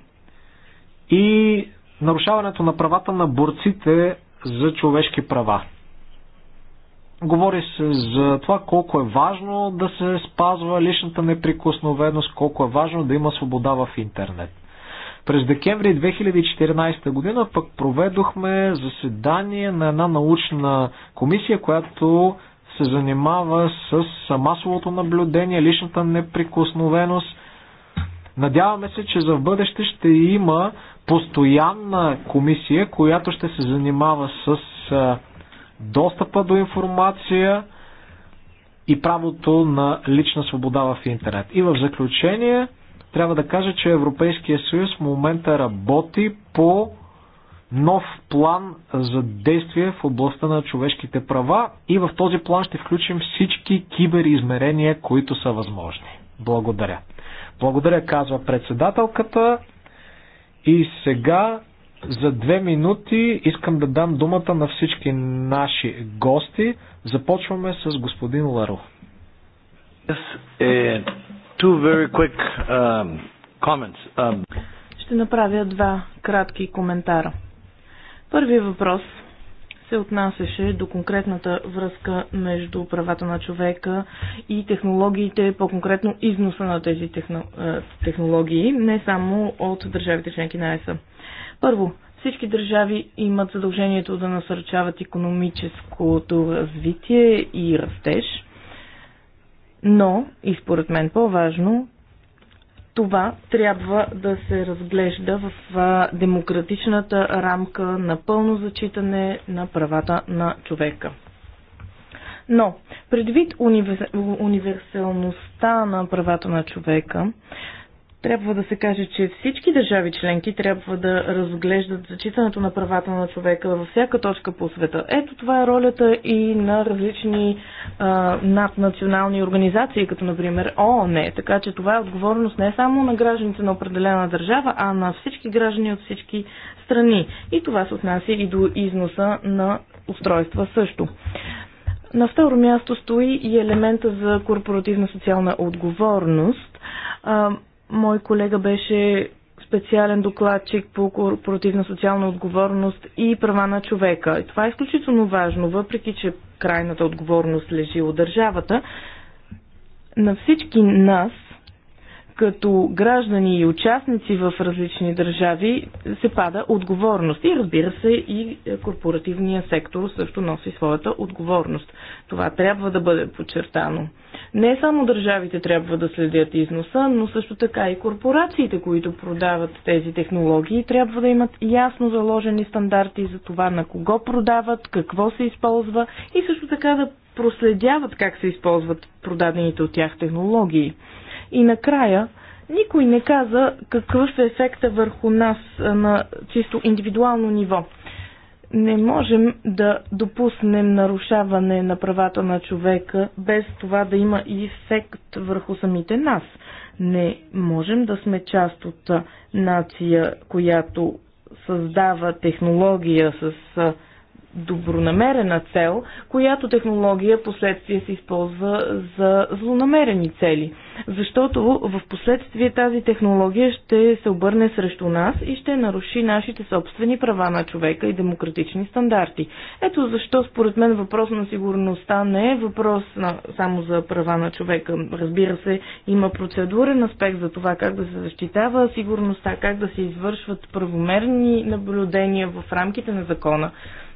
Speaker 4: и нарушаването на правата на борците за човешки права. Говори се за това колко е важно да се спазва личната неприкосновеност, колко е важно да има свобода в интернет. През декември 2014 година пък проведохме заседание на една научна комисия, която се занимава с масовото наблюдение, личната неприкосновеност. Надяваме се, че за бъдеще ще има постоянна комисия, която ще се занимава с достъпа до информация и правото на лична свобода в интернет. И в заключение трябва да кажа, че Европейския съюз в момента работи по нов план за действие в областта на човешките права и в този план ще включим всички киберизмерения, които са възможни. Благодаря. Благодаря, казва председателката. И сега за две минути искам да дам думата на всички наши гости. Започваме с господин Ларо. Е, um, um,
Speaker 2: ще направя два кратки коментара. Първият въпрос се отнасяше до конкретната връзка между правата на човека и технологиите, по-конкретно износа на тези е, технологии, не само от държавите членки на ЕСА. Първо, всички държави имат задължението да насърчават економическото развитие и растеж, но, и според мен по-важно, това трябва да се разглежда в демократичната рамка на пълно зачитане на правата на човека. Но, предвид универсалността на правата на човека, трябва да се каже, че всички държави членки трябва да разглеждат зачитането на правата на човека във всяка точка по света. Ето това е ролята и на различни а, наднационални организации, като например ООН. Така че това е отговорност не само на гражданите на определена държава, а на всички граждани от всички страни. И това се отнася и до износа на устройства също. На второ място стои и елемента за корпоративна социална отговорност Мой колега беше специален докладчик по корпоративна социална отговорност и права на човека. И това е изключително важно, въпреки че крайната отговорност лежи от държавата. На всички нас като граждани и участници в различни държави се пада отговорност. И разбира се, и корпоративния сектор също носи своята отговорност. Това трябва да бъде подчертано. Не само държавите трябва да следят износа, но също така и корпорациите, които продават тези технологии, трябва да имат ясно заложени стандарти за това на кого продават, какво се използва и също така да проследяват как се използват продадените от тях технологии. И накрая, никой не каза какъв е ефекта върху нас на чисто индивидуално ниво. Не можем да допуснем нарушаване на правата на човека без това да има и ефект върху самите нас. Не можем да сме част от нация, която създава технология с добронамерена цел, която технология последствие се използва за злонамерени цели. Защото в последствие тази технология ще се обърне срещу нас и ще наруши нашите собствени права на човека и демократични стандарти. Ето защо според мен въпрос на сигурността не е въпрос на, само за права на човека. Разбира се, има процедурен аспект за това как да се защитава сигурността, как да се извършват правомерни наблюдения в рамките на закона.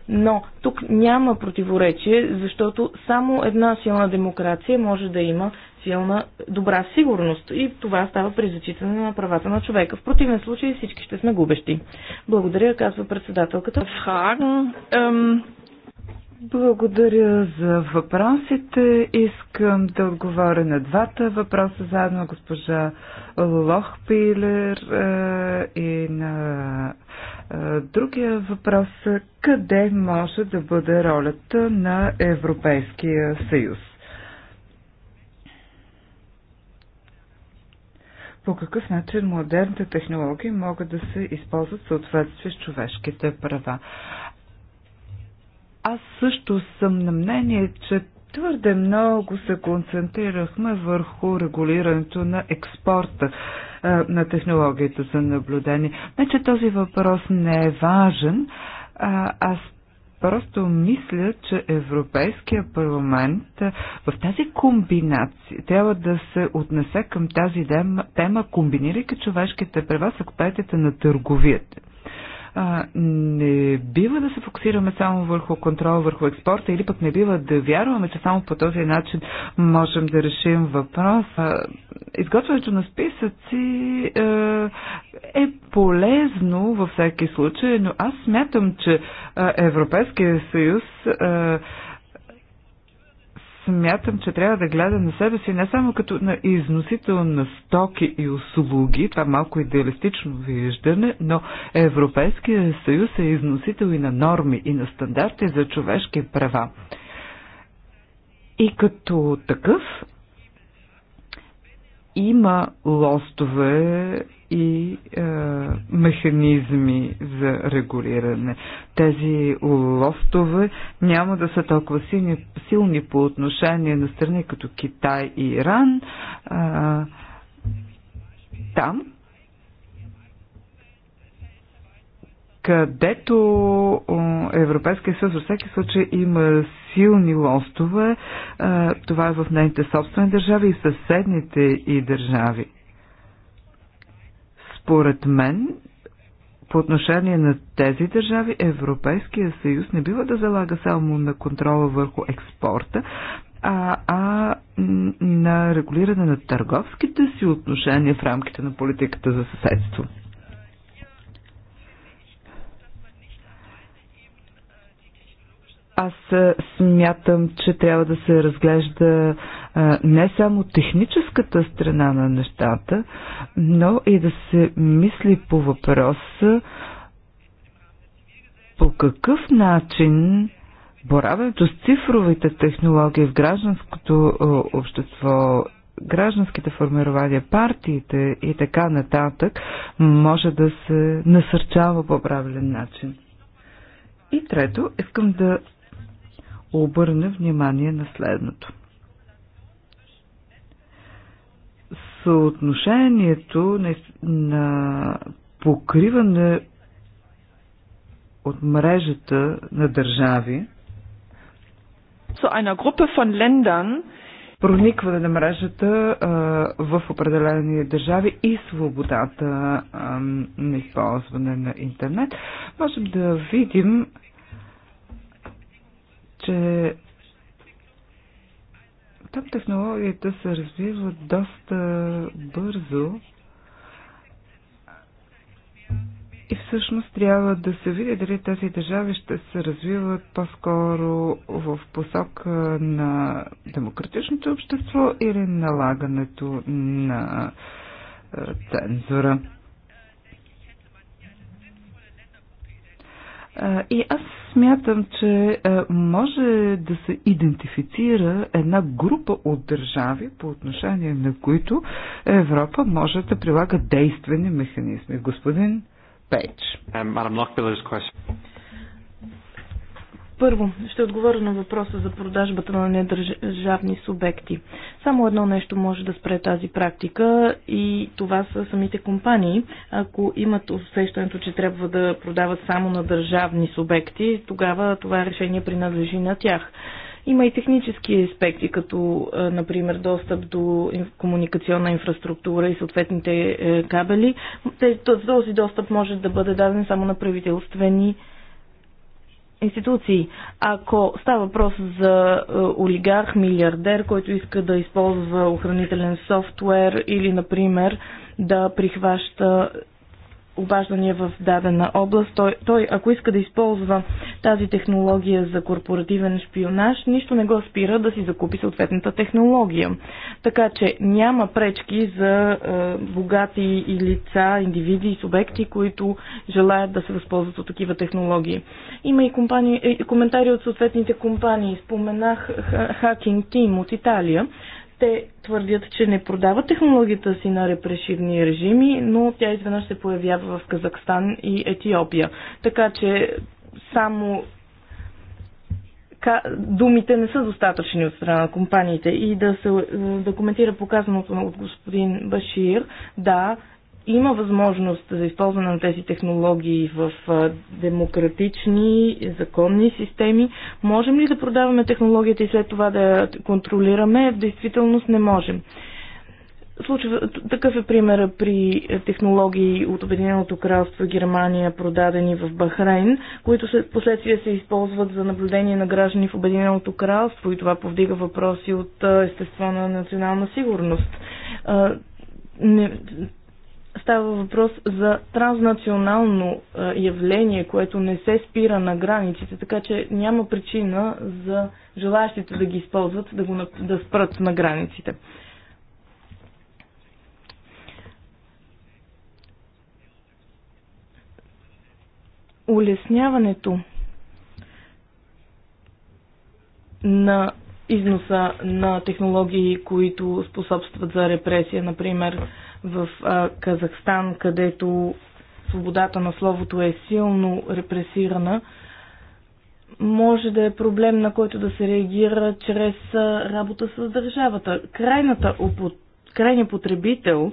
Speaker 2: Но тук няма противоречие, защото само една силна демокрация може да има силна, добра сигурност. И това става при зачитане на правата на човека. В противен случай всички ще сме губещи. Благодаря, казва председателката. Благодаря за
Speaker 3: въпросите. Искам да отговоря на двата въпроса заедно госпожа Лохпилер е, и на е, другия въпрос е къде може да бъде ролята на Европейския съюз? По какъв начин модерните технологии могат да се използват в съответствие с човешките права? Аз също съм на мнение, че Твърде много се концентрирахме върху регулирането на експорта на технологията за наблюдение. Не, че този въпрос не е важен. А, аз Просто мисля, че Европейския парламент в тази комбинация трябва да се отнесе към тази тема, комбинирайки човешките права с аспектите на търговията не бива да се фокусираме само върху контрол върху експорта или пък не бива да вярваме, че само по този начин можем да решим въпрос. Изготвянето на списъци е полезно във всеки случай, но аз смятам, че Европейския съюз смятам, че трябва да гледа на себе си не само като на износител на стоки и услуги, това малко идеалистично виждане, но Европейския съюз е износител и на норми, и на стандарти за човешки права. И като такъв има лостове и е, механизми за регулиране. Тези лостове няма да са толкова силни, силни по отношение на страни като Китай и Иран. Е, там където Европейския съюз във всеки случай има силни лостове, това е в нейните собствени държави и съседните и държави. Според мен, по отношение на тези държави, Европейския съюз не бива да залага само на контрола върху експорта, а, а на регулиране на търговските си отношения в рамките на политиката за съседство. Аз смятам, че трябва да се разглежда не само техническата страна на нещата, но и да се мисли по въпроса по какъв начин боравенето с цифровите технологии в гражданското общество, гражданските формирования, партиите и така нататък може да се насърчава по правилен начин. И трето, искам да Обърна внимание на следното. Съотношението на, на покриване от мрежата на държави проникване на мрежата а, в определени държави и свободата а, на използване на интернет, можем да видим че там технологията се развива доста бързо и всъщност трябва да се види дали тези държави ще се развиват по-скоро в посока на демократичното общество или налагането на цензура. И аз смятам, че може да се идентифицира една група от държави, по отношение на които Европа може да прилага действени механизми. Господин Пейдж.
Speaker 2: Първо, ще отговоря на въпроса за продажбата на недържавни субекти. Само едно нещо може да спре тази практика и това са самите компании. Ако имат усещането, че трябва да продават само на държавни субекти, тогава това решение принадлежи на тях. Има и технически аспекти, като, е, например, достъп до комуникационна инфраструктура и съответните е, кабели. Този достъп може да бъде даден само на правителствени институции. Ако става въпрос за е, олигарх, милиардер, който иска да използва охранителен софтуер или, например, да прихваща обаждания в дадена област, той, той ако иска да използва тази технология за корпоративен шпионаж, нищо не го спира да си закупи съответната технология. Така че няма пречки за е, богати и лица, индивиди и субекти, които желаят да се възползват от такива технологии. Има и компании, и коментари от съответните компании. Споменах Hacking Team от Италия. Те твърдят, че не продават технологията си на репресивни режими, но тя изведнъж се появява в Казахстан и Етиопия. Така че само думите не са достатъчни от страна на компаниите. И да се е, да коментира показаното от господин Башир, да, има възможност за използване на тези технологии в демократични, законни системи. Можем ли да продаваме технологията и след това да я контролираме? В действителност не можем. Случва, такъв е пример при технологии от Обединеното кралство Германия, продадени в Бахрейн, които след последствие се използват за наблюдение на граждани в Обединеното кралство и това повдига въпроси от естество на национална сигурност не, Става въпрос за транснационално е, явление, което не се спира на границите, така че няма причина за желаящите да ги използват да, го, да спрат на границите. Улесняването на износа на технологии, които способстват за репресия, например в а, Казахстан, където свободата на словото е силно репресирана, може да е проблем, на който да се реагира чрез работа с държавата. Крайната, крайният потребител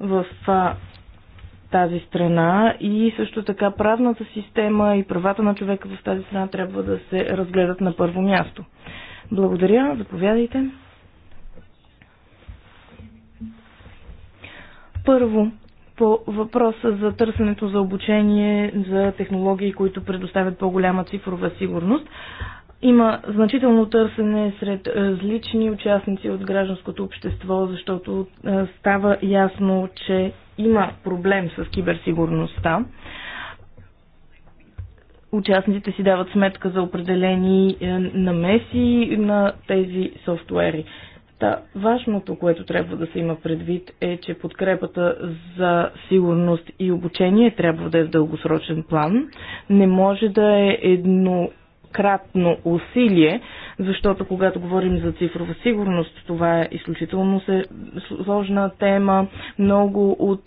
Speaker 2: в а, тази страна и също така правната система и правата на човека в тази страна трябва да се разгледат на първо място. Благодаря, заповядайте. Първо, по въпроса за търсенето за обучение за технологии, които предоставят по-голяма цифрова сигурност. Има значително търсене сред различни участници от гражданското общество, защото е, става ясно, че има проблем с киберсигурността. Участниците си дават сметка за определени е, намеси на тези софтуери. Та, важното, което трябва да се има предвид е, че подкрепата за сигурност и обучение трябва да е в дългосрочен план. Не може да е едно кратно усилие, защото когато говорим за цифрова сигурност, това е изключително сложна тема. Много от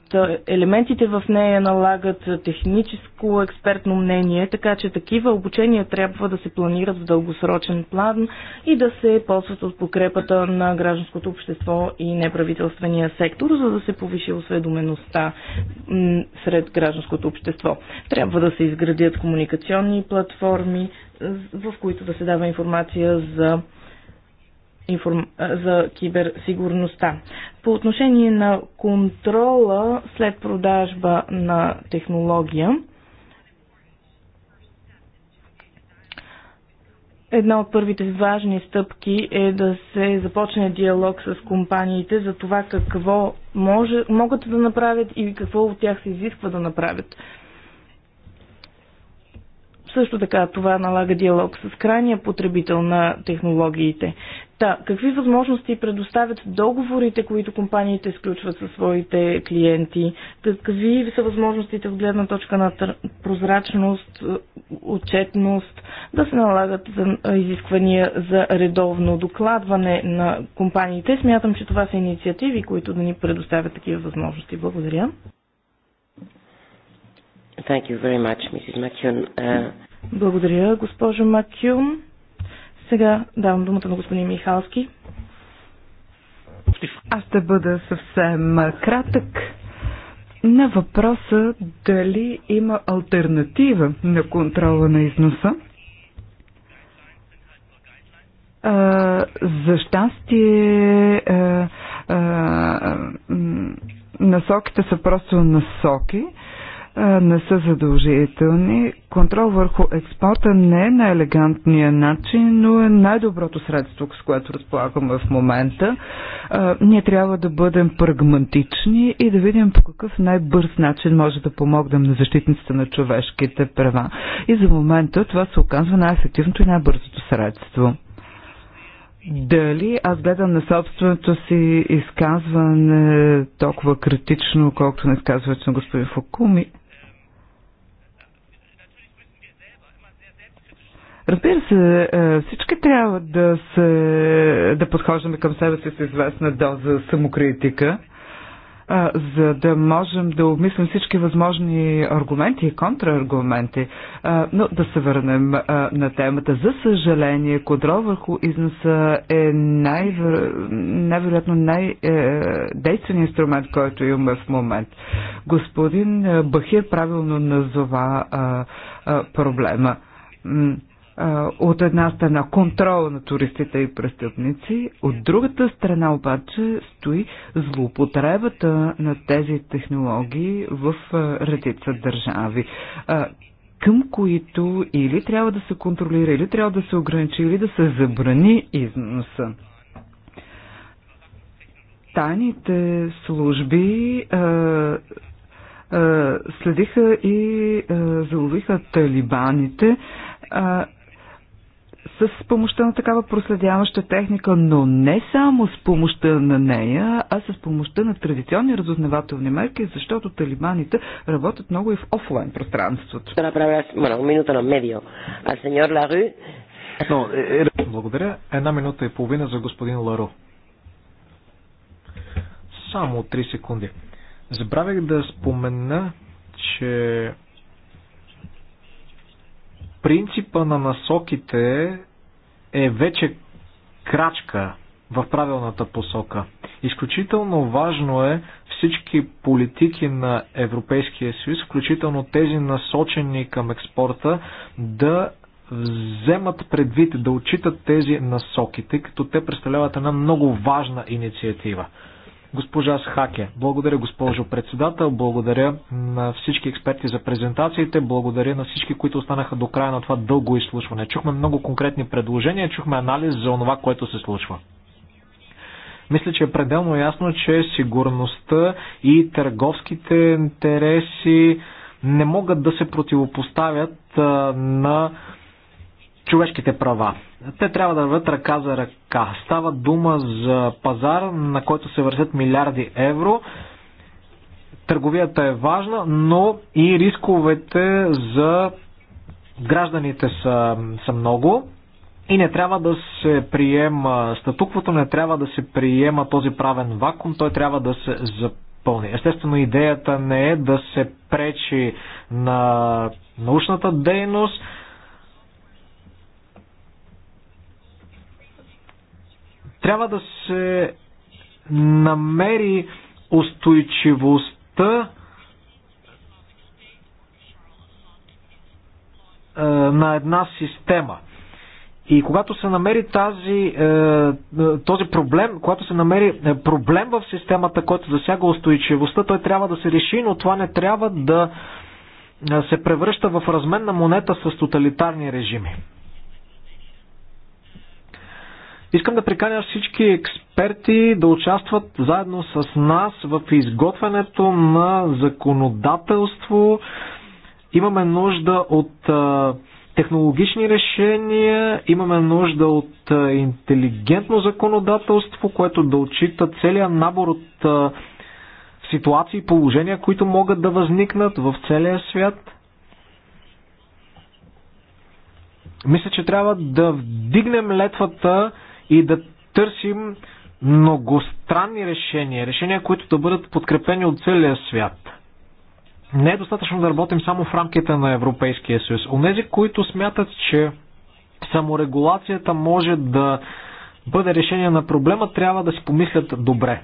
Speaker 2: елементите в нея налагат техническо експертно мнение, така че такива обучения трябва да се планират в дългосрочен план и да се ползват от покрепата на гражданското общество и неправителствения сектор, за да се повиши осведомеността сред гражданското общество. Трябва да се изградят комуникационни платформи, в които да се дава информация за информ... за киберсигурността. По отношение на контрола след продажба на технология, Една от първите важни стъпки е да се започне диалог с компаниите за това какво може, могат да направят и какво от тях се изисква да направят. Също така това налага диалог с крайния потребител на технологиите. Та, какви възможности предоставят договорите, които компаниите сключват със своите клиенти? Какви са възможностите от гледна точка на прозрачност, е, отчетност, да се налагат за е, изисквания за редовно докладване на компаниите? Смятам, че това са инициативи, които да ни предоставят такива възможности. Благодаря.
Speaker 1: Thank you very much, Mrs. McKeon.
Speaker 2: Uh... Благодаря, госпожо Макюн. Сега давам думата на господин Михалски. Аз ще бъда
Speaker 3: съвсем кратък на въпроса дали има альтернатива на контрола на износа. А, за щастие а, а, насоките са просто насоки. А, не са задължителни. Контрол върху експорта не е на елегантния начин, но е най-доброто средство, с което разполагаме в момента. Ние трябва да бъдем прагматични и да видим по какъв най-бърз начин може да помогнем на защитниците на човешките права. И за момента това се оказва най-ефективното и най-бързото средство. Дали аз гледам на собственото си изказване толкова критично, колкото на изказването на господин Фокуми. Разбира се, е, всички трябва да, се, да подхождаме към себе си с известна доза самокритика, е, за да можем да обмислим всички възможни аргументи и контрааргументи. Е, но да се върнем на темата. За съжаление, кодро върху износа е най най-вероятно най-действен инструмент, който имаме в момент. Господин Бахир правилно назова проблема от една страна контрола на туристите и престъпници, от другата страна обаче стои злоупотребата на тези технологии в редица държави към които или трябва да се контролира, или трябва да се ограничи, или да се забрани износа. Тайните служби а, а, следиха и а, заловиха талибаните. А, с помощта на такава проследяваща техника, но не само с помощта на нея, а с помощта на традиционни разузнавателни мерки, защото талибаните работят много и в офлайн пространството.
Speaker 1: минута на медио. А сеньор Лару... Е,
Speaker 4: е, благодаря. Една минута и половина за господин Ларо. Само 3 секунди. Забравих да спомена, че Принципа на насоките е вече крачка в правилната посока. Изключително важно е всички политики на Европейския съюз, включително тези насочени към експорта, да вземат предвид, да отчитат тези насоки, тъй като те представляват една много важна инициатива. Госпожа Схаке. Благодаря, госпожо председател. Благодаря на всички експерти за презентациите. Благодаря на всички, които останаха до края на това дълго изслушване. Чухме много конкретни предложения, чухме анализ за това, което се случва. Мисля, че е пределно ясно, че сигурността и търговските интереси не могат да се противопоставят на човешките права. Те трябва да върват ръка за ръка. Става дума за пазар, на който се вършат милиарди евро. Търговията е важна, но и рисковете за гражданите са, са много. И не трябва да се приема статуквото, не трябва да се приема този правен вакуум, той трябва да се запълни. Естествено, идеята не е да се пречи на научната дейност, Трябва да се намери устойчивостта е, на една система. И когато се намери тази, е, е, този проблем, когато се намери проблем в системата, който засяга устойчивостта, той трябва да се реши, но това не трябва да се превръща в разменна монета с тоталитарни режими. Искам да приканя всички експерти да участват заедно с нас в изготвянето на законодателство. Имаме нужда от технологични решения, имаме нужда от интелигентно законодателство, което да отчита целият набор от ситуации и положения, които могат да възникнат в целия свят. Мисля, че трябва да вдигнем летвата и да търсим многостранни решения, решения, които да бъдат подкрепени от целия свят. Не е достатъчно да работим само в рамките на Европейския съюз. Онези, които смятат, че саморегулацията може да бъде решение на проблема, трябва да си помислят добре.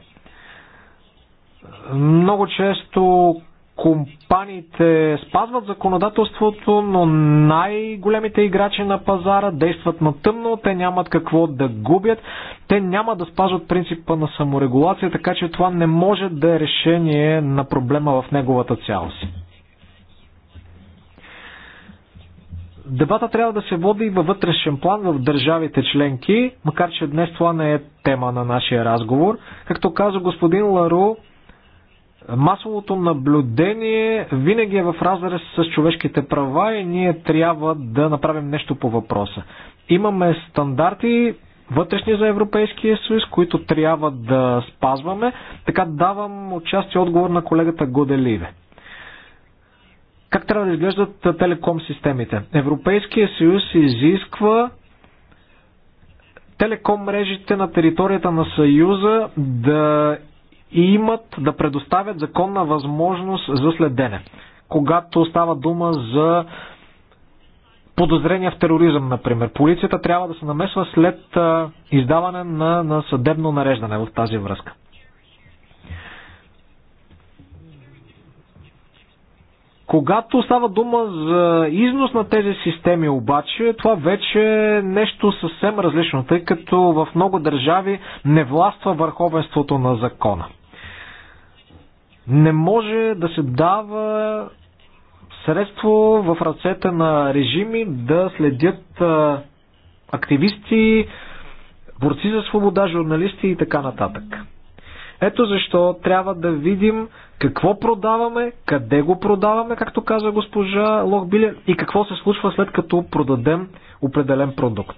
Speaker 4: Много често компаниите спазват законодателството, но най-големите играчи на пазара действат на тъмно, те нямат какво да губят, те няма да спазват принципа на саморегулация, така че това не може да е решение на проблема в неговата цялост. Дебата трябва да се води и във вътрешен план в държавите членки, макар че днес това не е тема на нашия разговор. Както каза господин Ларо, Масовото наблюдение винаги е в разрез с човешките права и ние трябва да направим нещо по въпроса. Имаме стандарти вътрешни за Европейския съюз, които трябва да спазваме. Така давам участие отговор на колегата Годеливе. Как трябва да изглеждат телеком системите? Европейския съюз изисква телеком мрежите на територията на Съюза да и имат да предоставят законна възможност за следене. Когато става дума за подозрения в тероризъм, например. Полицията трябва да се намесва след издаване на, на съдебно нареждане в тази връзка. Когато става дума за износ на тези системи обаче, това вече е нещо съвсем различно, тъй като в много държави не властва върховенството на закона. Не може да се дава средство в ръцете на режими да следят активисти, борци за свобода, журналисти и така нататък. Ето защо трябва да видим какво продаваме, къде го продаваме, както каза госпожа Лохбилер, и какво се случва след като продадем определен продукт.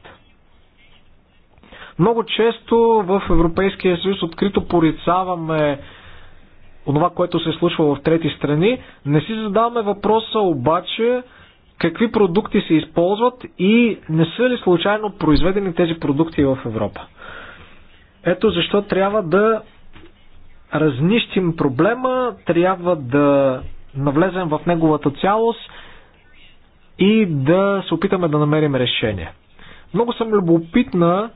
Speaker 4: Много често в Европейския съюз открито порицаваме онова, което се случва в трети страни, не си задаваме въпроса обаче какви продукти се използват и не са ли случайно произведени тези продукти в Европа. Ето защо трябва да разнищим проблема, трябва да навлезем в неговата цялост и да се опитаме да намерим решение. Много съм любопитна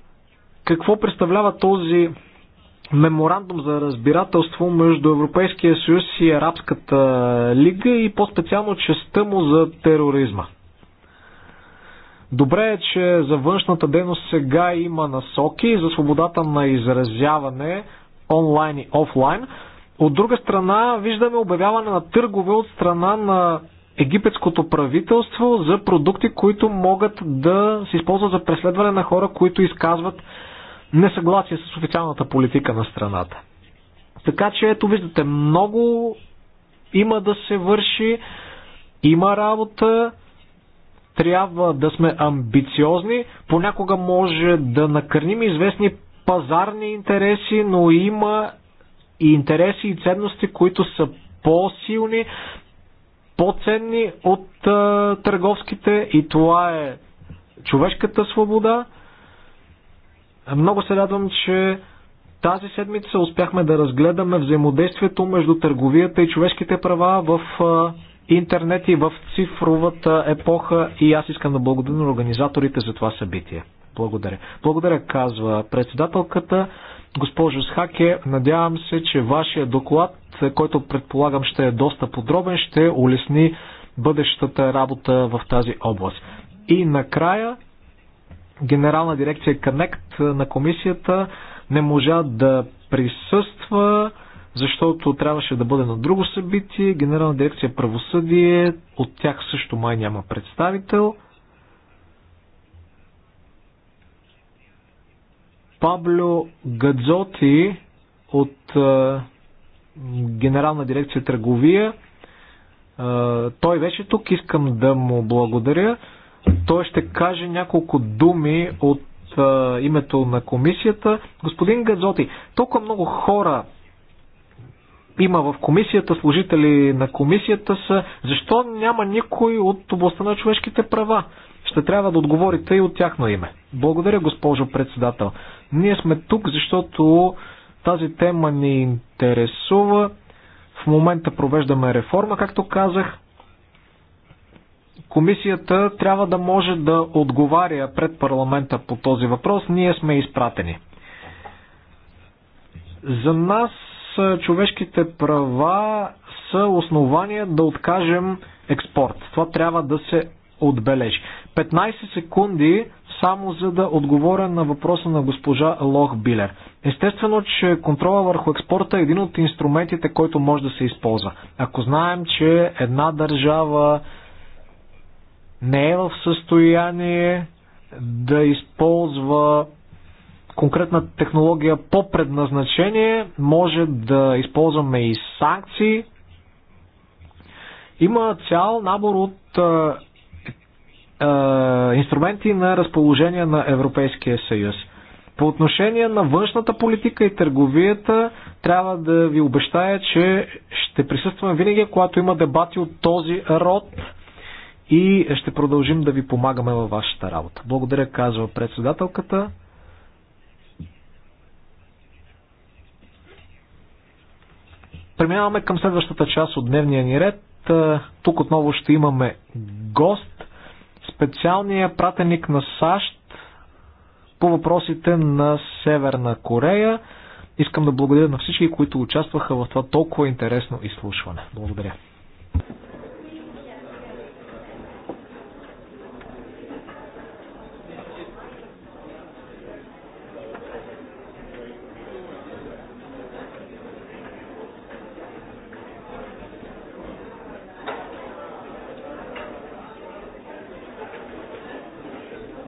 Speaker 4: какво представлява този меморандум за разбирателство между Европейския съюз и Арабската лига и по-специално частта му за тероризма. Добре е, че за външната дейност сега има насоки за свободата на изразяване онлайн и офлайн. От друга страна, виждаме обявяване на търгове от страна на египетското правителство за продукти, които могат да се използват за преследване на хора, които изказват несъгласие с официалната политика на страната. Така че, ето виждате, много има да се върши, има работа, трябва да сме амбициозни, понякога може да накърним известни пазарни интереси, но има и интереси и ценности, които са по-силни, по-ценни от а, търговските и това е човешката свобода, много се радвам, че тази седмица успяхме да разгледаме взаимодействието между търговията и човешките права в интернет и в цифровата епоха и аз искам да благодаря на организаторите за това събитие. Благодаря. Благодаря, казва председателката. Госпожо Схаке, надявам се, че вашия доклад, който предполагам ще е доста подробен, ще улесни бъдещата работа в тази област. И накрая Генерална дирекция Connect на комисията не можа да присъства, защото трябваше да бъде на друго събитие. Генерална дирекция Правосъдие, от тях също май няма представител. Пабло Гадзоти от Генерална дирекция Търговия. той беше тук, искам да му благодаря. Той ще каже няколко думи от а, името на комисията. Господин Гадзоти, толкова много хора има в комисията, служители на комисията са, защо няма никой от областта на човешките права? Ще трябва да отговорите и от тяхно име. Благодаря, госпожо председател. Ние сме тук, защото тази тема ни интересува. В момента провеждаме реформа, както казах. Комисията трябва да може да отговаря пред парламента по този въпрос. Ние сме изпратени. За нас е, човешките права са основания да откажем експорт. Това трябва да се отбележи. 15 секунди само за да отговоря на въпроса на госпожа Лох Билер. Естествено, че контрола върху експорта е един от инструментите, който може да се използва. Ако знаем, че една държава не е в състояние да използва конкретна технология по предназначение, може да използваме и санкции. Има цял набор от а, а, инструменти на разположение на Европейския съюз. По отношение на външната политика и търговията, трябва да ви обещая, че ще присъстваме винаги, когато има дебати от този род и ще продължим да ви помагаме във вашата работа. Благодаря, казва председателката. Преминаваме към следващата част от дневния ни ред. Е, тук отново ще имаме гост, специалния пратеник на САЩ по въпросите на Северна Корея. Искам да благодаря на всички, които участваха в това толкова интересно изслушване. Благодаря.